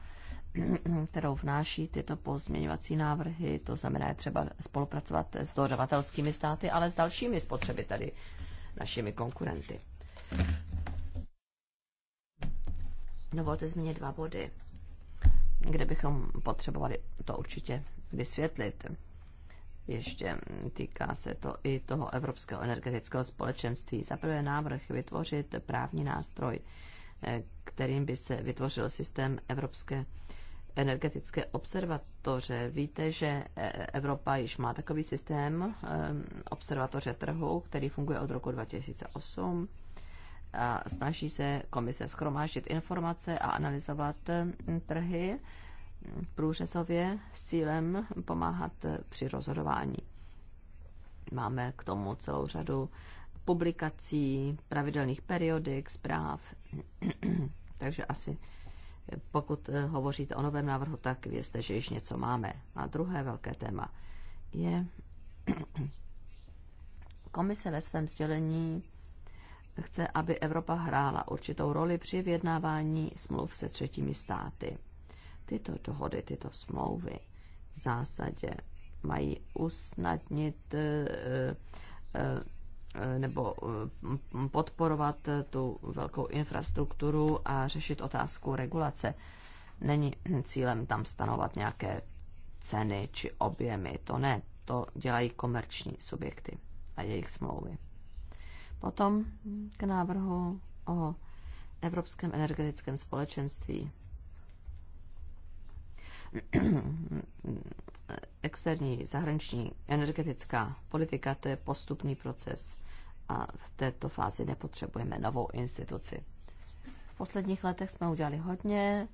Speaker 2: kterou vnáší tyto pozměňovací návrhy, to znamená třeba spolupracovat s dodavatelskými státy, ale s dalšími spotřebiteli, našimi konkurenty. Dovolte zmínit dva body, kde bychom potřebovali to určitě vysvětlit. Ještě týká se to i toho Evropského energetického společenství. Za prvé návrh vytvořit právní nástroj, eh, kterým by se vytvořil systém Evropské energetické observatoře. Víte, že eh, Evropa již má takový systém eh, observatoře trhu, který funguje od roku 2008 a snaží se komise schromáždit informace a analyzovat hm, trhy hm, průřezově s cílem pomáhat eh, při rozhodování. Máme k tomu celou řadu publikací, pravidelných periodik, zpráv, takže asi pokud eh, hovoříte o novém návrhu, tak vězte, že již něco máme. A druhé velké téma je komise ve svém sdělení chce, aby Evropa hrála určitou roli při vyjednávání smluv se třetími státy. Tyto dohody, tyto smlouvy v zásadě mají usnadnit eh, eh, Eh, nebo eh, podporovat tu velkou infrastrukturu a řešit otázku regulace. Není cílem tam stanovat nějaké ceny či objemy, to ne, to dělají komerční subjekty a jejich smlouvy. Potom k návrhu o Evropském energetickém společenství. Externí zahraniční energetická politika to je postupný proces a v této fázi nepotřebujeme novou instituci. V posledních letech jsme udělali hodně,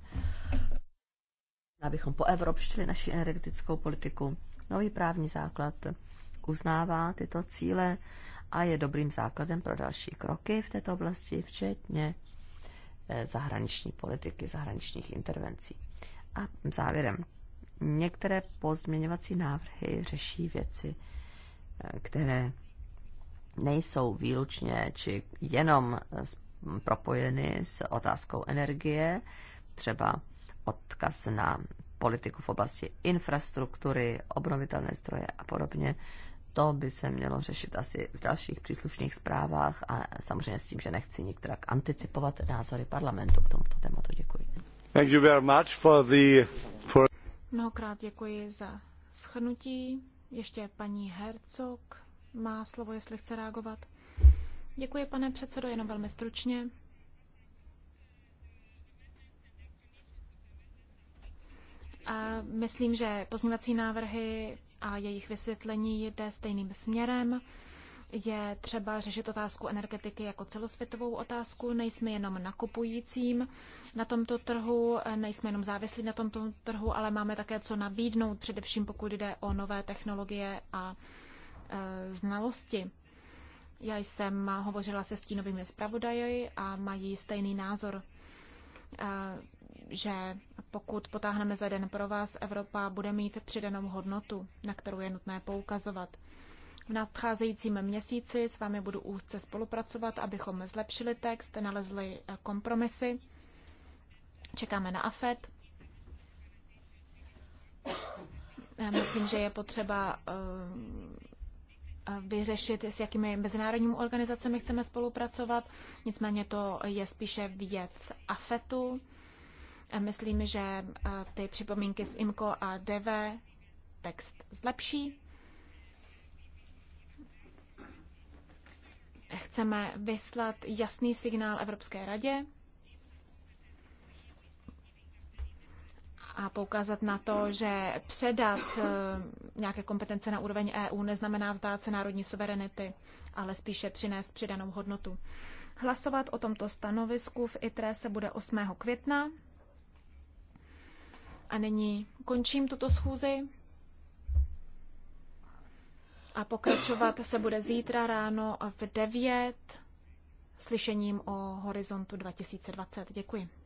Speaker 2: abychom poevropštili naši energetickou politiku. Nový právní základ uznává tyto cíle a je dobrým základem pro další kroky v této oblasti, včetně eh, zahraniční politiky, zahraničních intervencí. A závěrem, některé pozměňovací návrhy řeší věci, eh, které nejsou výlučně či jenom eh, propojeny s otázkou energie, třeba odkaz na politiku v oblasti infrastruktury, obnovitelné zdroje a podobně. To by se mělo řešit asi v dalších příslušných zprávách a samozřejmě s tím, že nechci některá anticipovat názory parlamentu k tomuto tématu. Děkuji. Thank you very much for the, for...
Speaker 3: Mnohokrát děkuji za schrnutí. Ještě paní Herzog má slovo, jestli chce reagovat. Děkuji, pane předsedo, jenom velmi stručně. A myslím, že pozměňovací návrhy a jejich vysvětlení jde stejným směrem. Je třeba řešit otázku energetiky jako celosvětovou otázku. Nejsme jenom nakupujícím na tomto trhu, nejsme jenom závislí na tomto trhu, ale máme také co nabídnout, především pokud jde o nové technologie a Eh, znalosti. Já jsem hovořila se stínovými zpravodaji a mají stejný názor, eh, že pokud potáhneme za den pro vás, Evropa bude mít přidanou hodnotu, na kterou je nutné poukazovat. V nadcházejícím měsíci s vámi budu úzce spolupracovat, abychom zlepšili text, nalezli eh, kompromisy. Čekáme na AFET. Já myslím, že je potřeba vyřešit, s jakými mezinárodními organizacemi chceme spolupracovat. Nicméně to je spíše věc AFETu. Myslím, že ty připomínky z IMCO a DV text zlepší. Chceme vyslat jasný signál Evropské radě, a poukázat na to, že předat eh, nějaké kompetence na úroveň EU neznamená vzdát se národní suverenity, ale spíše přinést přidanou hodnotu. Hlasovat o tomto stanovisku v ITRE se bude 8. května. A nyní končím tuto schůzi. A pokračovat se bude zítra ráno v 9 slyšením o Horizontu 2020. Děkuji.